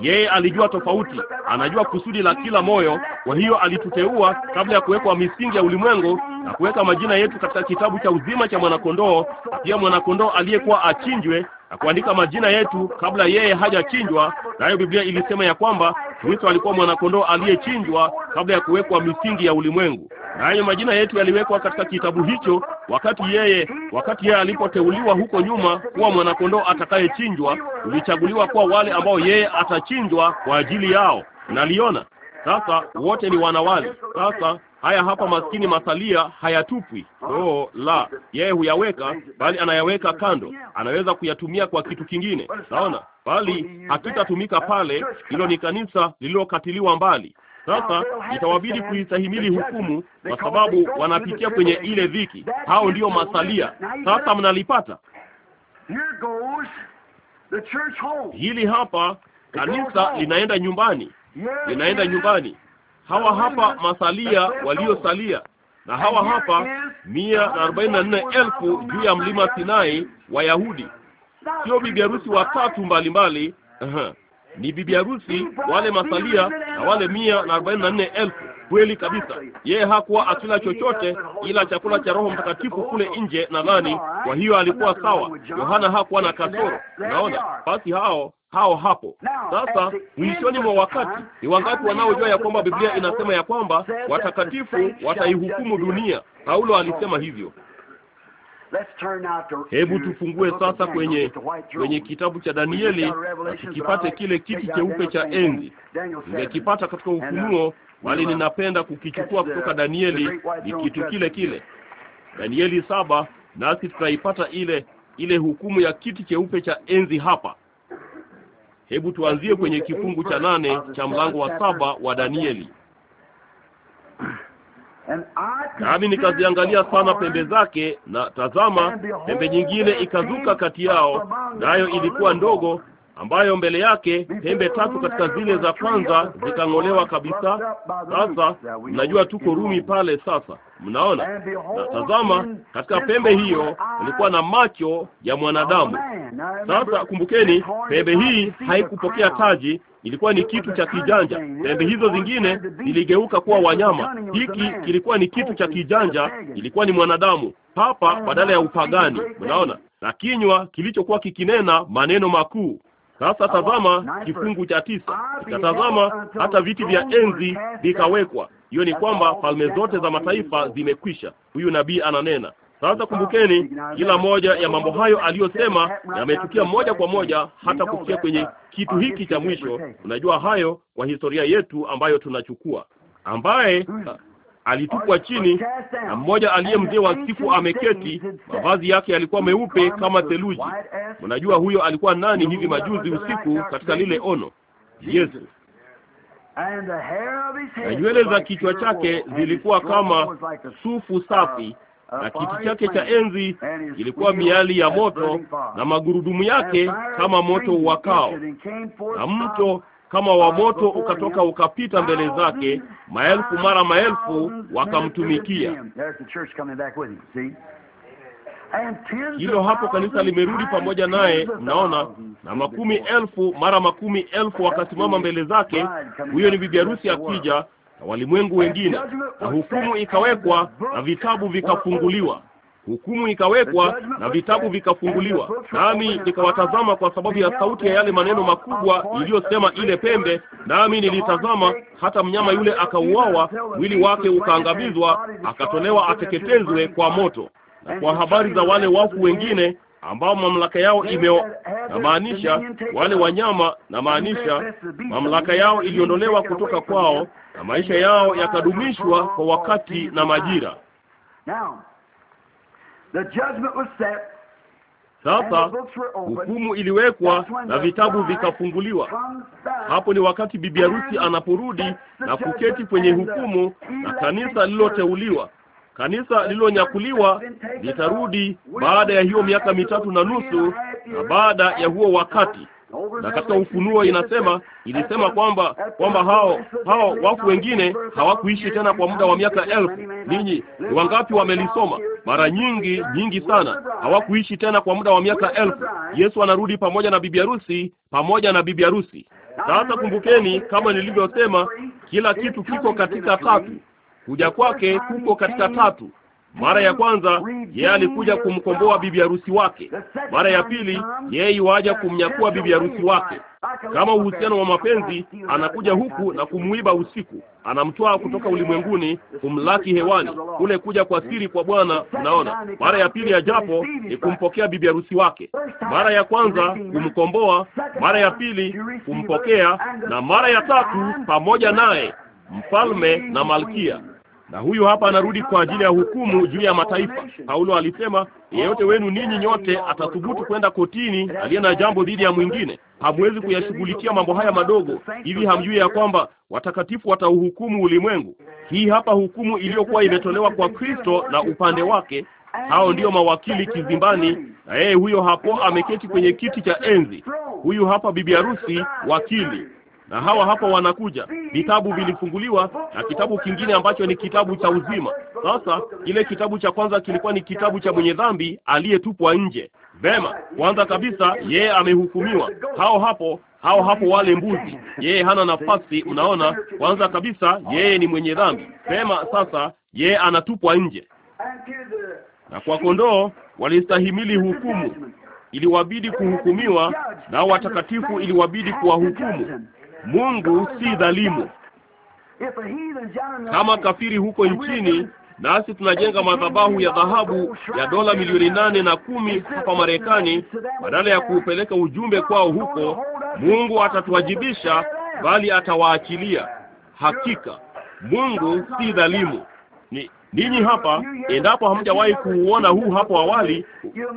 Yeye alijua tofauti, anajua kusudi la kila moyo. Kwa hiyo alituteua kabla ya kuwekwa misingi ya ulimwengu na kuweka majina yetu katika kitabu cha uzima cha mwanakondoo, na pia mwanakondoo aliyekuwa achinjwe na kuandika majina yetu kabla yeye hajachinjwa. Nayo Biblia ilisema ya kwamba Kristo alikuwa mwanakondoo aliyechinjwa kabla ya kuwekwa misingi ya ulimwengu. Nayo majina yetu yaliwekwa katika kitabu hicho wakati yeye wakati yeye alipoteuliwa huko nyuma kuwa mwanakondoo atakayechinjwa, ulichaguliwa kuwa wale ambao yeye atachinjwa kwa ajili yao. Naliona sasa wote ni wanawali sasa Haya hapa maskini masalia hayatupwi. Oh la, yeye huyaweka, bali anayaweka kando, anaweza kuyatumia kwa kitu kingine. Naona bali hakitatumika pale. Hilo ni kanisa lililokatiliwa mbali. Sasa itawabidi kuistahimili hukumu, kwa sababu wanapitia kwenye ile dhiki. Hao ndiyo masalia. Sasa mnalipata hili hapa, kanisa linaenda nyumbani, linaenda nyumbani hawa hapa masalia waliosalia, na hawa hapa mia na arobaini na nne elfu juu ya mlima Sinai, Wayahudi, sio bibi harusi watatu mbalimbali ni bibi harusi wale masalia na wale mia na arobaini na nne elfu. Kweli kabisa, yeye hakuwa akila chochote ila chakula cha Roho Mtakatifu kule nje nadhani. Kwa hiyo alikuwa sawa, Yohana hakuwa na kasoro. Naona basi hao hao hapo. Sasa mwishoni mwa wakati, ni wangapi wanaojua ya kwamba Biblia inasema ya kwamba watakatifu wataihukumu dunia? Paulo alisema hivyo. Hebu tufungue sasa kwenye kwenye kitabu cha Danieli na tukipate uh, kile kiti cheupe cha enzi. Nimekipata katika uh, Ufunuo, bali ninapenda kukichukua kutoka Danieli. Ni kitu kile kile, Danieli saba, nasi tutaipata ile ile hukumu ya kiti cheupe cha enzi hapa Hebu tuanzie kwenye kifungu cha nane cha mlango wa saba wa Danieli. Nami nikaziangalia sana pembe zake, na tazama, pembe nyingine ikazuka kati yao, nayo ilikuwa ndogo, ambayo mbele yake pembe tatu katika zile za kwanza zikang'olewa kabisa. Sasa mnajua tuko Rumi pale sasa, mnaona na tazama, katika pembe hiyo ilikuwa na macho ya mwanadamu. Sasa kumbukeni, pembe hii haikupokea taji, ilikuwa ni kitu cha kijanja. Pembe hizo zingine ziligeuka kuwa wanyama. Hiki kilikuwa ni kitu cha oh, kijanja, ilikuwa ni mwanadamu hapa badala ya upagani, mnaona na kinywa kilichokuwa kikinena maneno makuu. Sasa tazama kifungu cha tisa, ikatazama hata viti vya enzi vikawekwa. Hiyo ni kwamba falme zote za mataifa zimekwisha. Huyu nabii ananena sasa. Kumbukeni, kila moja ya mambo hayo aliyosema yametukia moja kwa moja hata kufikia kwenye uh, kitu hiki cha mwisho. Unajua hayo kwa historia yetu ambayo tunachukua ambaye hmm alitupwa chini, na mmoja aliye mzee wa sifu ameketi, mavazi yake yalikuwa meupe kama theluji. Mnajua huyo alikuwa nani? Hivi majuzi usiku katika lile ono, Yesu na nywele za kichwa chake zilikuwa kama sufu safi, na kiti chake cha enzi kilikuwa miali ya moto, na magurudumu yake kama moto wakao, na mto kama wa moto ukatoka ukapita mbele zake, maelfu mara maelfu wakamtumikia. Hilo hapo kanisa limerudi pamoja naye, mnaona, na makumi elfu mara makumi elfu wakasimama mbele zake. Huyo ni bibi harusi akija na walimwengu wengine, na hukumu ikawekwa na vitabu vikafunguliwa hukumu ikawekwa na vitabu vikafunguliwa, nami nikawatazama kwa sababu ya sauti ya yale maneno makubwa iliyosema ile pembe, nami nilitazama hata mnyama yule akauawa, mwili wake ukaangamizwa, akatolewa ateketezwe kwa moto. Na kwa habari za wale wafu wengine ambao mamlaka yao imeo, maanisha wale wanyama, na maanisha mamlaka yao iliondolewa kutoka kwao na maisha yao yakadumishwa kwa wakati na majira. Sasa hukumu iliwekwa na vitabu vikafunguliwa. Hapo ni wakati bibi harusi anaporudi na kuketi kwenye hukumu, na kanisa lililoteuliwa, kanisa lililonyakuliwa litarudi baada ya hiyo miaka mitatu na nusu, na baada ya huo wakati na katika Ufunuo inasema ilisema kwamba kwamba hao hao wafu wengine hawakuishi tena kwa muda wa miaka elfu. Ninyi ni wangapi wamelisoma? Mara nyingi nyingi sana, hawakuishi tena kwa muda wa miaka elfu. Yesu anarudi pamoja na bibi harusi, pamoja na bibi harusi. Sasa kumbukeni, kama nilivyosema, kila kitu kiko katika tatu. Kuja kwake kuko katika tatu. Mara ya kwanza yeye alikuja kumkomboa bibi harusi wake. Mara ya pili yeye iwaja kumnyakua bibi harusi wake. Kama uhusiano wa mapenzi, anakuja huku na kumuiba usiku, anamtwaa kutoka ulimwenguni, kumlaki hewani. Kule kuja kwa siri kwa Bwana, unaona. Mara ya pili ya japo ni kumpokea bibi harusi wake. Mara ya kwanza kumkomboa, mara ya pili kumpokea, na mara ya tatu pamoja naye, mfalme na malkia na huyu hapa anarudi kwa ajili ya hukumu juu ya mataifa. Paulo alisema, yeyote wenu ninyi nyote atathubutu kwenda kotini aliye na jambo dhidi ya mwingine, hamwezi kuyashughulikia mambo haya madogo hivi, hamjui ya kwamba watakatifu watauhukumu ulimwengu? Hii hapa hukumu iliyokuwa imetolewa kwa Kristo na upande wake hao ndiyo mawakili kizimbani, na yeye huyo hapo ameketi kwenye kiti cha enzi. Huyu hapa bibi harusi, wakili na hawa hapa wanakuja, vitabu vilifunguliwa na kitabu kingine ambacho ni kitabu cha uzima. Sasa kile kitabu cha kwanza kilikuwa ni kitabu cha mwenye dhambi aliyetupwa nje. Vema, kwanza kabisa yeye amehukumiwa. Hao hapo hao hapo wale mbuzi, yeye hana nafasi. unaona kwanza kabisa yeye ni mwenye dhambi. Vema, sasa yeye anatupwa nje, na kwa kondoo walistahimili hukumu, iliwabidi kuhukumiwa, na watakatifu iliwabidi kuwahukumu. Mungu si dhalimu. Kama kafiri huko nchini, nasi tunajenga madhabahu ya dhahabu ya dola milioni nane na kumi hapa Marekani, badala ya kuupeleka ujumbe kwao huko, Mungu atatuwajibisha, bali atawaachilia. Hakika Mungu si dhalimu. Ni Ninyi hapa, endapo hamjawahi kuuona huu hapo awali,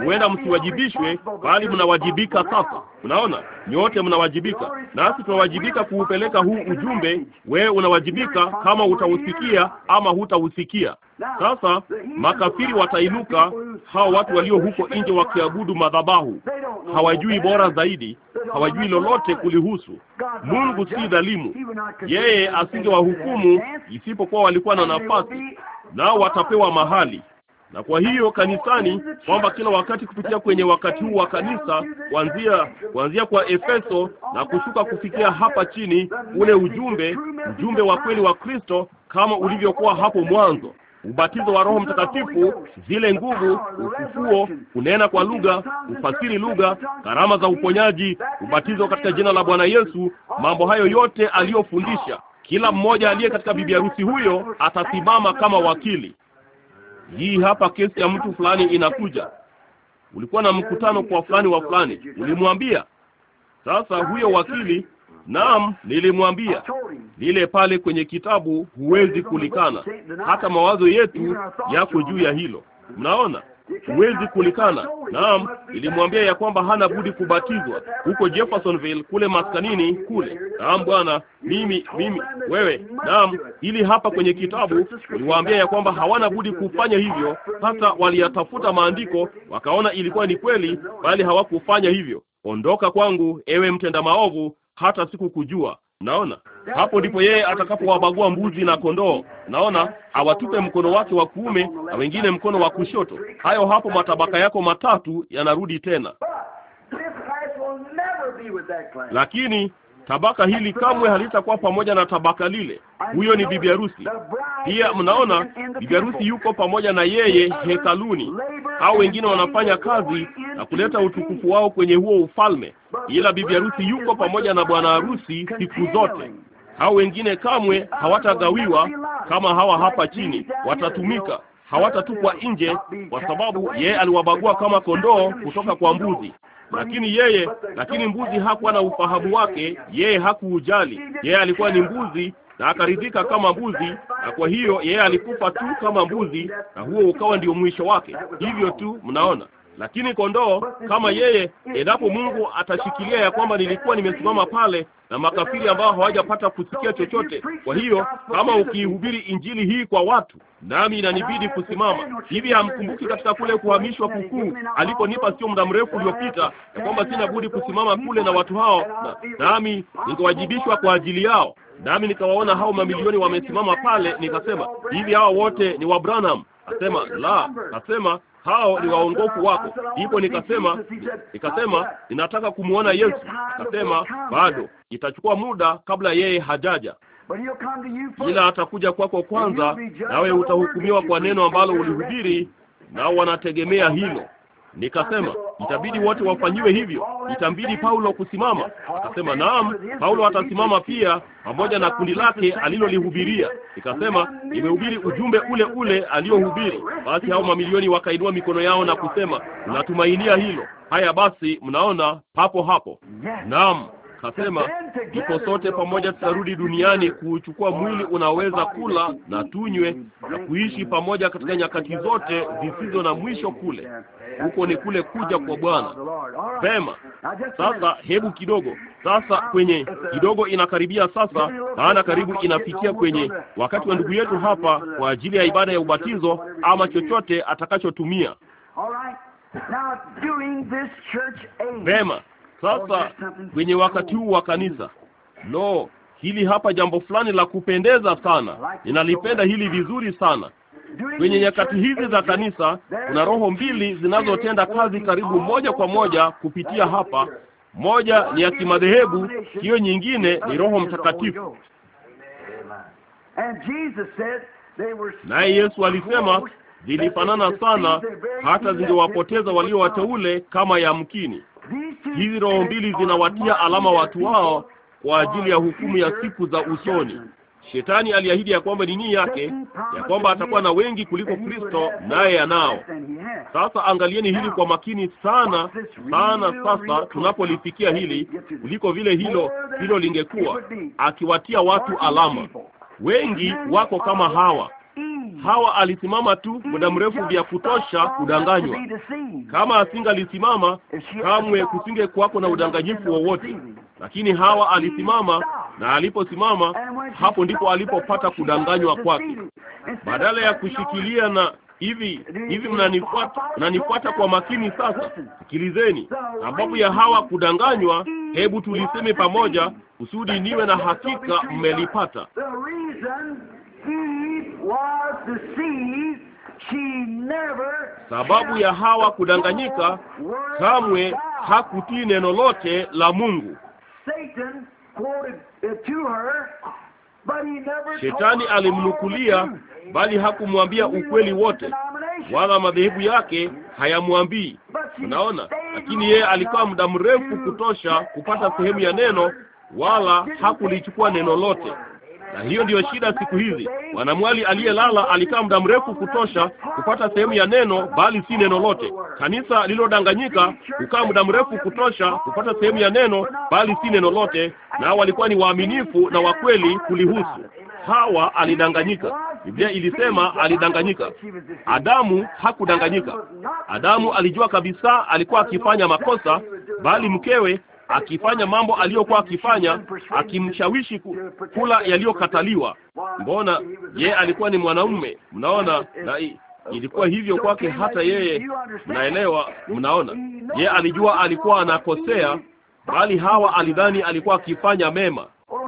huenda msiwajibishwe, bali mnawajibika sasa. Unaona, nyote mnawajibika, nasi tunawajibika kuupeleka huu ujumbe. Wewe unawajibika kama utausikia ama hutausikia. Sasa makafiri watainuka, hao watu walio huko nje wakiabudu madhabahu, hawajui bora zaidi, hawajui lolote kulihusu. Mungu si dhalimu, yeye asingewahukumu isipokuwa walikuwa na nafasi nao watapewa mahali. Na kwa hiyo kanisani, kwamba kila wakati kupitia kwenye wakati huu wa kanisa, kuanzia kuanzia kwa Efeso na kushuka kufikia hapa chini, ule ujumbe, ujumbe wa kweli wa Kristo kama ulivyokuwa hapo mwanzo ubatizo wa Roho Mtakatifu, zile nguvu, ufufuo, kunena kwa lugha, ufasiri lugha, karama za uponyaji, ubatizo katika jina la Bwana Yesu, mambo hayo yote aliyofundisha kila mmoja aliye katika bibi harusi huyo atasimama kama wakili. Hii hapa kesi ya mtu fulani inakuja. Ulikuwa na mkutano kwa fulani wa fulani, ulimwambia. Sasa huyo wakili, naam, nilimwambia lile pale kwenye kitabu, huwezi kulikana. Hata mawazo yetu yako juu ya hilo. Mnaona? huwezi kulikana. Naam, ilimwambia ya kwamba hana budi kubatizwa huko Jeffersonville kule maskanini kule. Naam Bwana, mimi mimi wewe. Naam, hili hapa kwenye kitabu uliwaambia ya kwamba hawana budi kufanya hivyo, hata waliyatafuta maandiko wakaona ilikuwa ni kweli, bali hawakufanya hivyo. Ondoka kwangu, ewe mtenda maovu, hata sikukujua. Naona hapo ndipo yeye atakapowabagua mbuzi na kondoo. Naona awatupe mkono wake wa kuume na wengine mkono wa kushoto. Hayo hapo matabaka yako matatu yanarudi tena, lakini tabaka hili kamwe halitakuwa pamoja na tabaka lile. Huyo ni bibi harusi. Pia mnaona bibi harusi yuko pamoja na yeye hekaluni. Hao wengine wanafanya kazi na kuleta utukufu wao kwenye huo ufalme, ila bibi harusi yuko pamoja na bwana harusi siku zote hao wengine kamwe hawatagawiwa kama hawa hapa chini, watatumika hawatatupwa nje, kwa sababu yeye aliwabagua kama kondoo kutoka kwa mbuzi. Lakini yeye, lakini mbuzi hakuwa na ufahamu wake, yeye hakuujali. Yeye alikuwa ni mbuzi na akaridhika kama mbuzi, na kwa hiyo yeye alikufa tu kama mbuzi, na huo ukawa ndio mwisho wake. Hivyo tu, mnaona lakini kondoo kama yeye, endapo Mungu atashikilia ya kwamba nilikuwa nimesimama pale na makafiri ambao hawajapata kusikia chochote. Kwa hiyo kama ukiihubiri injili hii kwa watu, nami inanibidi kusimama hivi. Hamkumbuki katika kule kuhamishwa kukuu aliponipa sio muda mrefu uliopita, ya kwamba sina budi kusimama kule na watu hao, nami na nikawajibishwa kwa ajili yao, nami nikawaona hao mamilioni wamesimama pale, nikasema hivi, hawa wote ni wa Branham? Asema la, asema hao ni waongofu wako. Ndipo nikasema, nikasema ninataka kumwona Yesu. Akasema bado itachukua muda kabla yeye hajaja, ila atakuja kwako kwanza, nawe utahukumiwa kwa neno ambalo ulihubiri, nao wanategemea hilo. Nikasema oh, itabidi wote wafanyiwe hivyo, itambidi Paulo kusimama. Akasema naam, Paulo atasimama pia pamoja na kundi lake alilolihubiria. Nikasema nimehubiri ujumbe ule ule aliohubiri. Basi hao mamilioni wakainua mikono yao na kusema, tunatumainia hilo. Haya basi, mnaona papo hapo. Naam, kasema, ndipo sote pamoja tutarudi duniani kuuchukua mwili unaweza kula na tunywe na kuishi pamoja katika nyakati zote zisizo na mwisho. Kule huko ni kule kuja kwa Bwana. Pema, sasa hebu kidogo sasa, kwenye kidogo inakaribia sasa, maana karibu inafikia kwenye wakati wa ndugu yetu hapa kwa ajili ya ibada ya ubatizo ama chochote atakachotumia. Vema. Sasa kwenye wakati huu wa kanisa, lo, hili hapa jambo fulani la kupendeza sana, ninalipenda hili vizuri sana. Kwenye nyakati hizi za kanisa kuna roho mbili zinazotenda kazi karibu moja kwa moja kupitia hapa. Moja ni ya kimadhehebu, hiyo nyingine ni Roho Mtakatifu. Naye Yesu alisema zilifanana sana hata zingewapoteza walio wateule kama yamkini. Hizi roho mbili zinawatia alama watu wao kwa ajili ya hukumu ya siku za usoni. Shetani aliahidi ya kwamba dini yake ya kwamba atakuwa na wengi kuliko Kristo, naye anao. Sasa angalieni hili kwa makini sana sana. Sasa tunapolifikia hili, kuliko vile hilo hilo lingekuwa, akiwatia watu alama wengi wako kama hawa Hmm. Hawa alisimama tu hmm. muda mrefu vya kutosha kudanganywa. Kama asingalisimama kamwe, kusinge kwako na udanganyifu wowote, lakini Hawa alisimama, na aliposimama, hapo ndipo alipopata kudanganywa kwake. Badala ya kushikilia na hivi hivi, mnanifuata mnanifuata kwa makini. Sasa sikilizeni, sababu ya Hawa kudanganywa, hebu tuliseme pamoja kusudi niwe na hakika mmelipata. Sababu ya Hawa kudanganyika, kamwe hakutii neno lote la Mungu. Uh, Shetani alimnukulia, bali hakumwambia ukweli wote, wala madhehebu yake hayamwambii. Unaona, lakini yeye alikaa muda mrefu kutosha kupata sehemu ya neno, wala hakulichukua neno lote na hiyo ndiyo shida siku hizi. Mwanamwali aliyelala alikaa muda mrefu kutosha kupata sehemu ya neno, bali si neno lote. Kanisa lililodanganyika hukaa muda mrefu kutosha kupata sehemu ya neno, bali si neno lote, na walikuwa ni waaminifu na wakweli kulihusu. Hawa alidanganyika. Biblia ilisema alidanganyika. Adamu hakudanganyika. Adamu alijua kabisa alikuwa akifanya makosa, bali mkewe akifanya mambo aliyokuwa akifanya, akimshawishi kula yaliyokataliwa. Mbona ye alikuwa ni mwanaume mnaona, na ilikuwa hivyo kwake, hata yeye, mnaelewa, mnaona, ye alijua alikuwa anakosea, bali Hawa alidhani alikuwa akifanya mema.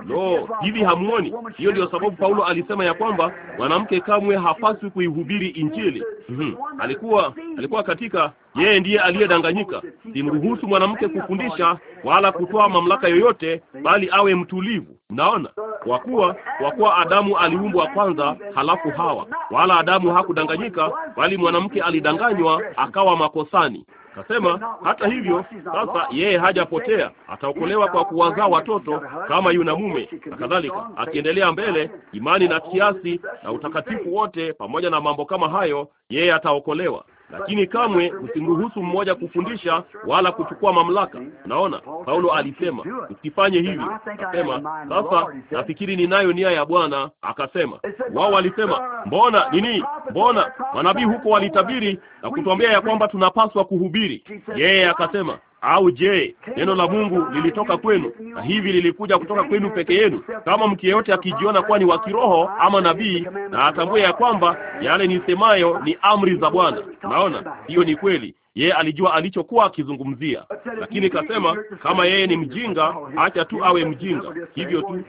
Lo, hivi hamuoni? Hiyo ndio sababu Paulo alisema ya kwamba mwanamke kamwe hapaswi kuihubiri Injili. Mm-hmm. Alikuwa alikuwa katika, yeye ndiye aliyedanganyika. Simruhusu mwanamke kufundisha wala kutoa mamlaka yoyote, bali awe mtulivu. Mnaona, kwa kuwa kwa kuwa Adamu aliumbwa kwanza, halafu Hawa. Wala Adamu hakudanganyika, bali mwanamke alidanganywa, akawa makosani. Akasema hata hivyo sasa, yeye hajapotea, ataokolewa kwa kuwazaa watoto kama yuna mume na kadhalika, akiendelea mbele, imani na kiasi na utakatifu wote, pamoja na mambo kama hayo, yeye ataokolewa lakini kamwe usimruhusu mmoja kufundisha wala kuchukua mamlaka. Unaona, Paulo alisema usifanye hivi Akasema sasa, nafikiri ninayo nia ya Bwana. Akasema wao walisema, mbona nini, mbona manabii huko walitabiri na kutuambia ya kwamba tunapaswa kuhubiri. Yeye akasema au je, neno la Mungu lilitoka kwenu na hivi lilikuja kutoka kwenu peke yenu? Kama mtu yeyote akijiona kuwa ni wa kiroho ama nabii, na atambue ya kwamba yale nisemayo ni amri za Bwana. Naona hiyo ni kweli. Yeye alijua alichokuwa akizungumzia, lakini kasema kama yeye ni mjinga, acha tu awe mjinga, hivyo tu.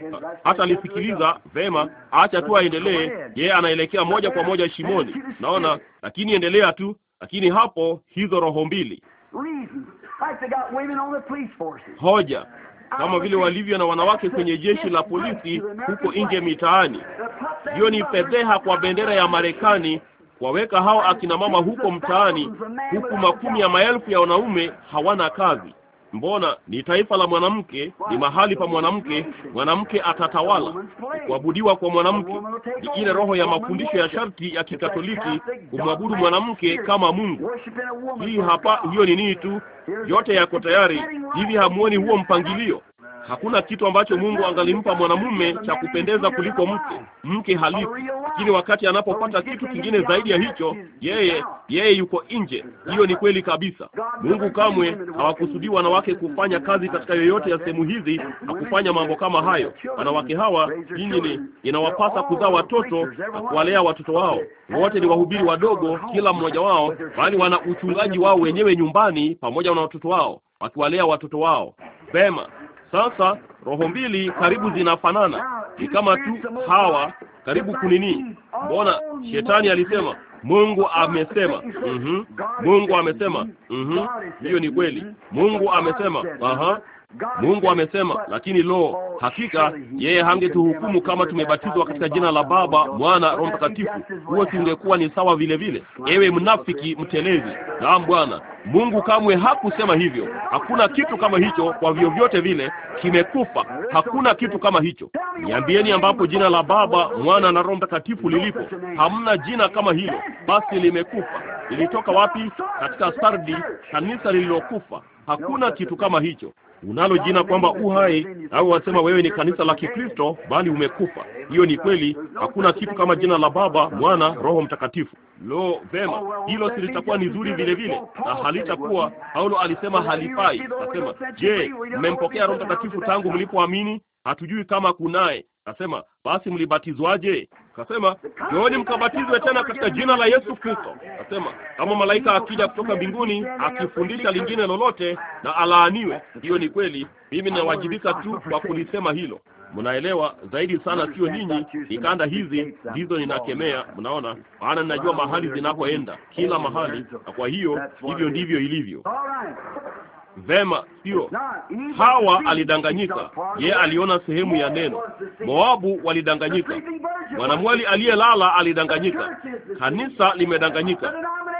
Hata alisikiliza vema, acha tu aendelee. Yeye anaelekea moja kwa moja shimoni, naona. Lakini endelea tu, lakini hapo, hizo roho mbili hoja kama vile walivyo na wanawake kwenye jeshi la polisi huko nje mitaani. Hiyo ni fedheha kwa bendera ya Marekani kuwaweka hao akina mama huko mtaani, huku makumi ya maelfu ya wanaume hawana kazi. Mbona ni taifa la mwanamke, ni mahali pa mwanamke, mwanamke atatawala. Kuabudiwa kwa mwanamke ni ile roho ya mafundisho ya sharti ya Kikatoliki, kumwabudu mwanamke kama Mungu. Hii hapa, hiyo ni nini tu, yote yako tayari hivi. Hamuoni huo mpangilio? Hakuna kitu ambacho Mungu angalimpa mwanamume cha kupendeza kuliko mke. Mke halifu, lakini wakati anapopata kitu kingine zaidi ya hicho, yeye yeye yuko nje. Hiyo ni kweli kabisa. Mungu kamwe hawakusudii wanawake kufanya kazi katika yoyote ya sehemu hizi na kufanya mambo kama hayo. Wanawake hawa, nyinyi ni inawapasa kuzaa watoto na kuwalea watoto wao. Wote ni wahubiri wadogo, kila mmoja wao, bali wana uchungaji wao wenyewe nyumbani pamoja na watoto wao, wakiwalea watoto wao vema. Sasa roho mbili karibu zinafanana, ni kama tu hawa karibu kunini. Mbona shetani alisema Mungu amesema, mm -hmm. Mungu amesema, mm hiyo ni kweli. Mungu amesema, aha, Mungu amesema, lakini lo, hakika yeye hangetuhukumu kama tumebatizwa katika jina la Baba, Mwana, Roho Mtakatifu. Huo tungekuwa ni sawa vile vile. Ewe mnafiki mtelezi! Naam Bwana Mungu kamwe hakusema hivyo. Hakuna kitu kama hicho, kwa vyovyote vile kimekufa. Hakuna kitu kama hicho. Niambieni ambapo jina la Baba, Mwana na Roho Mtakatifu lilipo, hamna jina kama hilo. Basi limekufa. Lilitoka wapi? Katika Sardi, kanisa lililokufa. Hakuna kitu kama hicho unalo jina kwamba uhai au wasema wewe ni kanisa la Kikristo, bali umekufa. Hiyo ni kweli. Hakuna kitu kama jina la Baba, Mwana, Roho Mtakatifu. Lo, vema, hilo si litakuwa ni zuri vile vile, na halitakuwa. Paulo alisema halifai. Nasema, je, mmempokea Roho Mtakatifu tangu mlipoamini? Hatujui kama kunaye. Nasema, basi mlibatizwaje? Akasema, njooni mkabatizwe tena katika jina la Yesu Kristo. Nasema kama malaika akija kutoka mbinguni akifundisha lingine lolote, na alaaniwe. Hiyo ni kweli, mimi ninawajibika tu kwa kulisema hilo. Mnaelewa zaidi sana, sio ninyi. Ikanda hizi ndizo ninakemea, mnaona, maana ninajua mahali zinakoenda, kila mahali, na kwa hiyo hivyo ndivyo ilivyo. Vema, sio Hawa alidanganyika, ye aliona sehemu ya neno. Moabu walidanganyika, mwanamwali aliyelala alidanganyika, kanisa limedanganyika,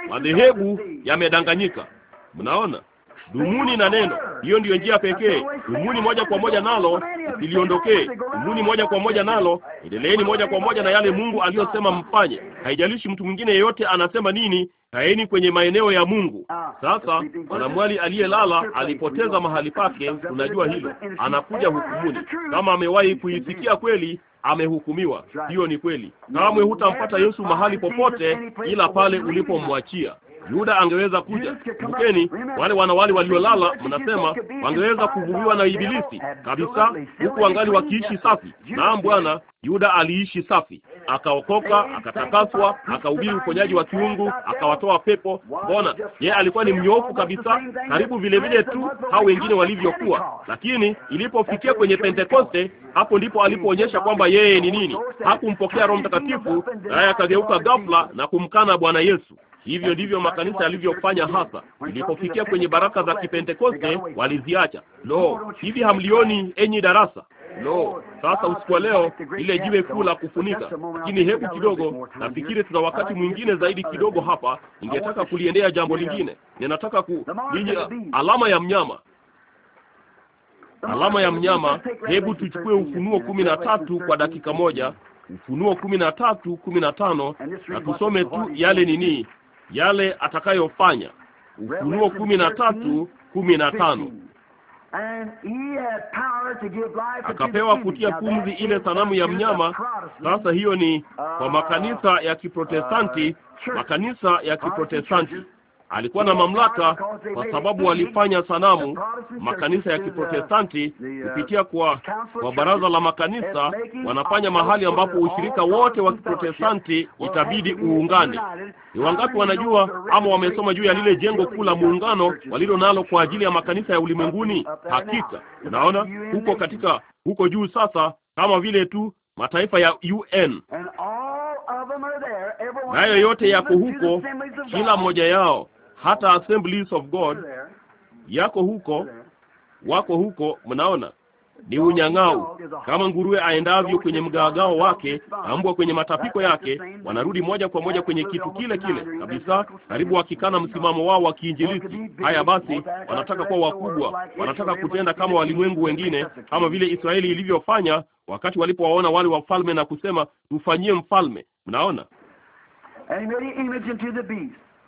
madhehebu yamedanganyika. Mnaona, dumuni na neno. Hiyo ndiyo njia pekee. Dumuni moja kwa moja nalo, isiliondokee. Dumuni moja kwa moja nalo, endeleeni moja kwa moja na yale Mungu aliyosema mfanye. Haijalishi mtu mwingine yeyote anasema nini, kaeni kwenye maeneo ya Mungu. Sasa mwanamwali aliyelala alipoteza mahali pake, unajua hilo. Anakuja hukumuni. Kama amewahi kuisikia kweli, amehukumiwa. Hiyo ni kweli. Kamwe hutampata Yesu mahali popote, ila pale ulipomwachia. Yuda angeweza kuja. Kumbukeni wale wanawali waliolala, mnasema wangeweza kuvumiwa na Ibilisi kabisa, huku wangali wakiishi safi. Naam Bwana, Yuda aliishi safi, akaokoka, akatakaswa, akahubiri uponyaji wa kiungu, akawatoa pepo. Mbona yeye alikuwa ni mnyofu kabisa, karibu vile vile tu hao wengine walivyokuwa, lakini ilipofikia kwenye Pentekoste, hapo ndipo alipoonyesha kwamba yeye ni nini. Hakumpokea Roho Mtakatifu, naye akageuka ghafla na kumkana Bwana Yesu. Hivyo ndivyo makanisa yalivyofanya hasa. Ilipofikia kwenye baraka za Kipentekoste waliziacha. Lo, hivi hamlioni enyi darasa? Lo, sasa usiku wa leo, ile jiwe kuu la kufunika. Lakini hebu kidogo, nafikiri tuna wakati mwingine zaidi kidogo hapa. Ningetaka kuliendea jambo lingine, ninataka ku ninyi, alama ya mnyama alama ya mnyama. Hebu tuchukue Ufunuo kumi na tatu kwa dakika moja, Ufunuo kumi na tatu kumi na tano na tusome tu yale nini yale atakayofanya. Ufunuo kumi na tatu kumi na tano. Akapewa kutia pumzi ile sanamu ya mnyama. Sasa hiyo ni kwa makanisa ya uh, Kiprotestanti, uh, makanisa ya Kiprotestanti alikuwa na mamlaka kwa sababu walifanya sanamu makanisa ya Kiprotestanti kupitia kwa kwa baraza la makanisa, wanafanya mahali ambapo ushirika wote wa Kiprotestanti itabidi uungane. Ni wangapi wanajua ama wamesoma juu ya lile jengo kuu la muungano walilo nalo kwa ajili ya makanisa ya ulimwenguni? Hakika unaona huko katika huko juu sasa, kama vile tu mataifa ya UN nayo yote yako huko, kila mmoja yao hata Assemblies of God yako huko, wako huko. Mnaona, ni oh, unyang'au kama nguruwe aendavyo kwenye mgaagao wake, ambwa kwenye matapiko yake, wanarudi moja kwa moja kwenye kitu kile kile kabisa, karibu wakikana msimamo wao wa kiinjilisti. Haya basi, wanataka kuwa wakubwa, wanataka kutenda kama walimwengu wengine, kama vile Israeli ilivyofanya wakati walipowaona wale wafalme na kusema tufanyie mfalme. Mnaona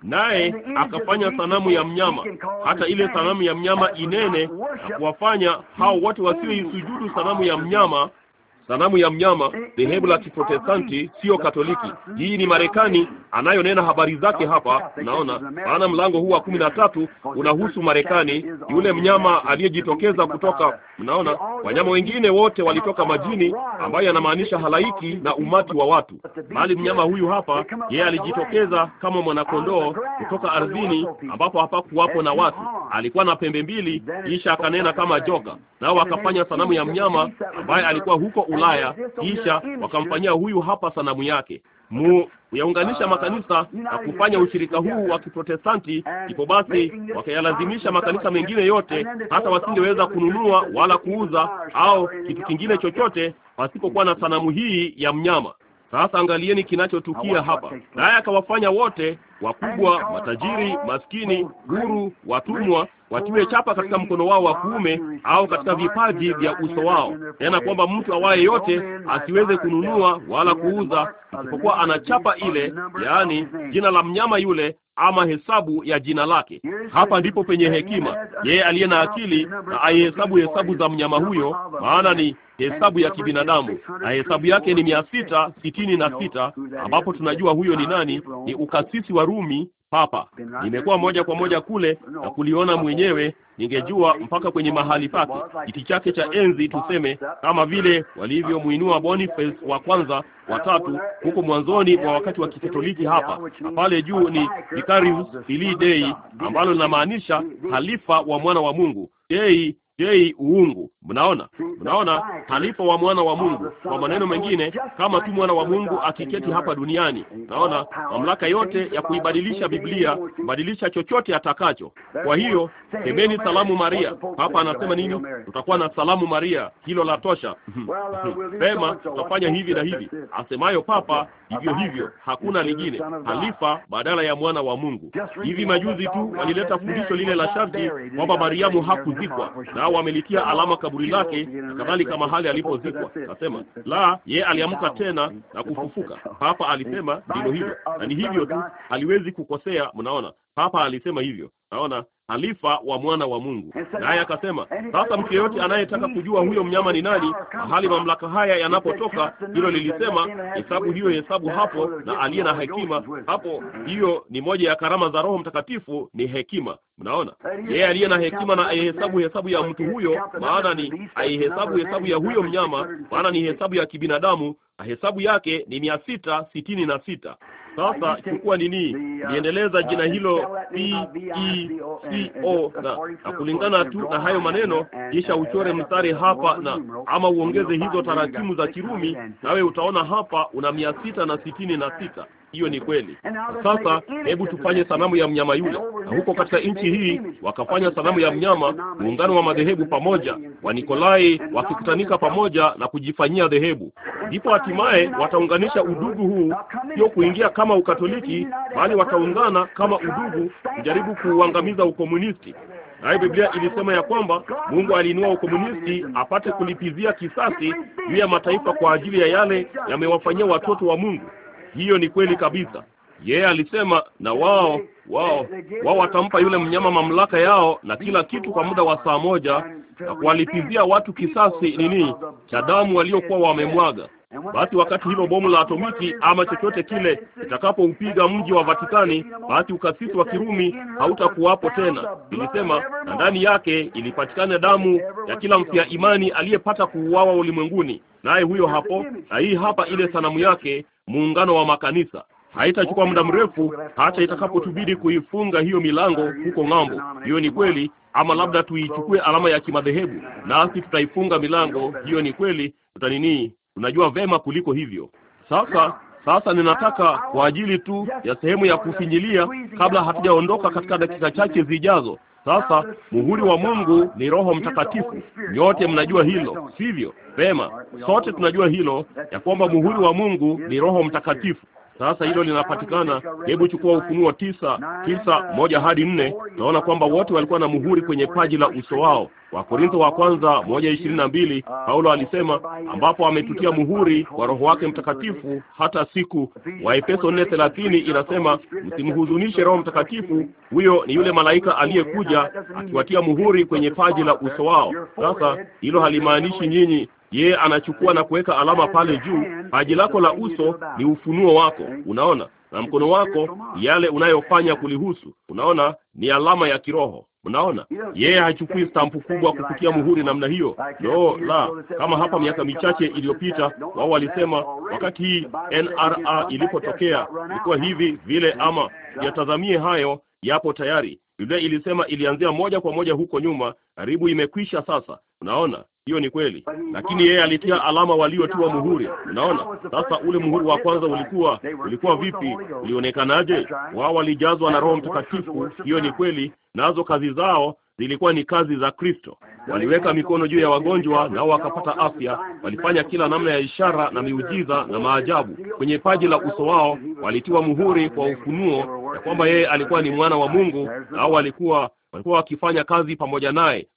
naye akafanya sanamu ya mnyama, hata ile sanamu ya mnyama inene, na kuwafanya hao wote wasioisujudu sanamu ya mnyama sanamu ya mnyama, eh, dhehebu la eh, Kiprotestanti, ah, sio Katoliki. Hii ni Marekani anayonena habari zake hapa. Naona maana mlango huu wa kumi na tatu unahusu Marekani, yule mnyama aliyejitokeza kutoka. Mnaona wanyama wengine wote walitoka majini, ambayo yanamaanisha halaiki na umati wa watu, bali mnyama huyu hapa, yeye alijitokeza kama mwanakondoo kutoka ardhini, ambapo hapakuwapo na watu. Alikuwa na pembe mbili, kisha akanena kama joga nao wakafanya sanamu ya mnyama ambaye alikuwa huko Ulaya, kisha wakamfanyia huyu hapa sanamu yake mu yaunganisha ah, makanisa na kufanya ushirika huu wa Kiprotestanti. Ipo basi, wakayalazimisha makanisa mengine yote, hata wasingeweza kununua wala kuuza au kitu kingine chochote pasipokuwa na sanamu hii ya mnyama. Sasa angalieni kinachotukia hapa. Naye akawafanya wote, wakubwa, matajiri, maskini, huru, watumwa watiwe chapa katika mkono wao wa kuume au katika vipaji vya uso wao, tena kwamba mtu awaye yote asiweze kununua wala kuuza isipokuwa ana chapa ile, yaani jina la mnyama yule ama hesabu ya jina lake. Hapa ndipo penye hekima, yeye aliye na akili na aihesabu hesabu za mnyama huyo, maana ni hesabu ya kibinadamu, na hesabu yake ni mia sita sitini na sita ambapo tunajua huyo ni nani, ni ukasisi wa Rumi papa. Nimekuwa moja kwa moja kule na kuliona mwenyewe, ningejua mpaka kwenye mahali pake, kiti chake cha enzi tuseme, kama vile walivyomwinua Boniface wa kwanza watatu huko mwanzoni mwa wakati wa Kikatoliki hapa, na pale juu ni Vicarius Filii Dei ambalo linamaanisha halifa wa mwana wa Mungu. Dei yei uungu. Mnaona, mnaona halifa wa mwana wa Mungu. Kwa maneno mengine, kama tu mwana wa Mungu akiketi hapa duniani, naona mamlaka yote ya kuibadilisha Biblia, badilisha chochote atakacho. Kwa hiyo semeni salamu Maria. Hapa anasema nini? Tutakuwa na salamu Maria, hilo la tosha. pema uh, tutafanya hivi na hivi, asemayo Papa, hivyo hivyo, hakuna lingine. Halifa badala ya mwana wa Mungu. Hivi majuzi tu walileta fundisho lile la sharti kwamba Mariamu hakuzikwa na wamelitia alama kaburi lake na kadhalika mahali alipozikwa. Nasema la, ye aliamka tena na kufufuka. Papa alisema ndilo hivyo, na ni hivyo tu, haliwezi kukosea. Mnaona, Papa alisema hivyo. Naona halifa wa mwana wa Mungu. Naye akasema, sasa mtu yeyote anayetaka kujua huyo mnyama ni nani, mahali mamlaka haya yanapotoka, hilo lilisema, hesabu hiyo, hesabu hapo, na aliye na hekima hapo. Hiyo ni moja ya karama za Roho Mtakatifu, ni hekima. Mnaona, yeye aliye na hekima na aihesabu hesabu ya mtu huyo, maana ni aihesabu hesabu ya huyo mnyama, maana ni hesabu ya kibinadamu, na hesabu yake ni mia sita sitini na sita. Sasa chukua nini, uh, niendeleza uh, jina hilo P E C O na, na kulingana tu na hayo maneno, kisha uh, uchore mstari hapa na ama uongeze hizo tarakimu za Kirumi, nawe utaona hapa una mia sita na sitini na sita hiyo ni kweli. Sasa hebu tufanye sanamu ya mnyama yule, na huko katika nchi hii wakafanya sanamu ya mnyama, muungano wa madhehebu pamoja, Wanikolai wakikutanika pamoja na kujifanyia dhehebu. Ndipo hatimaye wataunganisha udugu huu, sio kuingia kama Ukatoliki, bali wataungana kama udugu kujaribu kuuangamiza ukomunisti. Nayo Biblia ilisema ya kwamba Mungu aliinua ukomunisti apate kulipizia kisasi juu ya mataifa kwa ajili ya yale yamewafanyia watoto wa Mungu. Hiyo ni kweli kabisa. Yeye yeah, alisema na wao wao wao watampa yule mnyama mamlaka yao na kila kitu kwa muda wa saa moja, na kuwalipizia watu kisasi nini cha damu waliokuwa wamemwaga. Basi wakati hilo bomu la atomiki ama chochote kile itakapoupiga mji wa Vatikani, basi ukasisi wa Kirumi hautakuwapo tena. Ilisema na ndani yake ilipatikana damu ya kila mfia imani aliyepata kuuawa ulimwenguni, naye huyo hapo, na hii hapa ile sanamu yake muungano wa makanisa. Haitachukua muda mrefu hata itakapotubidi kuifunga hiyo milango huko ng'ambo. Hiyo ni kweli, ama labda tuichukue alama ya kimadhehebu, nasi tutaifunga milango. Hiyo ni kweli, tutanini, tunajua vema kuliko hivyo. Sasa sasa ninataka kwa ajili tu ya sehemu ya kufinyilia, kabla hatujaondoka katika dakika chache zijazo, sasa muhuri wa Mungu ni Roho Mtakatifu. Nyote mnajua hilo, sivyo? Vema, sote tunajua hilo ya kwamba muhuri wa Mungu ni Roho Mtakatifu. Sasa hilo linapatikana. Hebu chukua Ufunuo tisa tisa moja hadi nne. Naona kwamba wote walikuwa na muhuri kwenye paji la uso wao. Wakorintho wa kwanza moja ishirini na mbili Paulo alisema, ambapo ametutia muhuri kwa Roho wake Mtakatifu hata siku. Waefeso nne thelathini inasema, msimhuzunishe Roho Mtakatifu, huyo ni yule malaika aliyekuja akiwatia muhuri kwenye paji la uso wao. Sasa hilo halimaanishi nyinyi yeye anachukua na kuweka alama pale juu. Paji lako la uso ni ufunuo wako, unaona, na mkono wako yale unayofanya kulihusu, unaona, ni alama ya kiroho. Unaona, yeye hachukui stampu kubwa kufikia muhuri namna hiyo. No, la, kama hapa miaka michache iliyopita, wao walisema wakati hii NRA ilipotokea ilikuwa hivi vile, ama yatazamie hayo, yapo tayari. Biblia ilisema ilianzia moja kwa moja huko nyuma, karibu imekwisha sasa. Unaona, hiyo ni kweli, lakini yeye alitia alama waliotiwa muhuri. Unaona, sasa ule muhuri wa kwanza ulikuwa ulikuwa vipi? Ulionekanaje? Wao walijazwa na Roho Mtakatifu. Hiyo ni kweli, nazo kazi zao zilikuwa ni kazi za Kristo. Waliweka mikono juu ya wagonjwa nao wakapata afya. Walifanya kila namna ya ishara na miujiza na maajabu. Kwenye paji la uso wao walitiwa muhuri kwa ufunuo ya kwamba yeye alikuwa ni mwana wa Mungu, nao walikuwa walikuwa wakifanya kazi pamoja naye,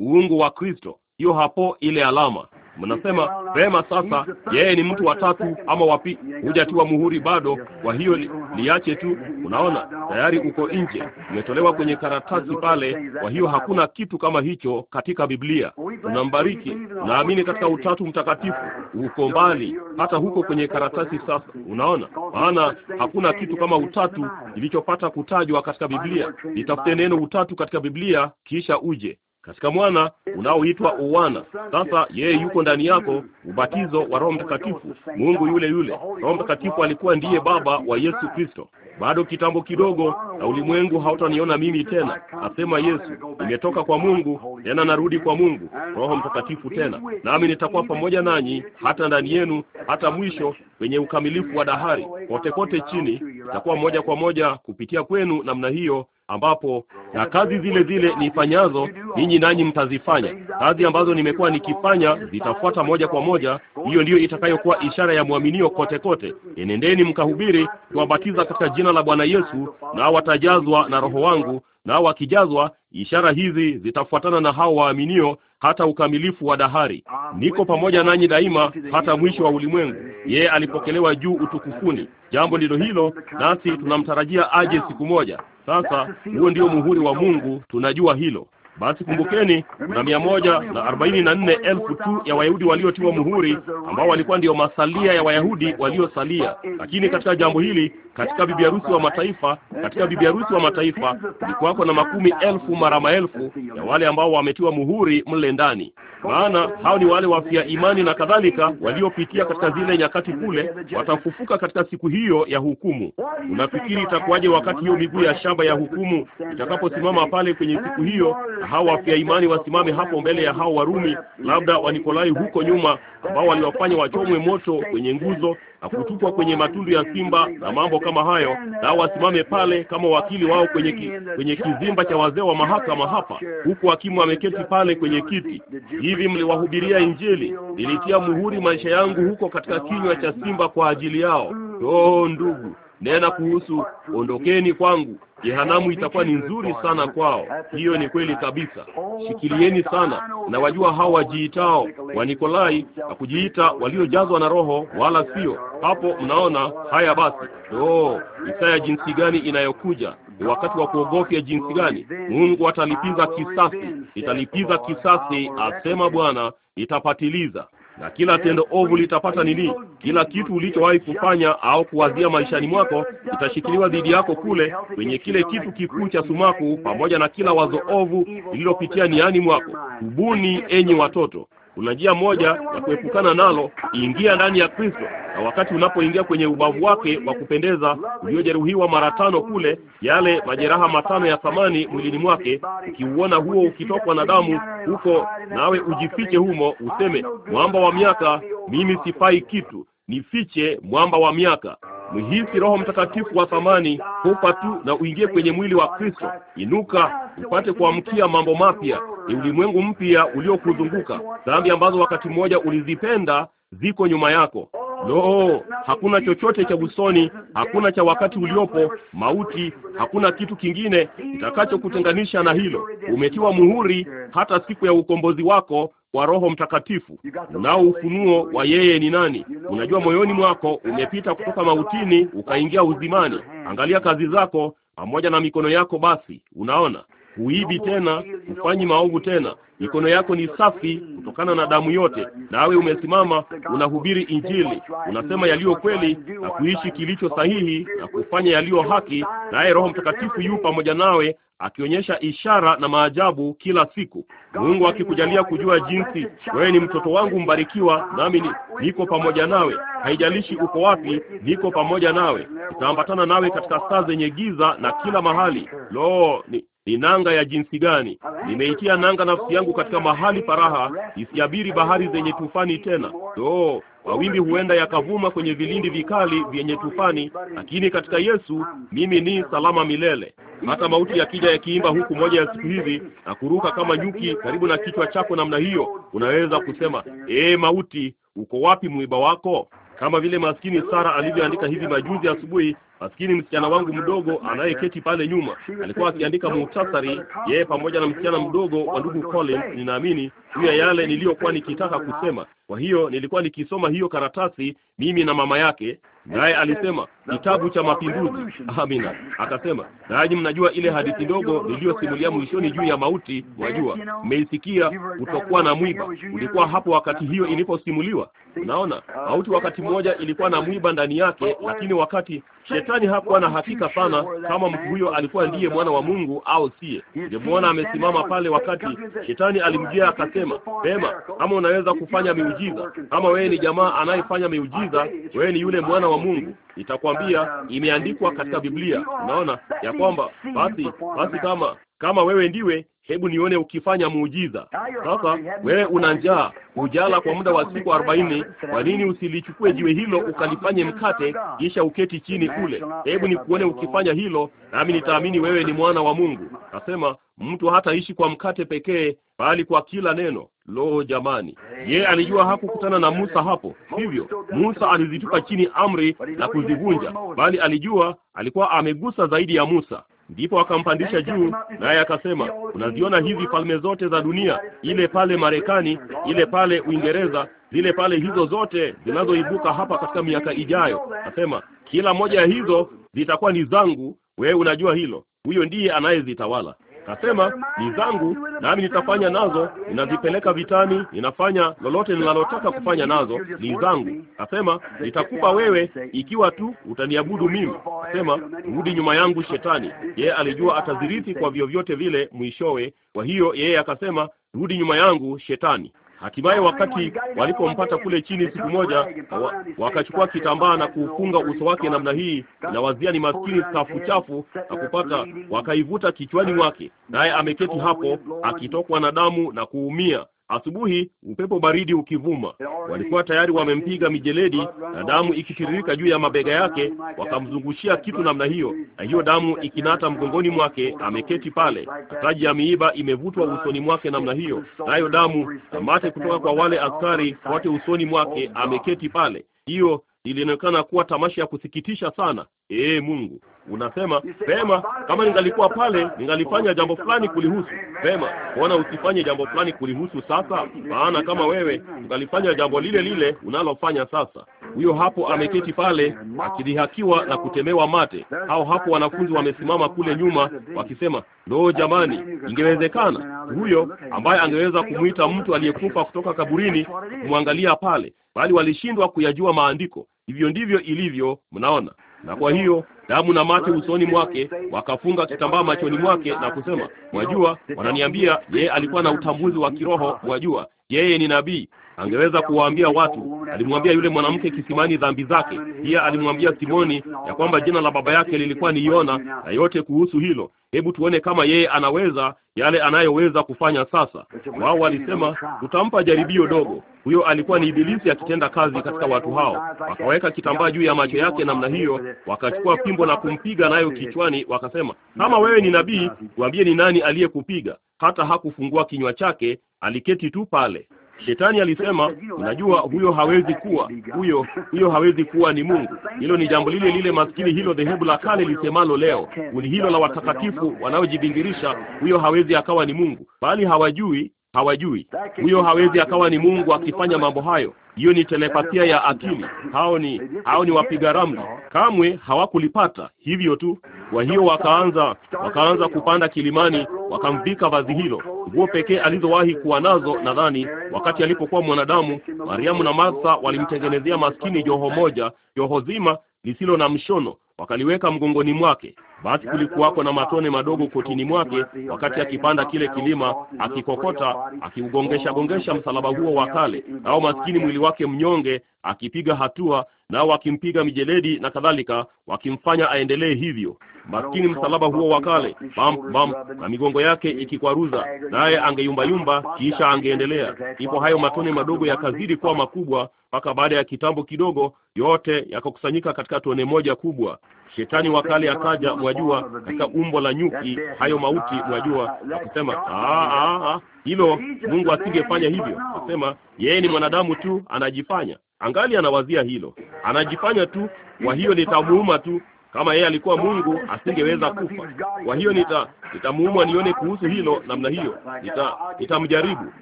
uungu wa Kristo hiyo hapo ile alama. Mnasema vema, sasa yeye ni mtu wa tatu ama wapi? Hujatiwa muhuri bado, kwa hiyo li, liache tu. Unaona, tayari uko nje, umetolewa kwenye karatasi pale. Kwa hiyo hakuna kitu kama hicho katika Biblia. Unambariki, naamini katika utatu mtakatifu, uko mbali hata huko kwenye karatasi. Sasa unaona, maana hakuna kitu kama utatu ilichopata kutajwa katika Biblia. Nitafute neno utatu katika Biblia, kisha uje katika mwana unaoitwa uwana. Sasa yeye yuko ndani yako, ubatizo wa Roho Mtakatifu, Mungu yule yule. Roho Mtakatifu alikuwa ndiye Baba wa Yesu Kristo. Bado kitambo kidogo, na ulimwengu hautaniona mimi tena, asema Yesu. Nimetoka kwa Mungu, tena narudi kwa Mungu, Roho Mtakatifu tena, nami nitakuwa pamoja nanyi hata ndani yenu, hata mwisho, kwenye ukamilifu wa dahari, kote kote chini, nitakuwa moja kwa moja kupitia kwenu namna hiyo ambapo na kazi zile zile nifanyazo ninyi nanyi mtazifanya. Kazi ambazo nimekuwa nikifanya zitafuata moja kwa moja. Hiyo ndiyo itakayokuwa ishara ya mwaminio kote kote. Enendeni mkahubiri, kuwabatiza katika jina la Bwana Yesu, nao watajazwa na Roho wangu, nao wakijazwa, ishara hizi zitafuatana na hao waaminio, hata ukamilifu wa dahari. Ah, Niko pamoja nanyi daima hata mwisho wa ulimwengu. Yeye alipokelewa juu utukufuni. Jambo ndilo hilo, nasi tunamtarajia aje siku moja. Sasa huo ndio muhuri wa Mungu, tunajua hilo. Basi kumbukeni, kuna mia moja na arobaini na nne elfu tu ya Wayahudi waliotiwa muhuri ambao walikuwa ndio masalia ya Wayahudi waliosalia. Lakini katika jambo hili, katika bibi harusi wa mataifa, katika bibi harusi wa mataifa kulikuwako na makumi elfu mara maelfu ya wale ambao wametiwa muhuri mle ndani, maana hao ni wale wafia imani na kadhalika waliopitia katika zile nyakati kule, watafufuka katika siku hiyo ya hukumu. Unafikiri itakuwaje wakati hiyo miguu ya shamba ya hukumu itakaposimama pale kwenye siku hiyo hao wafia imani wasimame hapo mbele ya hao Warumi, labda Wanikolai huko nyuma, ambao waliwafanya wachomwe moto kwenye nguzo na kutupwa kwenye matundu ya simba na mambo kama hayo, nao wasimame pale kama wakili wao kwenye, ki, kwenye kizimba cha wazee wa mahakama hapa, huku hakimu ameketi pale kwenye kiti. Hivi mliwahubiria Injili, nilitia muhuri maisha yangu huko katika kinywa cha simba kwa ajili yao. Oh ndugu, nena kuhusu ondokeni kwangu Jehanamu itakuwa ni nzuri sana kwao. Hiyo ni kweli kabisa. Shikilieni sana na wajua hao wajiitao wa Nikolai na kujiita waliojazwa na Roho, wala sio hapo. Mnaona haya? Basi oh, Isaya jinsi gani inayokuja ni wakati wa kuogofya jinsi gani! Mungu atalipiza kisasi, italipiza kisasi, asema Bwana, itapatiliza na kila tendo ovu litapata nini? Kila kitu ulichowahi kufanya au kuwazia maishani mwako kitashikiliwa dhidi yako kule kwenye kile kitu kikuu cha sumaku, pamoja na kila wazo ovu lililopitia niani mwako. Tubuni enyi watoto, kuna njia moja ya kuepukana nalo, ingia ndani ya Kristo, na wakati unapoingia kwenye ubavu wake wa kupendeza uliojeruhiwa mara tano kule, yale majeraha matano ya thamani mwilini mwake, ukiuona huo ukitokwa na damu huko, nawe ujifiche humo, useme mwamba wa miaka, mimi sifai kitu, nifiche mwamba wa miaka mhisi Roho Mtakatifu wa thamani, hupa tu na uingie kwenye mwili wa Kristo. Inuka upate kuamkia mambo mapya, ni ulimwengu mpya uliokuzunguka. Dhambi ambazo wakati mmoja ulizipenda ziko nyuma yako. Lo, hakuna chochote cha usoni, hakuna cha wakati uliopo, mauti, hakuna kitu kingine kitakachokutenganisha na hilo. Umetiwa muhuri hata siku ya ukombozi wako wa Roho Mtakatifu. Unao ufunuo wa yeye ni nani. Unajua moyoni mwako umepita kutoka mautini ukaingia uzimani. Angalia kazi zako pamoja na mikono yako, basi unaona huibi tena, hufanyi maovu tena, mikono yako ni safi kutokana na damu yote, nawe umesimama unahubiri Injili, unasema yaliyo kweli na kuishi kilicho sahihi na kufanya yaliyo haki, naye Roho Mtakatifu yu pamoja nawe akionyesha ishara na maajabu kila siku. Mungu akikujalia kujua jinsi wewe ni mtoto wangu mbarikiwa, nami niko pamoja nawe, haijalishi uko wapi, niko pamoja nawe, nitaambatana nawe katika saa zenye giza na kila mahali. Lo, ni ni nanga ya jinsi gani! Nimeitia nanga nafsi yangu katika mahali paraha, isiabiri bahari zenye tufani tena. oo mawimbi huenda yakavuma kwenye vilindi vikali vyenye tufani, lakini katika Yesu mimi ni salama milele. Hata mauti yakija yakiimba huku moja ya siku hizi na kuruka kama nyuki karibu na kichwa chako namna hiyo, unaweza kusema ee, mauti, uko wapi mwiba wako? Kama vile maskini Sara alivyoandika hivi majuzi asubuhi Maskini msichana wangu mdogo anayeketi pale nyuma alikuwa akiandika muhtasari, yeye pamoja na msichana mdogo wa ndugu Colin, ninaamini juu ya yale niliyokuwa nikitaka kusema. Kwa hiyo nilikuwa nikisoma hiyo karatasi mimi na mama yake, naye alisema kitabu cha mapinduzi. Amina. Akasema, nanyi mnajua ile hadithi ndogo niliyosimulia mwishoni juu ya mauti, wajua, mmeisikia, kutokuwa na mwiba. Ulikuwa hapo wakati hiyo iliposimuliwa. Unaona, mauti wakati mmoja ilikuwa na mwiba ndani yake, lakini wakati shetani hakuwa na hakika sana kama mtu huyo alikuwa ndiye mwana wa Mungu au siye. ndimwona amesimama pale wakati shetani alimjia, akasema, pema, kama unaweza kufanya miujiza, kama wewe ni jamaa anayefanya miujiza, wewe ni yule mwana wa Mungu itakwambia imeandikwa katika Biblia. Unaona ya kwamba basi basi, kama kama wewe ndiwe hebu nione ukifanya muujiza. Sasa wewe una njaa, hujala kwa muda wa siku arobaini. Kwa nini usilichukue jiwe hilo ukalifanye mkate, kisha uketi chini kule Hebu nikuone ukifanya hilo, nami nitaamini wewe ni mwana wa Mungu. Nasema mtu hataishi kwa mkate pekee, bali kwa kila neno. Lo, jamani! Ye alijua hakukutana na Musa hapo, hivyo Musa alizitupa chini amri na kuzivunja, bali alijua alikuwa amegusa zaidi ya Musa. Ndipo akampandisha juu, naye akasema, unaziona hizi falme zote za dunia, ile pale Marekani, ile pale Uingereza, zile pale, hizo zote zinazoibuka hapa katika miaka ijayo. Akasema kila moja ya hizo zitakuwa ni zangu, wewe unajua hilo. Huyo ndiye anayezitawala. Kasema ni zangu, nami nitafanya nazo, ninazipeleka vitani, ninafanya lolote ninalotaka kufanya nazo, ni zangu. Kasema nitakupa wewe, ikiwa tu utaniabudu mimi. Kasema rudi nyuma yangu, Shetani. Yeye alijua atazirithi kwa vyovyote vile mwishowe. Kwa hiyo yeye akasema, rudi nyuma yangu, Shetani. Hatimaye wakati walipompata kule chini siku moja, wa, wakachukua kitambaa na kuufunga uso wake namna hii, na wazia ni maskini safu chafu na kupata, wakaivuta kichwani mwake, naye ameketi hapo akitokwa na damu na kuumia. Asubuhi upepo baridi ukivuma, walikuwa tayari wamempiga mijeledi na damu ikitiririka juu ya mabega yake, wakamzungushia kitu namna hiyo, na hiyo damu ikinata mgongoni mwake, ameketi pale, taji ya miiba imevutwa usoni mwake namna hiyo, nayo damu na mate kutoka kwa wale askari wote usoni mwake, ameketi pale. Hiyo ilionekana kuwa tamasha ya kusikitisha sana. Ee Mungu, Unasema vema, kama ningalikuwa pale ningalifanya jambo fulani kulihusu. Vema, mbona usifanye jambo fulani kulihusu sasa? Maana kama wewe ungalifanya jambo lile lile unalofanya sasa, huyo hapo ameketi pale akidhihakiwa na kutemewa mate. Hao hapo wanafunzi wamesimama kule nyuma wakisema, ndoo jamani, ingewezekana huyo ambaye angeweza kumwita mtu aliyekufa kutoka kaburini kumwangalia pale, bali walishindwa kuyajua maandiko. Hivyo ndivyo ilivyo, mnaona na kwa hiyo damu na mate usoni mwake, wakafunga kitambaa machoni mwake na kusema, mwajua, wananiambia yeye alikuwa na utambuzi wa kiroho, mwajua, yeye ni nabii. Angeweza kuwaambia watu, alimwambia yule mwanamke kisimani dhambi zake. Pia alimwambia Simoni ya kwamba jina la baba yake lilikuwa ni Yona, na yote kuhusu hilo. Hebu tuone kama yeye anaweza yale anayoweza kufanya sasa. Wao walisema tutampa jaribio dogo. Huyo alikuwa ni Ibilisi akitenda kazi katika watu hao. Wakaweka kitambaa juu ya macho yake namna hiyo, wakachukua fimbo na kumpiga nayo kichwani, wakasema, kama wewe ni nabii, tuambie ni nani aliyekupiga. Hata hakufungua kinywa chake, aliketi tu pale. Shetani alisema, unajua, huyo hawezi kuwa huyo, huyo hawezi kuwa ni Mungu. Hilo ni jambo lile lile maskini, hilo dhehebu la kale lisemalo leo, kundi hilo la watakatifu wanaojibingirisha, huyo hawezi akawa ni Mungu, bali hawajui hawajui. Huyo hawezi akawa ni Mungu akifanya mambo hayo. Hiyo ni telepathia ya akili. Hao ni hao ni wapiga ramli, kamwe hawakulipata hivyo tu. Kwa hiyo wakaanza wakaanza kupanda kilimani, wakamvika vazi hilo, nguo pekee alizowahi kuwa nazo. Nadhani wakati alipokuwa mwanadamu, Mariamu na Martha walimtengenezea maskini joho moja, joho zima lisilo na mshono wakaliweka mgongoni mwake. Basi kulikuwako na matone madogo kotini mwake, wakati akipanda kile kilima, akikokota, akiugongesha gongesha msalaba huo wa kale, nao maskini mwili wake mnyonge akipiga hatua, nao wakimpiga mijeledi na kadhalika, wakimfanya aendelee hivyo. Maskini msalaba huo wa kale, bam bam, na migongo yake ikikwaruza, naye angeyumbayumba, kisha angeendelea. Ipo hayo matone madogo yakazidi kuwa makubwa, mpaka baada ya kitambo kidogo yote yakakusanyika katika tone moja kubwa. Shetani wakali akaja, wajua, katika umbo la nyuki, hayo mauti, wajua, akasema ah, ah, ah, hilo Mungu asingefanya hivyo. Akasema yeye ni mwanadamu tu, anajifanya angali anawazia hilo, anajifanya tu. Kwa hiyo nitamuuma tu, kama yeye alikuwa Mungu asingeweza kufa. Kwa hiyo nita- nione kuhusu hilo namna hiyo, nita- nitamjaribu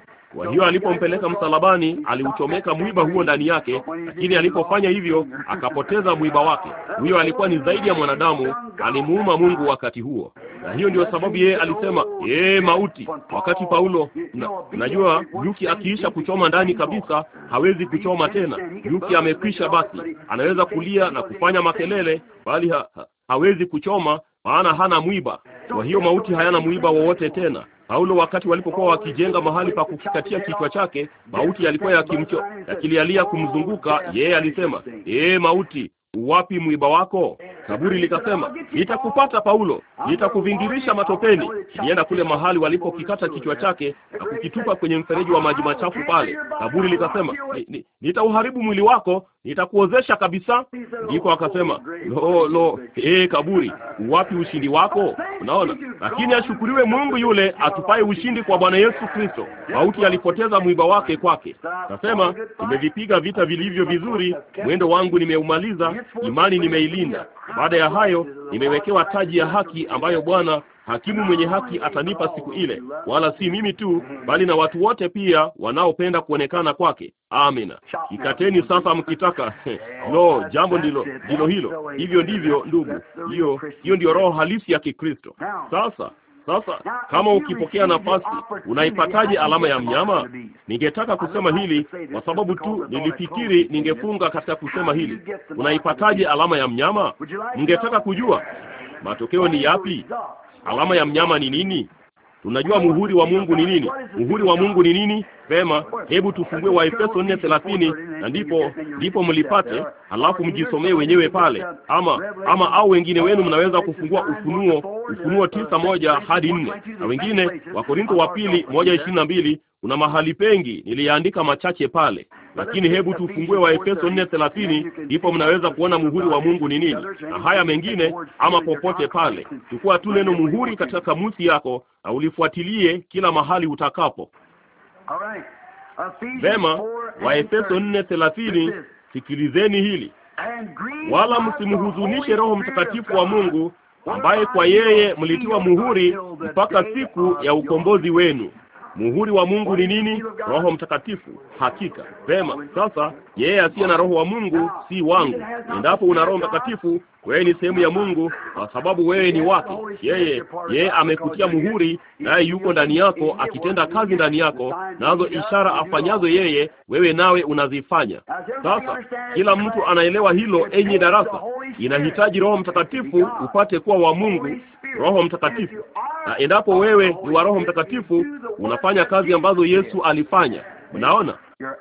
kwa hiyo alipompeleka msalabani, aliuchomeka mwiba huo ndani yake, lakini alipofanya hivyo akapoteza mwiba wake. Huyo alikuwa ni zaidi ya mwanadamu, alimuuma Mungu wakati huo, na hiyo ndio sababu yeye alisema ee mauti. Wakati Paulo na, najua nyuki akiisha kuchoma ndani kabisa hawezi kuchoma tena. Nyuki amekwisha, basi anaweza kulia na kufanya makelele, bali ha, ha, hawezi kuchoma maana hana mwiba. Kwa hiyo mauti hayana mwiba wowote tena. Paulo wakati walipokuwa wakijenga mahali pa kukikatia kichwa chake, mauti yalikuwa yakimcho yakilialia kumzunguka yeye, alisema ee, mauti wapi mwiba wako? Kaburi likasema, nitakupata Paulo, nitakuvingirisha matopeni. Nienda kule mahali walipokikata kichwa chake na kukitupa kwenye mfereji wa maji machafu pale. Kaburi likasema, nitauharibu mwili wako, nitakuozesha kabisa. Ndipo akasema, lo lo, ee kaburi, wapi ushindi wako? Unaona, lakini ashukuriwe Mungu yule atupaye ushindi kwa Bwana Yesu Kristo. Mauti alipoteza mwiba wake kwake. kasema nimevipiga vita vilivyo vizuri, mwendo wangu nimeumaliza imani nimeilinda. Baada ya hayo, nimewekewa taji ya haki ambayo Bwana hakimu mwenye haki atanipa siku ile, wala si mimi tu, bali na watu wote pia wanaopenda kuonekana kwake. Amina. ikateni sasa mkitaka. Lo, jambo ndilo ndilo hilo. Hivyo ndivyo ndugu, hiyo hiyo ndiyo roho halisi ya Kikristo. Sasa sasa kama ukipokea nafasi, unaipataje alama ya mnyama? Ningetaka kusema hili kwa sababu tu nilifikiri ningefunga katika kusema hili. Unaipataje alama ya mnyama? Ningetaka kujua matokeo ni yapi? Alama ya mnyama ni nini? Tunajua muhuri wa Mungu ni nini. Muhuri wa Mungu ni nini? Vema, hebu tufungue Waefeso nne thelathini na ndipo ndipo mlipate, halafu mjisomee wenyewe pale, ama ama au wengine wenu mnaweza kufungua Ufunuo, Ufunuo tisa moja hadi nne na wengine Wakorintho wa pili moja ishirini na mbili. Kuna mahali pengi niliyaandika machache pale. Lakini hebu tufungue Waefeso nne thelathini, ndipo mnaweza kuona muhuri wa Mungu ni nini, na haya mengine ama popote pale. Chukua tu neno muhuri katika kamusi yako na ulifuatilie kila mahali utakapo. Vema, Waefeso nne thelathini, sikilizeni hili: wala msimhuzunishe Roho Mtakatifu wa Mungu ambaye kwa yeye mlitiwa muhuri mpaka siku ya ukombozi wenu. Muhuri wa Mungu ni nini? Roho Mtakatifu. Hakika. Vema. Sasa yeye asiye na roho wa Mungu si wangu. Endapo una Roho Mtakatifu, wewe ni sehemu ya Mungu, kwa sababu wewe ni wake. Yeye yeye amekutia muhuri, naye yuko ndani yako akitenda kazi ndani yako, nazo ishara afanyazo yeye, wewe nawe unazifanya. Sasa kila mtu anaelewa hilo. Enye darasa, inahitaji Roho Mtakatifu upate kuwa wa Mungu Roho Mtakatifu, na endapo wewe ni wa Roho Mtakatifu unafanya kazi ambazo Yesu alifanya. Mnaona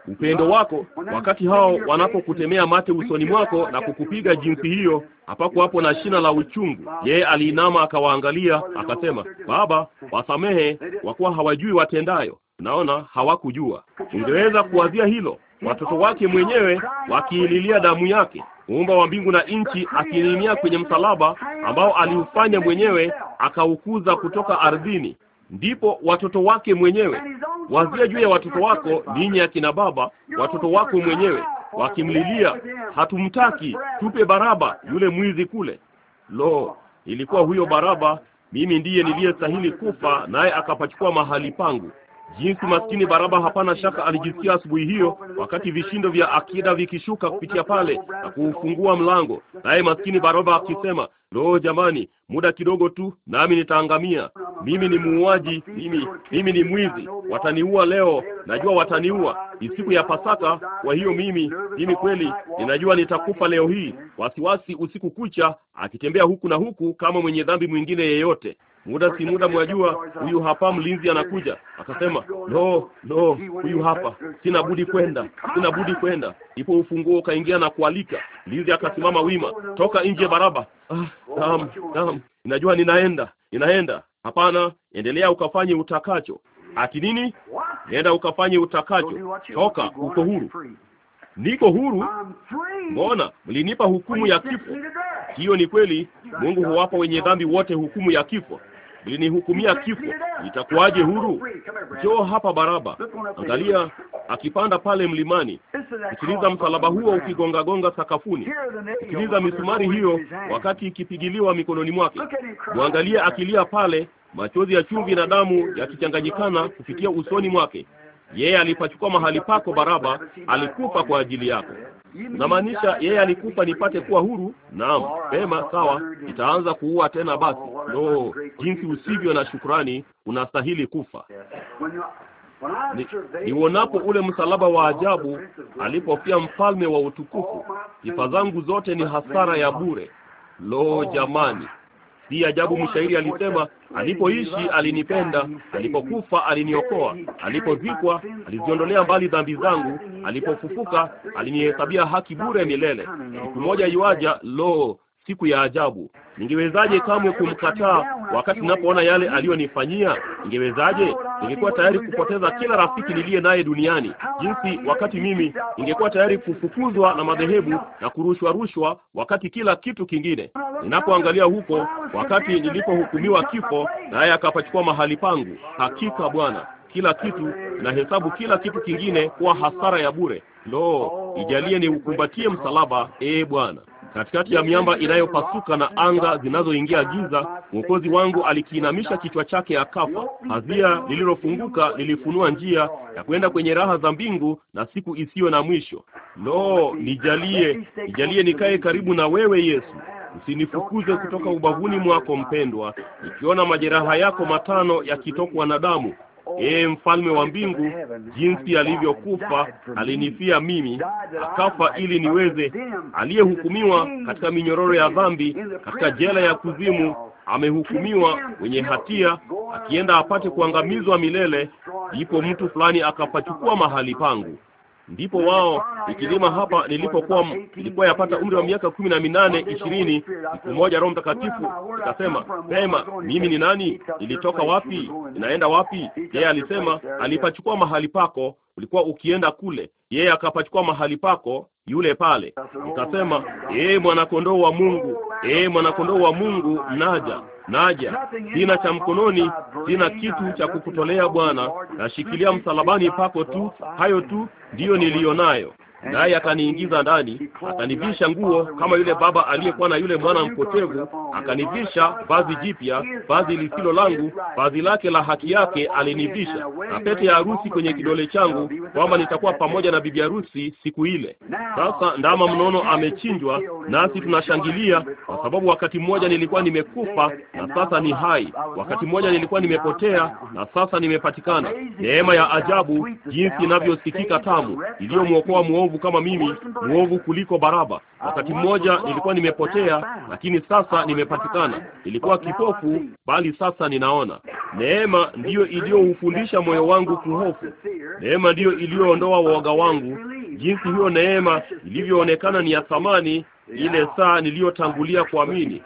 upendo wako, wakati hao wanapokutemea mate usoni mwako na kukupiga jinsi hiyo, hapakuwapo hapo na shina la uchungu. Yeye aliinama akawaangalia, akasema, Baba wasamehe, kwa kuwa hawajui watendayo. Mnaona, hawakujua. Ungeweza kuwazia hilo, watoto wake mwenyewe wakiililia damu yake muumba wa mbingu na nchi, akininia kwenye msalaba ambao aliufanya mwenyewe akaukuza kutoka ardhini. Ndipo watoto wake mwenyewe, wazia juu ya watoto wako ninyi akina baba, watoto wako mwenyewe wakimlilia, hatumtaki, tupe Baraba yule mwizi kule. Lo, ilikuwa huyo Baraba, mimi ndiye niliyestahili kufa, naye akapachukua mahali pangu. Jinsi maskini Baraba, hapana shaka, alijisikia asubuhi hiyo, wakati vishindo vya akida vikishuka kupitia pale na kuufungua mlango, naye maskini Baraba akisema, lo jamani, muda kidogo tu nami nitaangamia. Mimi ni muuaji, mimi mimi ni mwizi, wataniua leo, najua wataniua. Ni siku ya Pasaka, kwa hiyo mimi mimi kweli ninajua nitakufa leo hii. Wasiwasi usiku kucha, akitembea huku na huku kama mwenye dhambi mwingine yeyote. Muda si muda, mwajua, huyu hapa mlinzi anakuja. Akasema, no no, huyu hapa, sina budi kwenda, sina budi kwenda. Ipo ufunguo, ukaingia na kualika Lizi akasimama wima, toka nje Baraba. Ah, naam, naam, ninaenda, ninaenda. Hapana, endelea ukafanye utakacho. Ati nini? Nenda ukafanye utakacho, toka, uko huru. Niko huru. Mbona mlinipa hukumu ya kifo? Hiyo ni kweli. Mungu huwapa wenye dhambi wote hukumu ya kifo ilinihukumia kifo, itakuwaje huru? Njoo hapa Baraba, angalia akipanda pale mlimani. Sikiliza msalaba huo ukigongagonga sakafuni, sikiliza misumari hiyo wakati ikipigiliwa mikononi mwake. Mwangalie akilia pale, machozi ya chumvi na damu yakichanganyikana kufikia usoni mwake. Yeye alipachukua mahali pako, Baraba alikufa kwa ajili yako. Namaanisha yeye alikufa nipate kuwa huru. Naam, pema, sawa. itaanza kuua tena basi. No, jinsi usivyo na shukrani, unastahili kufa. Ni, niuonapo ule msalaba wa ajabu alipofia mfalme wa utukufu, sifa zangu zote ni hasara ya bure. Lo, jamani! Si ajabu mshairi alisema, alipoishi alinipenda, alipokufa aliniokoa, alipozikwa aliziondolea mbali dhambi zangu, alipofufuka alinihesabia haki bure milele. Siku moja iwaja, lo siku ya ajabu. Ningewezaje kamwe kumkataa wakati ninapoona yale aliyonifanyia? Ningewezaje? Ningekuwa tayari kupoteza kila rafiki niliye naye duniani, jinsi wakati mimi ningekuwa tayari kufukuzwa na madhehebu na kurushwa rushwa, wakati kila kitu kingine. Ninapoangalia huko, wakati nilipohukumiwa kifo, naye akapachukua mahali pangu. Hakika Bwana, kila kitu na hesabu kila kitu kingine kuwa hasara ya bure. Lo, ijalie ni ukumbatie msalaba, ee Bwana katikati ya miamba inayopasuka na anga zinazoingia giza, mwokozi wangu alikiinamisha kichwa chake akafa. Hazia lililofunguka lilifunua njia ya kwenda kwenye raha za mbingu na siku isiyo na mwisho. Lo, nijalie, nijalie nikae karibu na wewe Yesu. Usinifukuze kutoka ubavuni mwako mpendwa, nikiona majeraha yako matano yakitokwa na damu yeye mfalme wa mbingu, jinsi alivyokufa, alinifia mimi, akafa ili niweze, aliyehukumiwa katika minyororo ya dhambi, katika jela ya kuzimu, amehukumiwa mwenye hatia, akienda apate kuangamizwa milele. Ndipo mtu fulani akapachukua mahali pangu ndipo wao ikilima hapa nilipokuwa nilikuwa yapata umri wa miaka kumi na minane ishirini. Siku moja Roho Mtakatifu akasema, sema mimi ni nani, nilitoka wapi, inaenda wapi? Yeye alisema, alipachukua mahali pako, ulikuwa ukienda kule, yeye akapachukua mahali pako, yule pale. Nikasema, ee mwanakondoo wa Mungu, ee mwanakondoo wa Mungu, naja naja, sina cha mkononi, sina kitu cha kukutolea Bwana, nashikilia msalabani pako tu. Hayo tu ndiyo niliyo nayo naye akaniingiza ndani, akanivisha nguo kama yule baba aliyekuwa na yule mwana mpotevu, akanivisha vazi jipya, vazi lisilo langu, vazi lake la haki yake alinivisha, na pete ya harusi kwenye kidole changu, kwamba nitakuwa pamoja na bibi harusi siku ile. Sasa ndama mnono amechinjwa, nasi tunashangilia kwa sababu wakati mmoja nilikuwa nimekufa na sasa ni hai, wakati mmoja nilikuwa nimepotea na sasa nimepatikana. Neema ya ajabu, jinsi inavyosikika tamu, iliyomwokoa mwovu mwovu kama mimi, mwovu kuliko Baraba. Wakati mmoja nilikuwa nimepotea, lakini sasa nimepatikana. Nilikuwa kipofu, bali sasa ninaona. Neema ndiyo iliyoufundisha moyo wangu kuhofu. Neema ndiyo iliyoondoa woga wangu. Jinsi hiyo neema ilivyoonekana ni ya thamani ile saa niliyotangulia kuamini,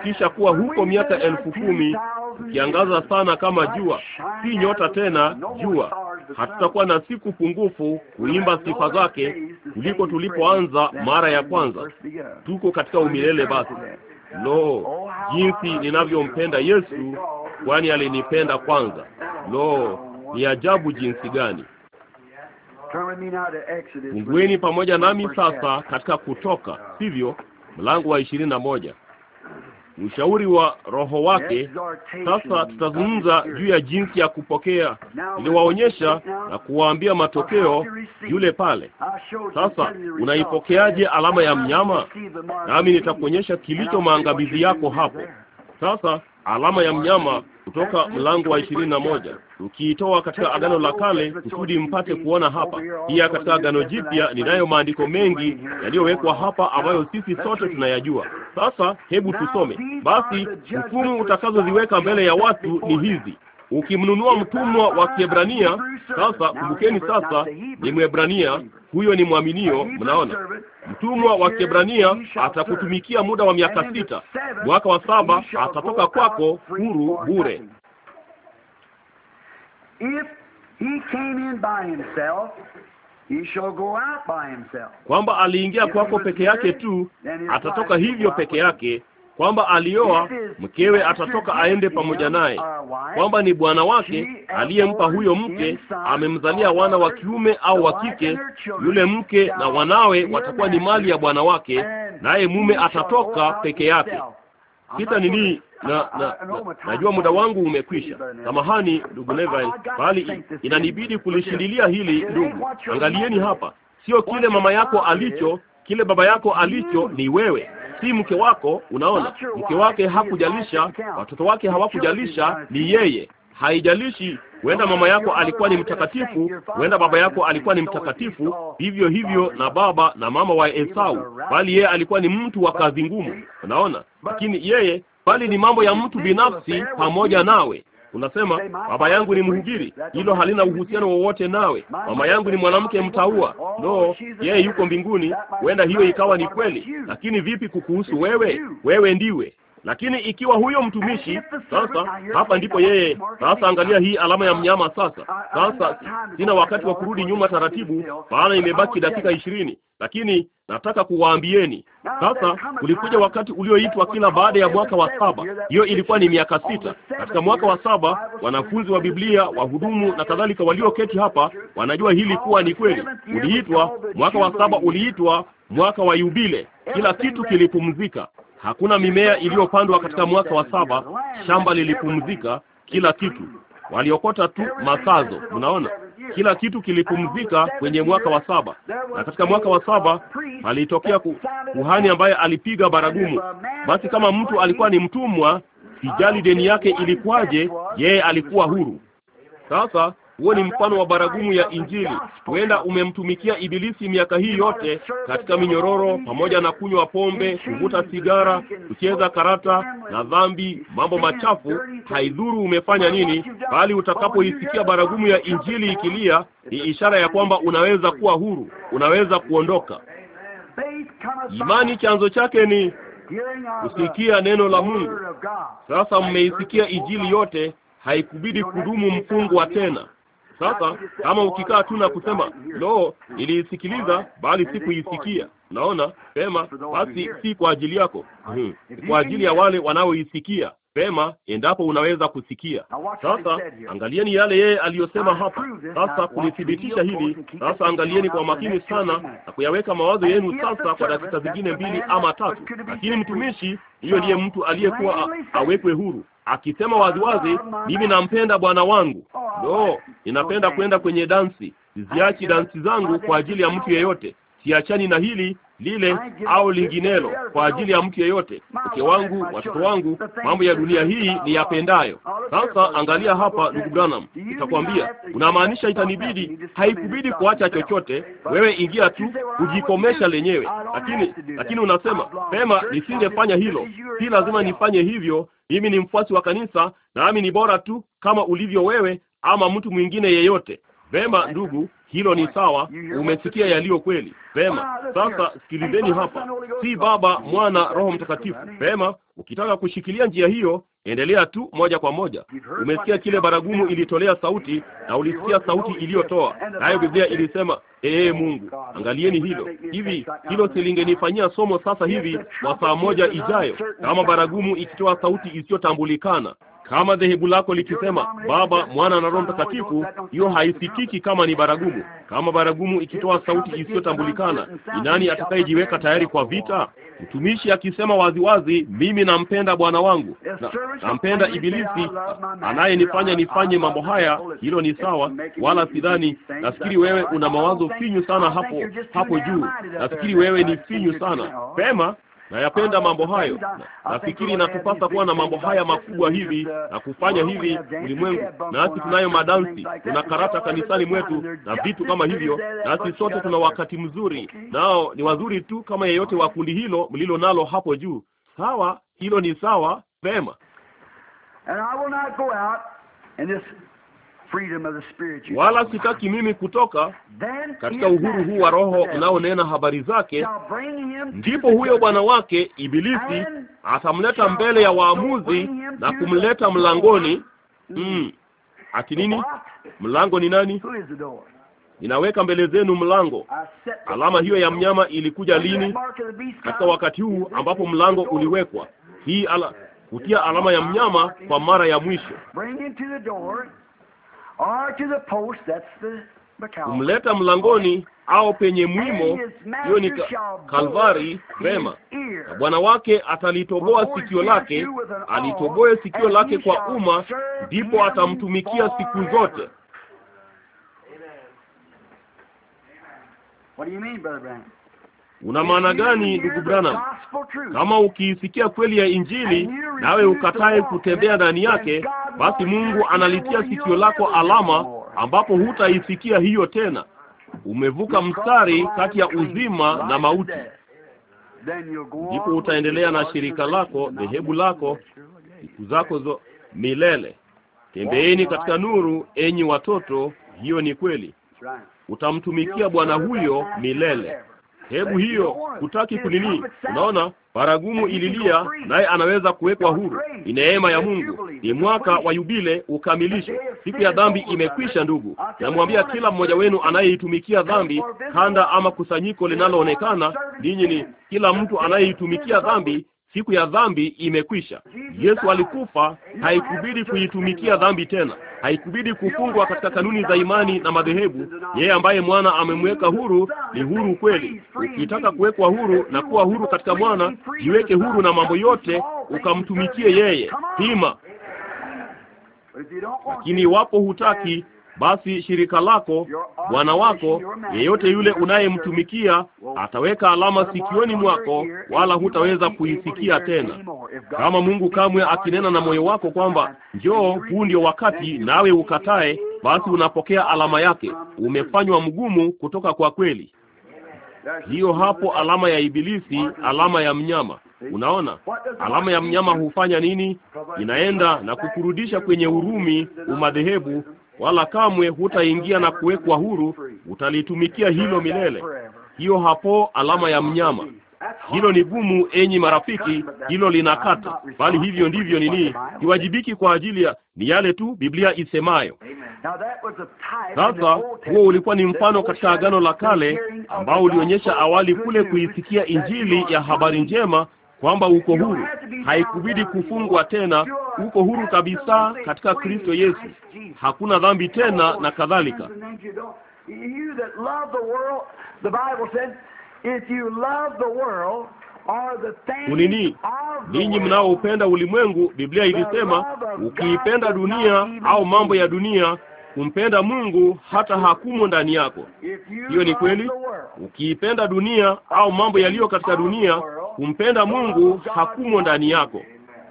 ukisha kuwa huko miaka elfu kumi ukiangaza sana kama jua, si nyota tena, jua hatutakuwa na siku pungufu kuimba sifa zake kuliko tulipoanza mara ya kwanza. Tuko katika umilele. Basi lo, jinsi ninavyompenda Yesu, kwani alinipenda kwanza. Lo, ni ajabu jinsi gani! Fungueni pamoja nami sasa katika Kutoka, sivyo, mlango wa ishirini na moja ushauri wa Roho wake. Sasa tutazungumza juu ya jinsi ya kupokea. Niliwaonyesha na kuwaambia matokeo yule pale. Sasa unaipokeaje alama ya mnyama? Nami nitakuonyesha kilicho maangamizi yako hapo. Sasa alama ya mnyama kutoka mlango wa ishirini na moja mkiitoa katika Agano la Kale kusudi mpate kuona hapa. Pia katika Agano Jipya ninayo maandiko mengi yaliyowekwa hapa ambayo sisi sote tunayajua. Sasa hebu tusome basi, hukumu utakazoziweka mbele ya watu ni hizi ukimnunua mtumwa wa Kiebrania. Sasa kumbukeni, sasa ni Mwebrania huyo, ni mwaminio. Mnaona, mtumwa wa Kiebrania atakutumikia muda wa miaka sita, mwaka wa saba atatoka kwako huru bure. Kwamba aliingia kwako peke yake tu, atatoka hivyo peke yake kwamba alioa mkewe atatoka aende pamoja naye, uh, kwamba ni bwana wake aliyempa huyo mke, amemzalia wana wa kiume au wa kike. Yule mke na wanawe watakuwa ni mali ya bwana wake, naye mume atatoka peke yake. Kita nini? Na, uh, na, na najua muda wangu umekwisha. Samahani ndugu Neville, bali inanibidi kulishindilia hili. Ndugu, angalieni hapa, sio kile mama yako alicho, kile baba yako alicho ni wewe si mke wako. Unaona, mke wake hakujalisha, watoto wake hawakujalisha, ni yeye. Haijalishi, huenda mama yako alikuwa ni mtakatifu, huenda baba yako alikuwa ni mtakatifu, vivyo hivyo na baba na mama wa Esau, bali yeye alikuwa ni mtu wa kazi ngumu. Unaona, lakini yeye bali ni mambo ya mtu binafsi pamoja nawe. Unasema baba yangu ni mhubiri, hilo halina uhusiano wowote nawe. Mama yangu ni mwanamke mtaua. No, yeye yuko mbinguni. Huenda hiyo ikawa ni kweli, lakini vipi kukuhusu wewe? Wewe ndiwe lakini ikiwa huyo mtumishi sasa, hapa ndipo yeye sasa, angalia hii alama ya mnyama sasa. Sasa sina wakati wa kurudi nyuma taratibu, maana imebaki dakika ishirini, lakini nataka kuwaambieni sasa. Kulikuja wakati ulioitwa kila baada ya mwaka wa saba. Hiyo ilikuwa ni miaka sita. Katika mwaka wa saba, wanafunzi wa Biblia, wahudumu na kadhalika, walioketi hapa wanajua hili kuwa ni kweli. Uliitwa mwaka wa saba, uliitwa mwaka wa yubile, kila kitu kilipumzika. Hakuna mimea iliyopandwa katika mwaka wa saba. Shamba lilipumzika, kila kitu waliokota tu masazo. Unaona, kila kitu kilipumzika kwenye mwaka wa saba. Na katika mwaka wa saba alitokea kuhani ambaye alipiga baragumu. Basi kama mtu alikuwa ni mtumwa, sijali deni yake ilikuwaje, yeye alikuwa huru. Sasa huo ni mfano wa baragumu ya Injili. Huenda umemtumikia Ibilisi miaka hii yote katika minyororo, pamoja na kunywa pombe, kuvuta sigara, kucheza karata na dhambi, mambo machafu. Haidhuru umefanya nini, bali utakapoisikia baragumu ya Injili ikilia, ni ishara ya kwamba unaweza kuwa huru, unaweza kuondoka. Imani chanzo chake ni kusikia neno la Mungu. Sasa mmeisikia Injili yote, haikubidi kudumu mfungwa tena. Sasa kama ukikaa tu na kusema lo, niliisikiliza bali sikuisikia, unaona sema basi si kwa ajili yako, hmm, kwa ajili ya wale wanaoisikia. Vema, endapo unaweza kusikia sasa. Angalieni yale yeye aliyosema hapa sasa, kulithibitisha hili sasa. Angalieni kwa makini sana na kuyaweka mawazo yenu sasa kwa dakika zingine mbili ama tatu. Lakini mtumishi, hiyo ndiye mtu aliyekuwa awekwe huru, akisema waziwazi, mimi nampenda bwana wangu. Lo, oh, ninapenda kwenda kwenye dansi, ziachi dansi zangu kwa ajili ya mtu yeyote. Siachani na hili lile au linginelo kwa ajili ya mtu yeyote, mke wangu, watoto wangu, mambo ya dunia hii ni yapendayo. Sasa angalia hapa, ndugu Branham, nitakwambia unamaanisha itanibidi? Haikubidi kuacha chochote, wewe ingia tu kujikomesha lenyewe. Lakini lakini unasema pema, nisingefanya hilo, si lazima nifanye hivyo. Mimi ni mfuasi wa kanisa, nami ni bora tu kama ulivyo wewe ama mtu mwingine yeyote. Vema ndugu, hilo ni sawa, umesikia yaliyo kweli. Vema, ah, sasa sikilizeni hapa, si Baba, Mwana, Roho Mtakatifu. Vema, ukitaka kushikilia njia hiyo, endelea tu moja kwa moja. Umesikia kile baragumu ilitolea sauti, na ulisikia sauti iliyotoa nayo. Biblia ilisema ee oh, Mungu, angalieni hilo. Hivi hilo silingenifanyia somo sasa hivi kwa saa moja ijayo, kama baragumu ikitoa sauti isiyotambulikana kama dhehebu lako likisema Baba, Mwana na Roho Mtakatifu, hiyo haisikiki kama ni baragumu. Kama baragumu ikitoa sauti isiyotambulikana, ni nani atakayejiweka tayari kwa vita? Mtumishi akisema waziwazi, mimi nampenda bwana wangu na, nampenda Ibilisi anayenifanya nifanye mambo haya, hilo ni sawa, wala sidhani. Nafikiri wewe una mawazo finyu sana hapo hapo juu. Nafikiri wewe ni finyu sana. Pema, Nayapenda mambo hayo. Nafikiri inatupasa kuwa na mambo haya makubwa hivi na kufanya hivi ulimwengu. Nasi tunayo madansi, tuna karata kanisani mwetu na vitu kama hivyo, nasi sote tuna wakati mzuri, nao ni wazuri tu kama yeyote wa kundi hilo mlilo nalo hapo juu. Sawa, hilo ni sawa, vema wala sitaki mimi kutoka katika uhuru huu wa roho unaonena habari zake, ndipo huyo bwana wake Ibilisi atamleta mbele ya waamuzi na kumleta mlangoni. Mm. Ati nini? Mlango ni nani? Ninaweka mbele zenu mlango. Alama hiyo ya mnyama ilikuja lini? Katika wakati huu ambapo mlango uliwekwa, hii ala kutia alama ya mnyama kwa mara ya mwisho kumleta mlangoni au penye mwimo. Hiyo ni Kalvari. Vema, na bwana wake atalitoboa sikio lake, alitoboe sikio lake kwa umma, ndipo atamtumikia siku zote. What do you mean, Brother Branham? Una maana gani, ndugu Branham? Kama ukiisikia kweli ya Injili nawe ukatae kutembea ndani yake, basi Mungu analitia sikio lako alama ambapo hutaisikia hiyo tena. Umevuka mstari kati ya uzima na mauti. Ndipo utaendelea na shirika lako, dhehebu lako, siku zako zo milele. Tembeeni katika nuru, enyi watoto, hiyo ni kweli. Utamtumikia Bwana huyo milele hebu hiyo hutaki kunini. Unaona, baragumu ililia, naye anaweza kuwekwa huru. Ni neema ya Mungu, ni mwaka wa yubile ukamilishe Siku ya dhambi imekwisha. Ndugu, namwambia kila mmoja wenu anayeitumikia dhambi, kanda ama kusanyiko linaloonekana, ninyi ni kila mtu anayeitumikia dhambi siku ya dhambi imekwisha. Yesu alikufa, haikubidi kuitumikia dhambi tena, haikubidi kufungwa katika kanuni za imani na madhehebu. Yeye ambaye mwana amemweka huru ni huru kweli. Ukitaka kuwekwa huru na kuwa huru katika mwana, jiweke huru na mambo yote, ukamtumikie yeye pima Lakini iwapo hutaki basi shirika lako, bwana wako, yeyote yule unayemtumikia ataweka alama sikioni mwako, wala hutaweza kuisikia tena. Kama Mungu kamwe akinena na moyo wako kwamba njoo, huu ndio wakati, nawe ukatae, basi unapokea alama yake, umefanywa mgumu kutoka kwa kweli. Hiyo hapo alama ya Ibilisi, alama ya mnyama. Unaona, alama ya mnyama hufanya nini? Inaenda na kukurudisha kwenye urumi, umadhehebu, wala kamwe hutaingia na kuwekwa huru, utalitumikia hilo milele. Hiyo hapo alama ya mnyama. Hilo ni gumu, enyi marafiki, hilo linakata, bali hivyo ndivyo nini, niwajibiki kwa ajili ya ni yale tu Biblia isemayo. Sasa huo ulikuwa ni mfano katika Agano la Kale ambao ulionyesha awali kule kuisikia Injili ya habari njema kwamba uko huru, haikubidi kufungwa tena, uko huru kabisa katika Kristo Yesu, hakuna dhambi tena na kadhalika. Unini, ninyi mnaoupenda ulimwengu, Biblia ilisema ukiipenda dunia au mambo ya dunia kumpenda Mungu hata hakumo ndani yako. Hiyo ni kweli. Ukiipenda dunia au mambo yaliyo katika dunia, Kumpenda Mungu hakumo ndani yako.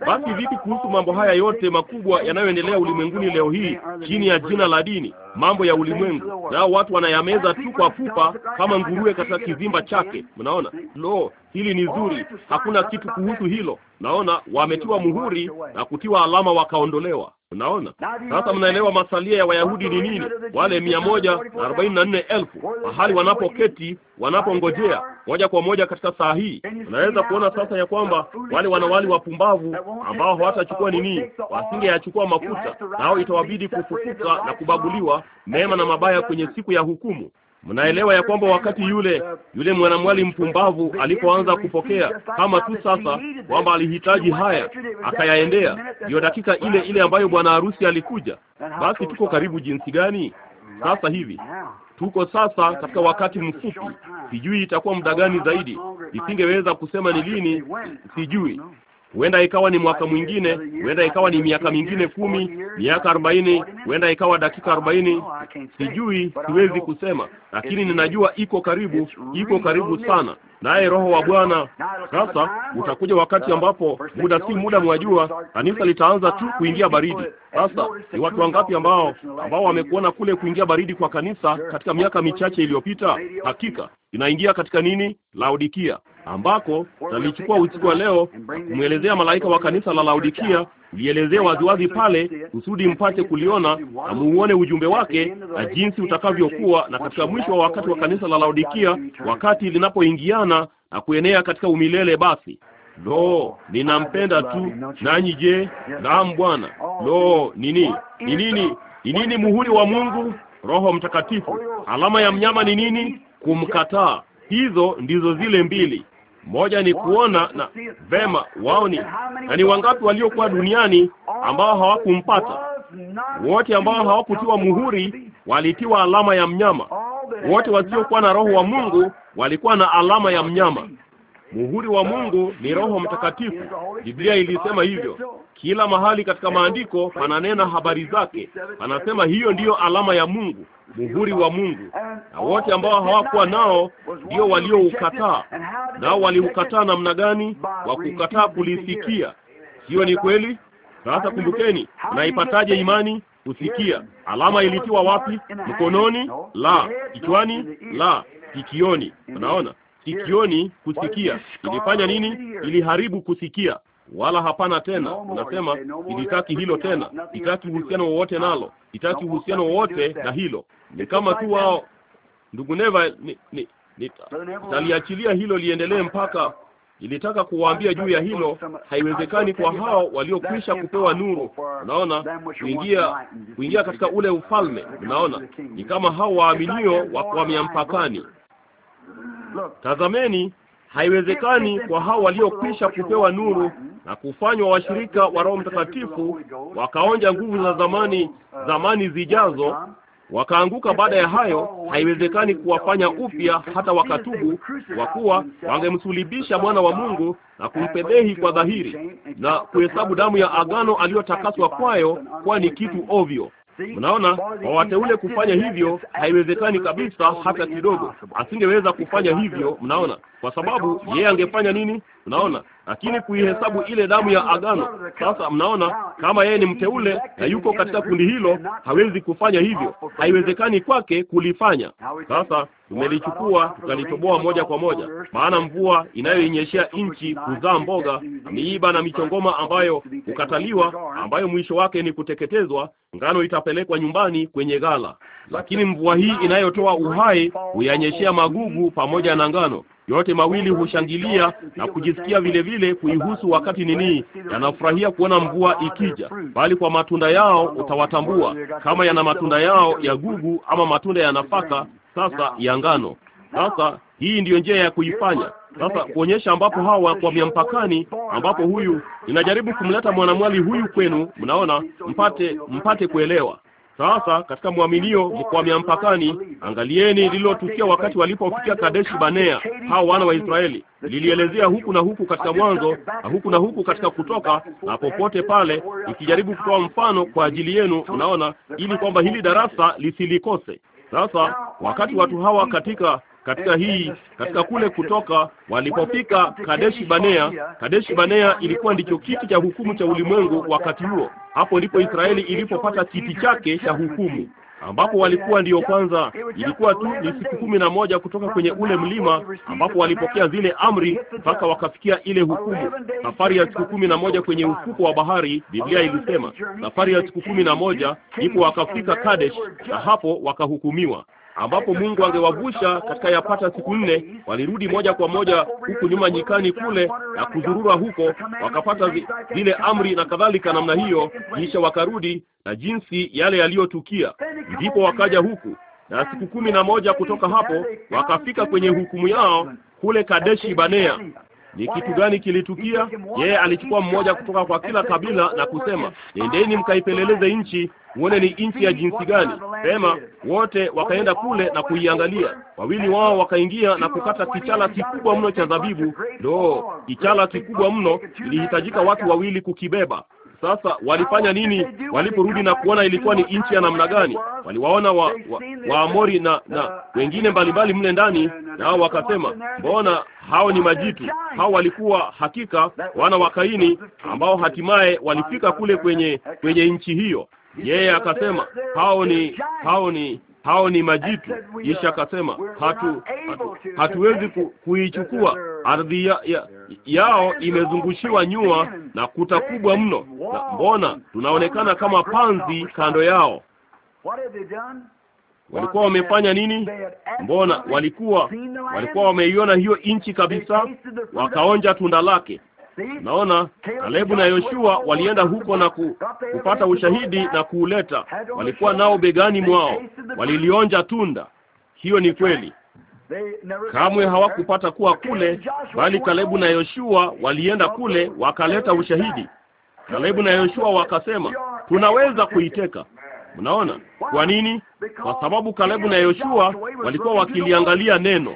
Basi vipi kuhusu mambo haya yote makubwa yanayoendelea ulimwenguni leo hii chini ya jina la dini, mambo ya ulimwengu, nao watu wanayameza tu kwa pupa kama nguruwe katika kizimba chake? Mnaona, lo, hili ni zuri, hakuna kitu kuhusu hilo. Naona wametiwa muhuri na kutiwa alama, wakaondolewa. Unaona sasa, mnaelewa masalia ya Wayahudi ni nini? Wale mia moja na arobaini na nne elfu mahali wanapoketi, wanapongojea moja kwa moja katika saa hii. Unaweza kuona sasa ya kwamba wale wanawali wapumbavu ambao hawatachukua nini, wasingeyachukua mafuta, nao itawabidi kufufuka na kubaguliwa mema na mabaya kwenye siku ya hukumu. Mnaelewa ya kwamba wakati yule yule mwanamwali mpumbavu alipoanza kupokea kama tu sasa kwamba alihitaji haya akayaendea, ndiyo dakika ile ile ambayo bwana harusi alikuja. Basi tuko karibu jinsi gani sasa hivi? Tuko sasa katika wakati mfupi, sijui itakuwa muda gani zaidi, nisingeweza kusema ni lini, sijui Huenda ikawa ni mwaka mwingine, huenda ikawa ni miaka mingine kumi, miaka arobaini, huenda ikawa dakika arobaini. Sijui, siwezi kusema, lakini ninajua iko karibu, iko karibu sana naye Roho wa Bwana sasa utakuja wakati ambapo muda si muda, mwajua kanisa litaanza tu kuingia baridi. Sasa ni watu wangapi ambao ambao wamekuona kule kuingia baridi kwa kanisa katika miaka michache iliyopita? Hakika inaingia katika nini, Laodikia, ambako nalichukua usiku wa leo kumwelezea malaika wa kanisa la Laodikia, lielezee waziwazi pale kusudi mpate kuliona na muuone ujumbe wake na jinsi utakavyokuwa, na katika mwisho wa wakati wa kanisa la Laodikia, wakati linapoingiana Bwana na kuenea katika umilele. Basi lo, ninampenda tu. Nanyi je? Naam Bwana. Lo, nini ni nini ni nini muhuri wa Mungu? Roho Mtakatifu. Alama ya mnyama ni nini? Kumkataa. Hizo ndizo zile mbili. Moja ni kuona na vema, waoni. Na ni wangapi waliokuwa duniani ambao hawakumpata? Wote ambao hawakutiwa muhuri walitiwa alama ya mnyama. Wote wasiokuwa na roho wa Mungu walikuwa na alama ya mnyama. Muhuri wa Mungu ni Roho Mtakatifu. Biblia ilisema hivyo. Kila mahali katika maandiko pananena habari zake, panasema hiyo ndiyo alama ya Mungu, muhuri wa Mungu. Na wote ambao hawakuwa nao ndio walioukataa. Nao waliukataa namna gani? Wa kukataa kulisikia. Hiyo ni kweli. Sasa kumbukeni, unaipataje imani? Kusikia. Alama ilitiwa wapi? Mkononi? La. Kichwani? La sikioni. Unaona, sikioni kusikia ilifanya nini? Iliharibu kusikia, wala hapana tena. Unasema ilitaki hilo tena, itaki uhusiano wowote nalo, itaki uhusiano wowote na hilo. Ni kama tu wao, ndugu Neva, nitaliachilia hilo liendelee mpaka ilitaka kuwaambia juu ya hilo. Haiwezekani kwa hao waliokwisha kupewa nuru, unaona, kuingia kuingia katika ule ufalme. Unaona, ni kama hao waaminio wako mpakani, Tazameni, haiwezekani kwa hao waliokwisha kupewa nuru na kufanywa washirika wa Roho Mtakatifu, wakaonja nguvu za zamani zamani zijazo, wakaanguka baada ya hayo, haiwezekani kuwafanya upya hata wakatubu, kwa kuwa wangemsulibisha mwana wa Mungu na kumpedhehi kwa dhahiri na kuhesabu damu ya agano aliyotakaswa kwayo kuwa ni kitu ovyo Mnaona, kwa wateule kufanya hivyo haiwezekani kabisa, hata kidogo. Asingeweza kufanya hivyo, mnaona, kwa sababu yeye angefanya nini? Mnaona, lakini kuihesabu ile damu ya agano. Sasa mnaona, kama yeye ni mteule na yuko katika kundi hilo, hawezi kufanya hivyo, haiwezekani kwake kulifanya. Sasa tumelichukua tukalitoboa moja kwa moja, maana mvua inayoinyeshea nchi kuzaa mboga, miiba na michongoma ambayo hukataliwa, ambayo mwisho wake ni kuteketezwa. Ngano itapelekwa nyumbani kwenye ghala, lakini mvua hii inayotoa uhai huyanyeshea magugu pamoja na ngano. Yote mawili hushangilia na kujisikia vile vile kuihusu wakati nini, yanafurahia kuona mvua ikija, bali kwa matunda yao utawatambua. Kama yana matunda yao ya gugu ama matunda ya nafaka, sasa ya ngano. Sasa hii ndiyo njia ya kuifanya sasa kuonyesha ambapo hawa wakwamia mpakani, ambapo huyu ninajaribu kumleta mwanamwali huyu kwenu, mnaona, mpate mpate kuelewa. Sasa katika mwaminio mko mpakani, angalieni lililotukia wakati walipofikia Kadeshi Banea, hao wana wa Israeli. Lilielezea huku na huku katika Mwanzo na huku na huku katika Kutoka na popote pale, ikijaribu kutoa mfano kwa ajili yenu, unaona, ili kwamba hili darasa lisilikose. Sasa wakati watu hawa katika katika hii katika kule kutoka walipofika Kadeshi Banea. Kadeshi Banea ilikuwa ndicho kiti cha hukumu cha ulimwengu wakati huo. Hapo ndipo Israeli ilipopata kiti chake cha hukumu ambapo walikuwa ndiyo kwanza. Ilikuwa tu ni siku kumi na moja kutoka kwenye ule mlima ambapo walipokea zile amri mpaka wakafikia ile hukumu. Safari ya siku kumi na moja kwenye ufuko wa bahari, Biblia ilisema safari ya siku kumi na moja ndipo wakafika Kadesh, na hapo wakahukumiwa ambapo Mungu angewavusha katika yapata siku nne. Walirudi moja kwa moja huku nyuma nyikani kule na kuzurura huko, wakapata zile amri na kadhalika namna hiyo, kisha wakarudi na jinsi yale yaliyotukia. Ndipo wakaja huku na siku kumi na moja kutoka hapo wakafika kwenye hukumu yao kule Kadeshi Banea. Ni kitu gani kilitukia? Yeye alichukua mmoja kutoka kwa kila kabila na kusema, nendeni ah, mkaipeleleze nchi uone ni nchi ya jinsi gani. Sema wote wakaenda kule na kuiangalia. Wawili wao wakaingia na kukata kichala kikubwa mno cha zabibu. Ndoo, kichala kikubwa mno, ilihitajika watu wawili kukibeba. Sasa walifanya nini waliporudi na kuona ilikuwa ni nchi ya namna gani? Waliwaona wa, wa, Waamori na na uh, wengine mbalimbali mle ndani, nao wakasema, mbona hao ni majitu. Hao walikuwa hakika wana wa Kaini ambao hatimaye walifika kule kwenye kwenye nchi hiyo. Yeye akasema hao ni hao ni hao ni majitu. Kisha akasema hatu, hatu, hatuwezi ku, kuichukua ardhi ya, ya yao imezungushiwa nyua na kuta kubwa mno, na mbona tunaonekana kama panzi kando yao. Walikuwa wamefanya nini? Mbona walikuwa walikuwa wameiona hiyo nchi kabisa, wakaonja tunda lake. Naona Kalebu na Yoshua walienda huko na ku, kupata ushahidi na kuuleta. Walikuwa nao begani mwao, walilionja tunda. Hiyo ni kweli. Kamwe hawakupata kuwa kule, bali Kalebu na Yoshua walienda kule wakaleta ushahidi. Kalebu na Yoshua wakasema, tunaweza kuiteka. Mnaona kwa nini? Kwa sababu Kalebu na Yoshua walikuwa wakiliangalia neno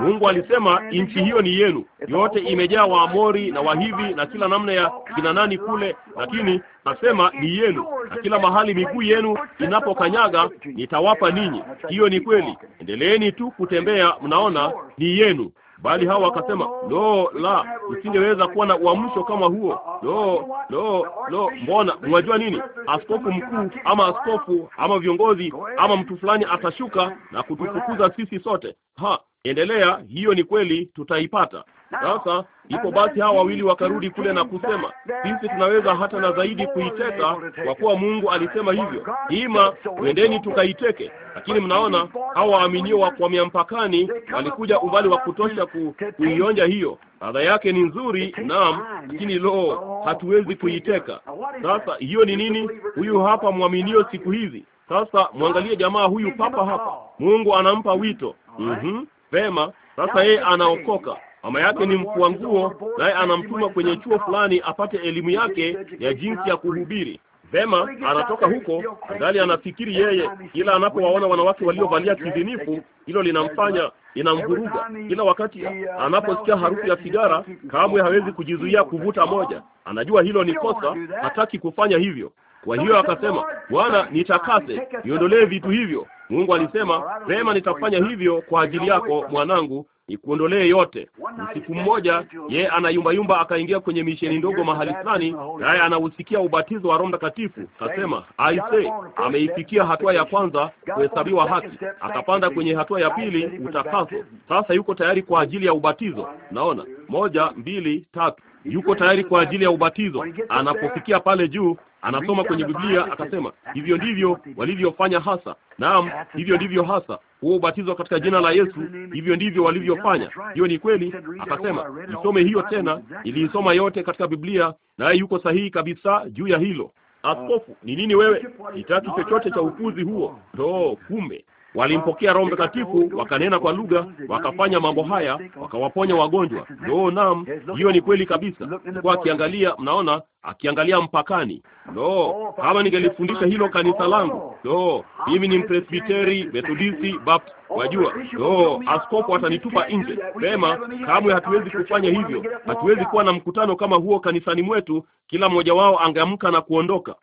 Mungu alisema nchi hiyo ni yenu yote, imejaa Waamori na Wahivi na kila namna ya kina nani kule, lakini nasema ni yenu, na kila mahali miguu yenu inapokanyaga nitawapa ninyi. Hiyo ni kweli, endeleeni tu kutembea, mnaona ni yenu. Bali hawa wakasema, lo la, msingeweza kuwa na uamsho kama huo. Lo lo lo, mbona mwajua nini? Askofu mkuu ama askofu ama viongozi ama mtu fulani atashuka na kutufukuza sisi sote. Ha, Endelea, hiyo ni kweli, tutaipata. Sasa ipo basi, hawa wawili wakarudi kule na kusema, sisi tunaweza hata na zaidi kuiteka, kwa kuwa Mungu alisema hivyo. Hima, twendeni tukaiteke. Lakini mnaona hawa waaminio wakwamia mpakani walikuja umbali wa kutosha ku, kuionja hiyo. adha yake ni nzuri, naam, lakini loo, oh, hatuwezi kuiteka. Sasa hiyo ni nini? Huyu hapa mwaminio siku hizi. Sasa mwangalie jamaa huyu papa hapa, Mungu anampa wito. Mm-hmm. Vema, sasa yeye anaokoka. Mama yake ni mfua nguo, naye anamtuma kwenye chuo fulani apate elimu yake ya jinsi ya kuhubiri. Vema, anatoka huko ndali, anafikiri yeye, ila anapowaona wanawake waliovalia kizinifu, hilo linamfanya inamvuruga. Kila wakati anaposikia harufu ya sigara, kamwe hawezi kujizuia kuvuta moja. Anajua hilo ni kosa, hataki kufanya hivyo. Kwa hiyo akasema, Bwana, nitakase, niondolee vitu hivyo. Mungu alisema, vema, nitafanya hivyo kwa ajili yako mwanangu, nikuondolee yote. Siku mmoja ye anayumbayumba akaingia kwenye misheni ndogo mahali fulani, naye anausikia ubatizo wa Roho Mtakatifu. Akasema, say, ameifikia hatua ya kwanza, kuhesabiwa haki. Akapanda kwenye hatua ya pili, utakaso. Sasa yuko tayari kwa ajili ya ubatizo. Naona moja, mbili, tatu yuko tayari kwa ajili ya ubatizo. Anapofikia pale juu, anasoma kwenye Biblia akasema, hivyo ndivyo walivyofanya hasa. Naam, hivyo ndivyo hasa huo ubatizo katika jina la Yesu, hivyo ndivyo walivyofanya. Hiyo ni kweli. Oh, akasema, oh, isome hiyo tena. Iliisoma yote katika Biblia, naye yuko sahihi kabisa juu ya hilo. Uh, Askofu, ni nini wewe? Nitaki chochote cha upuzi huo. Ndo kumbe walimpokea Roho Mtakatifu, wakanena kwa lugha, wakafanya mambo haya, wakawaponya wagonjwa. Ndoo, naam, hiyo ni kweli kabisa. Kwa akiangalia, mnaona, akiangalia mpakani. lo kama ningelifundisha hilo kanisa langu, ndoo, mimi ni Mpresbiteri, Methodisti, Baptist, wajua, no, askofu atanitupa nje. Sema kamwe hatuwezi kufanya hivyo, hatuwezi kuwa na mkutano kama huo kanisani mwetu. Kila mmoja wao angeamka na kuondoka.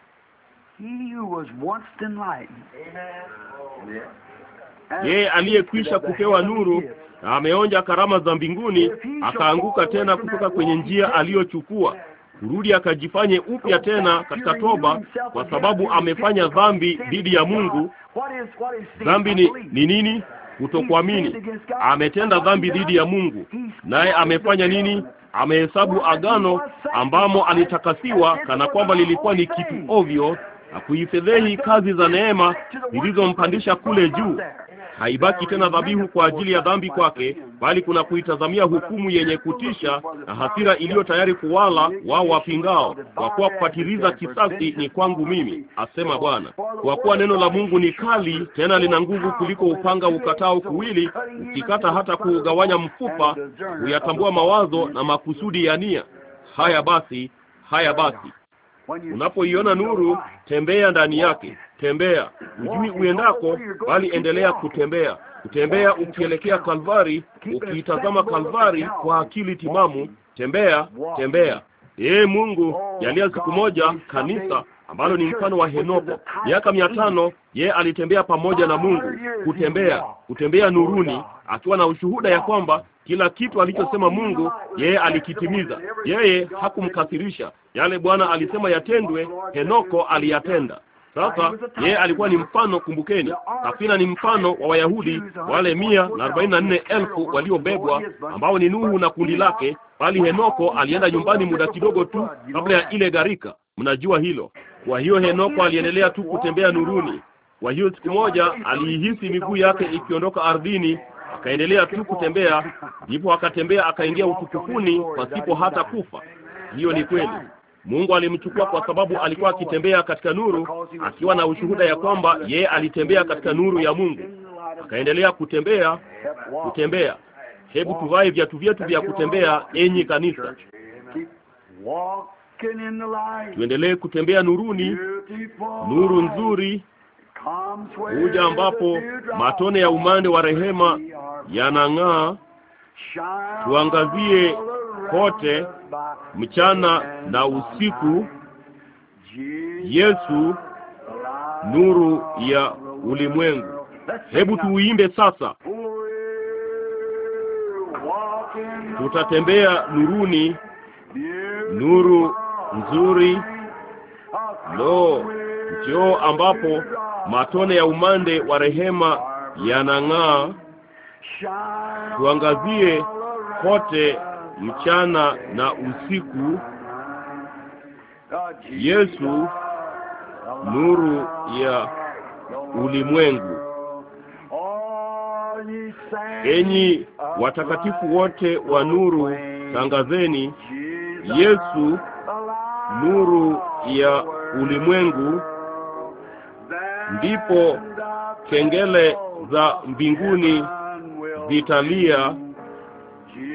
He was once enlightened. Amen yeye aliyekwisha kupewa nuru na ameonja karama za mbinguni, akaanguka tena kutoka kwenye njia aliyochukua kurudi akajifanye upya tena katika toba, kwa sababu amefanya dhambi dhidi ya Mungu. Dhambi ni, ni nini? Kutokuamini. Ametenda dhambi dhidi ya Mungu, naye amefanya nini? Amehesabu agano ambamo alitakasiwa kana kwamba lilikuwa ni kitu ovyo, na kuifedhehi kazi za neema zilizompandisha kule juu haibaki tena dhabihu kwa ajili ya dhambi kwake, bali kuna kuitazamia hukumu yenye kutisha na hasira iliyo tayari kuwala wao wapingao, kwa kuwa kupatiliza kisasi ni kwangu mimi, asema Bwana. Kwa kuwa neno la Mungu ni kali tena lina nguvu kuliko upanga ukatao kuwili, ukikata hata kuugawanya mfupa, uyatambua mawazo na makusudi ya nia. Haya basi, haya basi, unapoiona nuru, tembea ndani yake tembea, ujui uendako, bali endelea kutembea, kutembea ukielekea Kalvari, ukiitazama Kalvari kwa akili timamu. Tembea, tembea. Ee Mungu, oh, jalia siku moja kanisa ambalo ni mfano wa Henoko miaka mia tano ye alitembea pamoja na Mungu, kutembea kutembea nuruni, akiwa na ushuhuda ya kwamba kila kitu alichosema Mungu yeye alikitimiza. Yeye hakumkasirisha yale Bwana alisema yatendwe, Henoko aliyatenda. Sasa yeye alikuwa ni mfano, kumbukeni, safina ni mfano wa Wayahudi wale mia na arobaini na nne elfu waliobebwa ambao ni Nuhu na kundi lake, bali Henoko alienda nyumbani muda kidogo tu kabla ya ile gharika. Mnajua hilo. Kwa hiyo Henoko aliendelea tu kutembea nuruni. Kwa hiyo siku moja aliihisi miguu yake ikiondoka ardhini, akaendelea tu kutembea, ndipo akatembea akaingia utukufuni pasipo hata kufa. Hiyo ni kweli. Mungu alimchukua kwa sababu alikuwa akitembea katika nuru, akiwa na ushuhuda ya kwamba yeye alitembea katika nuru ya Mungu. Akaendelea kutembea kutembea. Hebu tuvae viatu vyetu vya kutembea, enyi kanisa, tuendelee kutembea nuruni, nuru nzuri huja ambapo matone ya umande wa rehema yanang'aa, tuangazie kote mchana na usiku, Yesu nuru ya ulimwengu. Hebu tuuimbe sasa. Tutatembea nuruni, nuru nzuri. Lo, njoo ambapo matone ya umande wa rehema yanang'aa, tuangazie kote mchana na usiku. Yesu nuru ya ulimwengu. Enyi watakatifu wote wa nuru, tangazeni Yesu nuru ya ulimwengu. Ndipo kengele za mbinguni zitalia,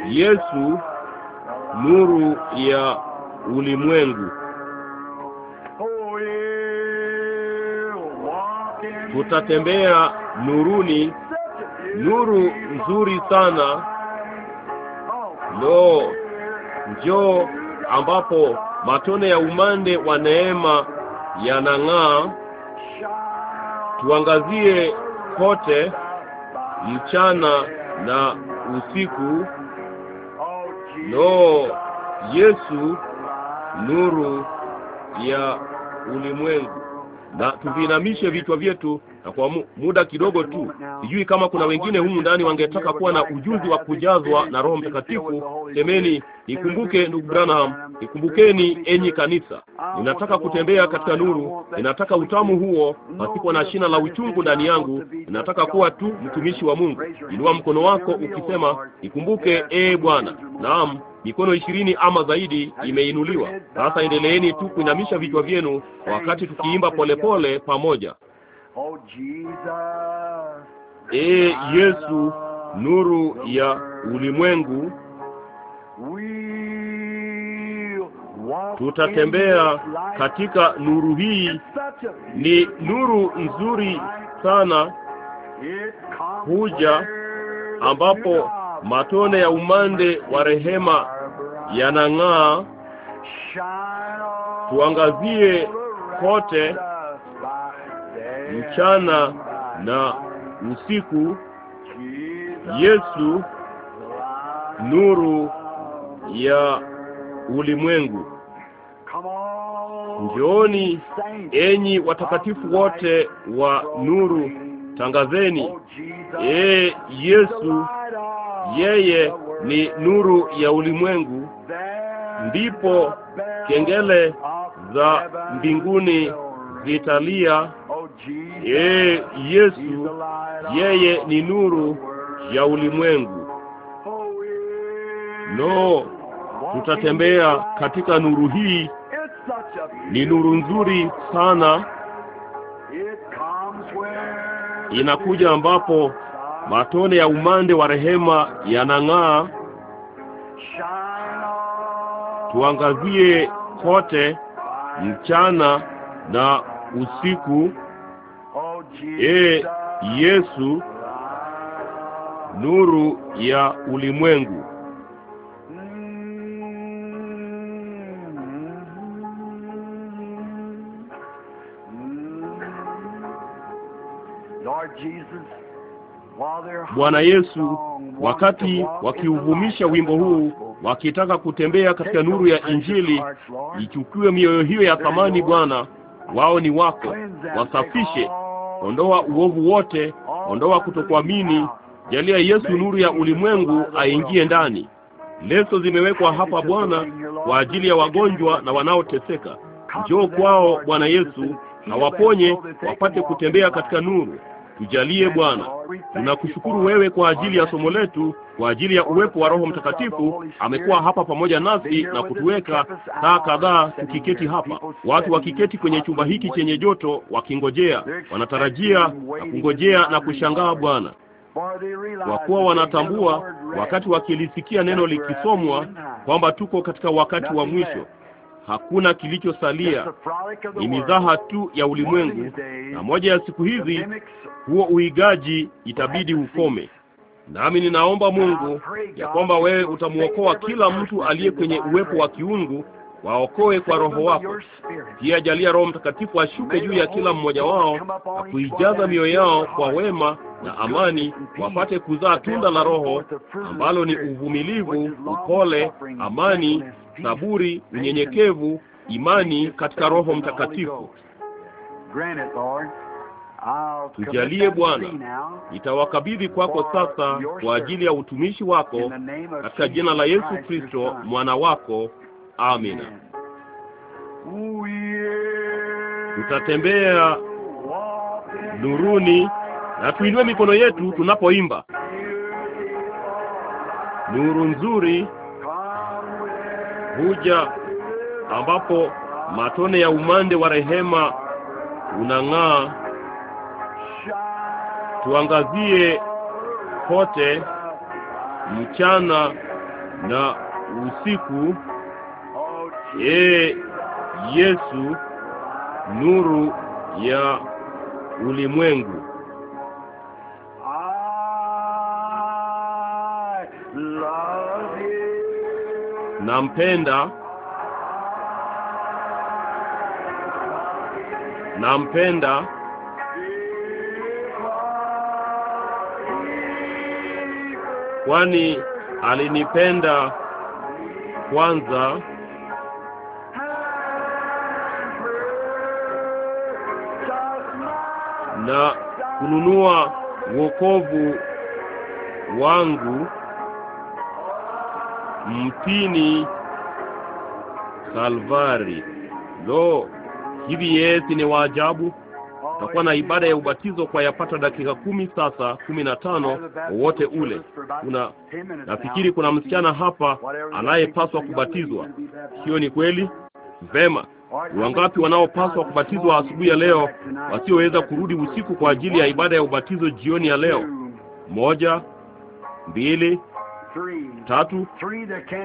Yesu nuru ya ulimwengu. Tutatembea nuruni, nuru nzuri sana. Lo, njoo ambapo matone ya umande wa neema yanang'aa. Tuangazie kote mchana na usiku. Lo, Yesu nuru ya ulimwengu na tuviinamishe vichwa vyetu, na kwa muda kidogo tu, sijui kama kuna wengine humu ndani wangetaka kuwa na ujuzi wa kujazwa na Roho Mtakatifu. Semeni, nikumbuke ndugu Branham, nikumbukeni enyi kanisa, ninataka kutembea katika nuru, ninataka utamu huo pasipo na shina la uchungu ndani yangu, ninataka kuwa tu mtumishi wa Mungu. Inua mkono wako ukisema, nikumbuke, ee Bwana. Naam, mikono ishirini ama zaidi imeinuliwa. Sasa endeleeni tu kuinamisha vichwa vyenu wakati tukiimba polepole pole pamoja. E Yesu, nuru ya ulimwengu, tutatembea katika nuru hii. Ni nuru nzuri sana, huja ambapo matone ya umande wa rehema yanang'aa, tuangazie kote mchana na usiku. Yesu nuru ya ulimwengu. Njooni enyi watakatifu wote wa nuru, tangazeni oh, ee Yesu, yeye ni nuru ya ulimwengu ndipo kengele za mbinguni zitalia, ee Yesu, yeye ni nuru ya ulimwengu. No, tutatembea katika nuru hii. Ni nuru nzuri sana, inakuja ambapo matone ya umande wa rehema yanang'aa tuangazie kote mchana na usiku. Ee Yesu, nuru ya ulimwengu. Bwana Yesu, wakati wakiuvumisha wimbo huu wakitaka kutembea katika nuru ya Injili. Ichukue mioyo hiyo ya thamani, Bwana, wao ni wako, wasafishe. Ondoa uovu wote, ondoa kutokuamini. Jalia Yesu nuru ya ulimwengu aingie ndani. Leso zimewekwa hapa Bwana, kwa ajili ya wagonjwa na wanaoteseka. Njoo kwao Bwana Yesu, na waponye, wapate kutembea katika nuru. Tujalie Bwana, tunakushukuru wewe kwa ajili ya somo letu, kwa ajili ya uwepo wa Roho Mtakatifu. Amekuwa hapa pamoja nasi na kutuweka saa kadhaa tukiketi hapa, watu wakiketi kwenye chumba hiki chenye joto, wakingojea, wanatarajia na kungojea na kushangaa Bwana, kwa kuwa wanatambua wakati wakilisikia neno likisomwa kwamba tuko katika wakati wa mwisho hakuna kilichosalia, ni mizaha tu ya ulimwengu, na moja ya siku hizi huo uigaji itabidi ukome. Nami ninaomba Mungu ya kwamba wewe utamwokoa kila mtu aliye kwenye uwepo wa kiungu, waokoe kwa Roho wako. Pia jalia Roho Mtakatifu ashuke juu ya kila mmoja wao na kuijaza mioyo yao kwa wema na amani, wapate kuzaa tunda la Roho ambalo ni uvumilivu, upole, amani, saburi, unyenyekevu, imani katika Roho Mtakatifu. Tujalie Bwana, nitawakabidhi kwako sasa kwa ajili ya utumishi wako katika jina la Yesu Kristo mwana wako, amina. Tutatembea nuruni na tuinue mikono yetu tunapoimba nuru nzuri huja, ambapo matone ya umande wa rehema unang'aa. Tuangazie kote mchana na usiku. E Yesu, nuru ya ulimwengu. nampenda, nampenda, kwani alinipenda kwanza. na kununua wokovu wangu mtini Kalvari. Lo, hivi yesi ni waajabu! Tutakuwa na ibada ya ubatizo kwa yapata dakika kumi sasa, kumi na tano wowote ule. Kuna nafikiri kuna msichana hapa anayepaswa kubatizwa, hiyo ni kweli? Vema, wangapi wanaopaswa kubatizwa asubuhi ya leo wasioweza kurudi usiku kwa ajili ya ibada ya ubatizo jioni ya leo? Moja, mbili tatu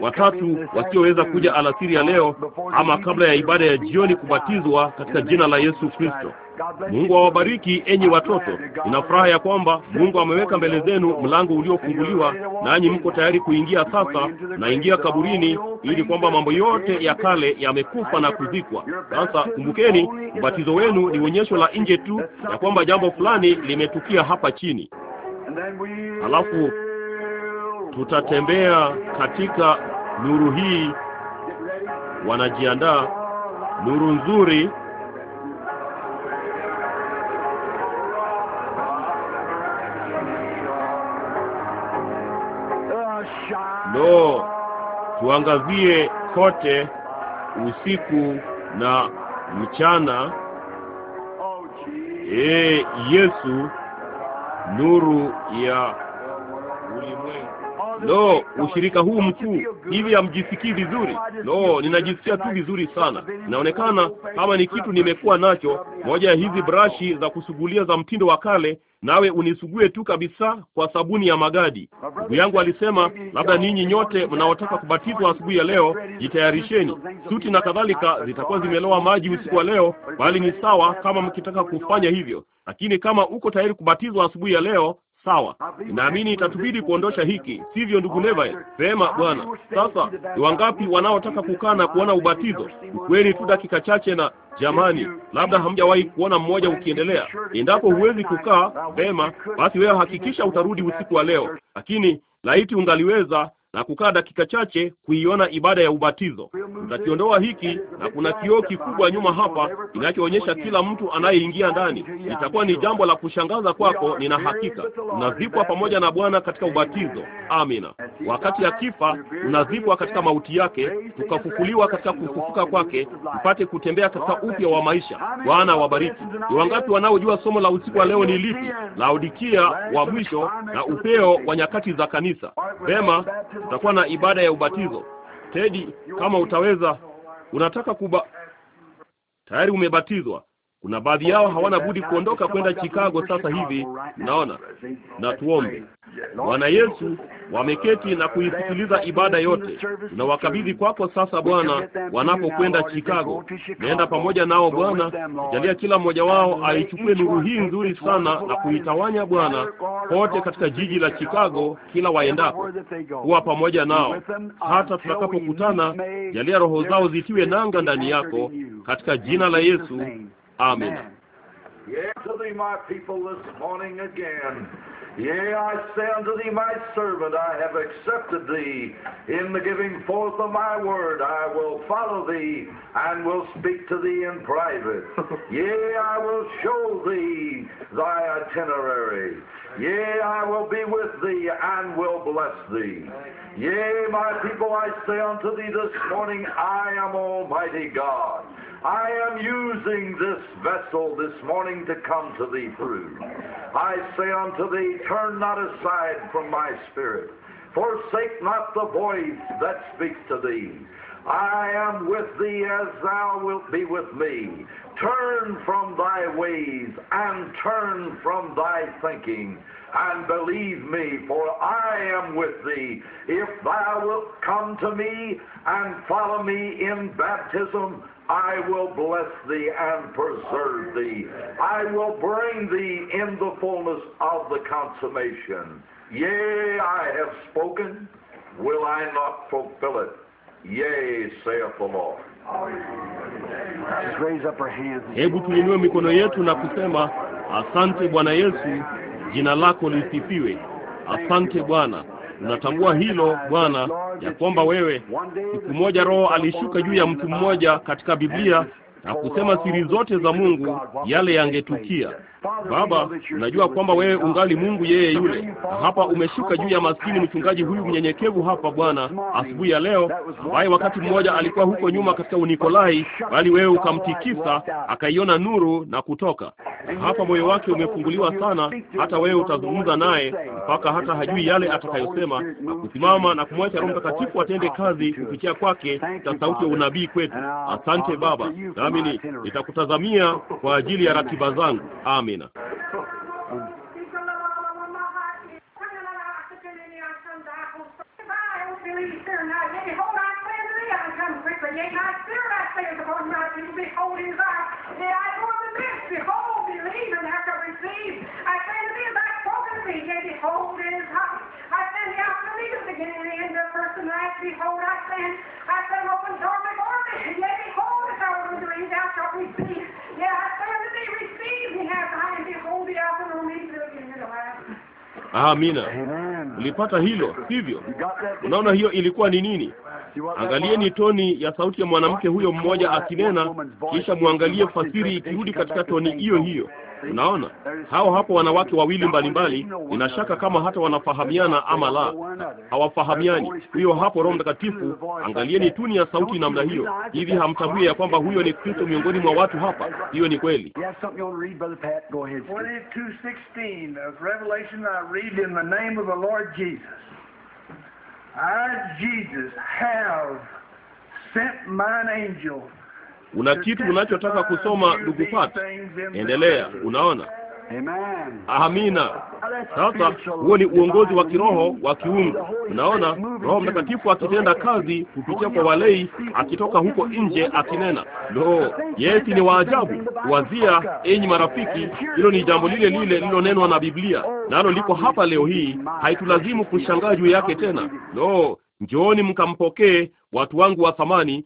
watatu wasioweza kuja alasiri ya leo ama kabla ya ibada ya jioni kubatizwa katika jina la Yesu Kristo. Mungu awabariki enyi watoto. Nina furaha ya kwamba Mungu ameweka mbele zenu mlango uliofunguliwa, nanyi mko tayari kuingia sasa. Naingia kaburini, ili kwamba mambo yote ya kale yamekufa na kuzikwa. Sasa kumbukeni, ubatizo wenu ni onyesho la nje tu ya kwamba jambo fulani limetukia hapa chini, Alafu tutatembea katika nuru hii. Wanajiandaa nuru nzuri no tuangazie kote usiku na mchana. E Yesu, nuru ya ulimwengu. Lo, ushirika huu mkuu, hivi hamjisikii vizuri? Lo, ninajisikia tu vizuri sana. Inaonekana kama ni kitu nimekuwa nacho, moja ya hizi brashi za kusugulia za mtindo wa kale, nawe unisugue tu kabisa kwa sabuni ya magadi. Ndugu yangu alisema, labda ninyi nyote mnaotaka kubatizwa asubuhi ya leo jitayarisheni. Suti na kadhalika zitakuwa zimelowa maji usiku wa leo, bali ni sawa kama mkitaka kufanya hivyo. Lakini kama uko tayari kubatizwa asubuhi ya leo, Sawa, naamini itatubidi kuondosha hiki, sivyo ndugu Levi? Sema Bwana. Sasa ni wangapi wanaotaka kukaa na kuona ubatizo? Ukweli tu dakika chache, na jamani, labda hamjawahi kuona mmoja ukiendelea. Endapo huwezi kukaa, vema basi, wewe hakikisha utarudi usiku wa leo, lakini laiti ungaliweza na kukaa dakika chache kuiona ibada ya ubatizo. Tutakiondoa hiki na kuna kioo kikubwa nyuma hapa kinachoonyesha kila mtu anayeingia ndani. Itakuwa ni jambo la kushangaza kwako, nina hakika. Unazikwa pamoja na Bwana katika ubatizo, amina. Wakati akifa, unazikwa katika mauti yake, tukafufuliwa katika kufufuka kwake, tupate kutembea katika upya wa maisha. Bwana wabariki. Ni wangapi wanaojua somo la usiku wa leo ni lipi? Laodikia wa mwisho na upeo wa nyakati za kanisa. Vema tutakuwa na ibada ya ubatizo. Tedi, kama utaweza, unataka kuba... tayari umebatizwa kuna baadhi yao hawana budi kuondoka kwenda Chicago sasa hivi, naona na tuombe. Bwana Yesu, wameketi na kuisikiliza ibada yote, na wakabidhi kwako sasa Bwana, wanapokwenda Chicago. Naenda pamoja nao Bwana, jalia kila mmoja wao aichukue nuru hii nzuri sana na kuitawanya Bwana kote katika jiji la Chicago, kila waendapo. Kuwa pamoja nao hata tutakapokutana, jalia roho zao zitiwe nanga ndani yako, katika jina la Yesu. Amen. Yea, to thee, my people, this morning again. Yea, I say unto thee, my servant, I have accepted thee in the giving forth of my word. I will follow thee and will speak to thee in private. Yea, I will show thee thy itinerary. Yea, I will be with thee and will bless thee. Yea, my people, I say unto thee this morning, I am Almighty God. I am using this vessel this morning to come to thee through. I say unto thee, turn not aside from my spirit. Forsake not the voice that speaks to thee. I am with thee as thou wilt be with me. Turn from thy ways and turn from thy thinking and believe me, for I am with thee. If thou wilt come to me and follow me in baptism, I will bless thee and preserve thee. I will bring thee in the fullness of the consummation. Yea, I have spoken, will I not fulfill it? Yea, saith the Lord. Hebu tuinue mikono yetu na kusema asante Bwana Yesu, jina lako lisifiwe. Asante Bwana. Natambua hilo Bwana, ya kwamba wewe siku moja Roho alishuka juu ya mtu mmoja katika Biblia na kusema siri zote za Mungu, yale yangetukia. Baba, najua kwamba wewe ungali Mungu yeye yule, na hapa umeshuka juu ya maskini mchungaji huyu mnyenyekevu hapa, Bwana, asubuhi ya leo, ambaye wakati mmoja alikuwa huko nyuma katika Unikolai, bali wewe ukamtikisa akaiona nuru na kutoka. Na hapa moyo wake umefunguliwa sana, hata wewe utazungumza naye mpaka hata hajui yale atakayosema, na kusimama na kumwacha Roho Mtakatifu atende kazi kupitia kwake ta sauti ya unabii kwetu. Asante Baba na Amini, nitakutazamia kwa ajili ya ratiba zangu. Amina behold I the of the beginning and the end of first and last. Behold, I I open door before me. Yet behold, if thou shalt receive. Yeah, I receive me as I am. Behold, the the beginning and the last. Amina, ulipata hilo sivyo Unaona, hiyo ilikuwa ni nini? Angalieni toni ya sauti ya mwanamke huyo mmoja akinena, kisha mwangalie fasiri ikirudi katika toni hiyo hiyo. Unaona, hao hapo wanawake wawili mbalimbali, ninashaka shaka kama hata wanafahamiana ama la, hawafahamiani. Huyo hapo Roho Mtakatifu, angalieni tuni ya sauti namna hiyo. Hivi hamtambui ya kwamba huyo ni Kristo miongoni mwa watu hapa? Hiyo ni kweli. Jesus have sent mine angel Una kitu unachotaka kusoma, ndugu Pat? Endelea. Unaona? Amina. Sasa huo ni uongozi wa kiroho wa kiungu. Unaona, Roho Mtakatifu akitenda kazi kupitia kwa walei, akitoka huko nje akinena. Lo, yesi ni waajabu wazia, enyi marafiki, hilo ni jambo lile lile lililonenwa na Biblia, nalo liko hapa leo hii, haitulazimu kushangaa juu yake tena. Lo, njooni mkampokee, watu wangu wa thamani,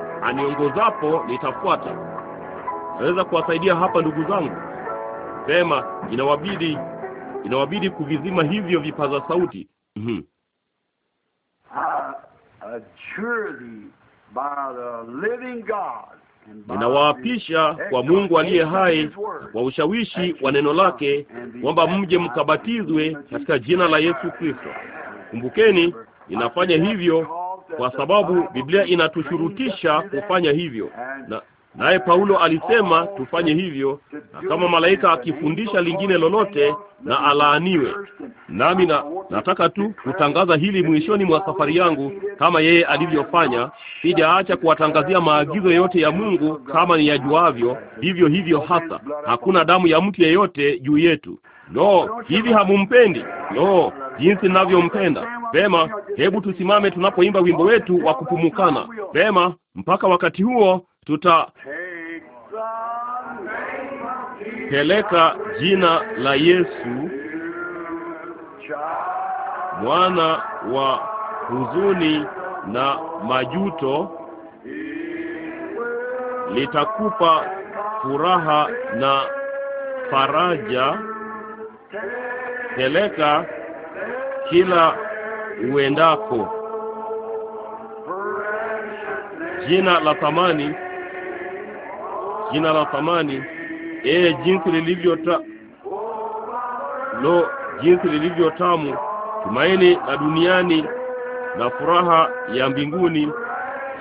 aniongozapo nitafuata. Naweza kuwasaidia hapa ndugu zangu, sema inawabidi inawabidi kuvizima hivyo vipaza sauti. mm -hmm. uh, uh, ninawaapisha kwa Mungu aliye hai kwa ushawishi wa neno lake kwamba mje mkabatizwe katika jina la Yesu Kristo. Kumbukeni, ninafanya hivyo kwa sababu Biblia inatushurutisha kufanya hivyo, na naye Paulo alisema tufanye hivyo, na kama malaika akifundisha lingine lolote na alaaniwe. Nami na, nataka tu kutangaza hili mwishoni mwa safari yangu kama yeye alivyofanya. Sijaacha kuwatangazia maagizo yote ya Mungu kama niyajuavyo, vivyo hivyo hasa. Hakuna damu ya mtu yeyote juu yetu. No, hivi hamumpendi? No, jinsi ninavyompenda. Vema, hebu tusimame tunapoimba wimbo wetu wa kupumukana. Vema, mpaka wakati huo tuta peleka jina la Yesu mwana wa huzuni na majuto litakupa furaha na faraja. Peleka kila uendako, jina la thamani, jina la thamani. Ee, jinsi lilivyo ta lo, jinsi lilivyo tamu tumaini la duniani na furaha ya mbinguni,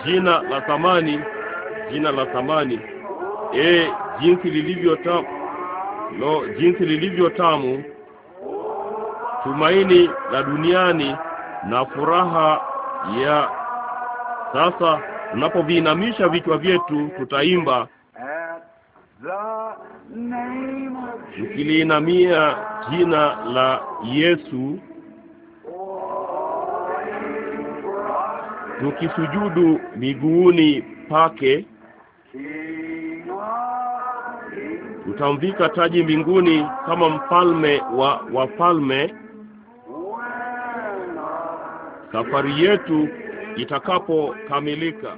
jina la thamani, jina la thamani. Ee, jinsi lilivyo tamu lo, jinsi lilivyo tamu tumaini la duniani na furaha ya sasa. Tunapoviinamisha vichwa vyetu, tutaimba tukiliinamia jina la Yesu, tukisujudu miguuni pake, tutamvika taji mbinguni kama mfalme wa wafalme safari yetu itakapokamilika.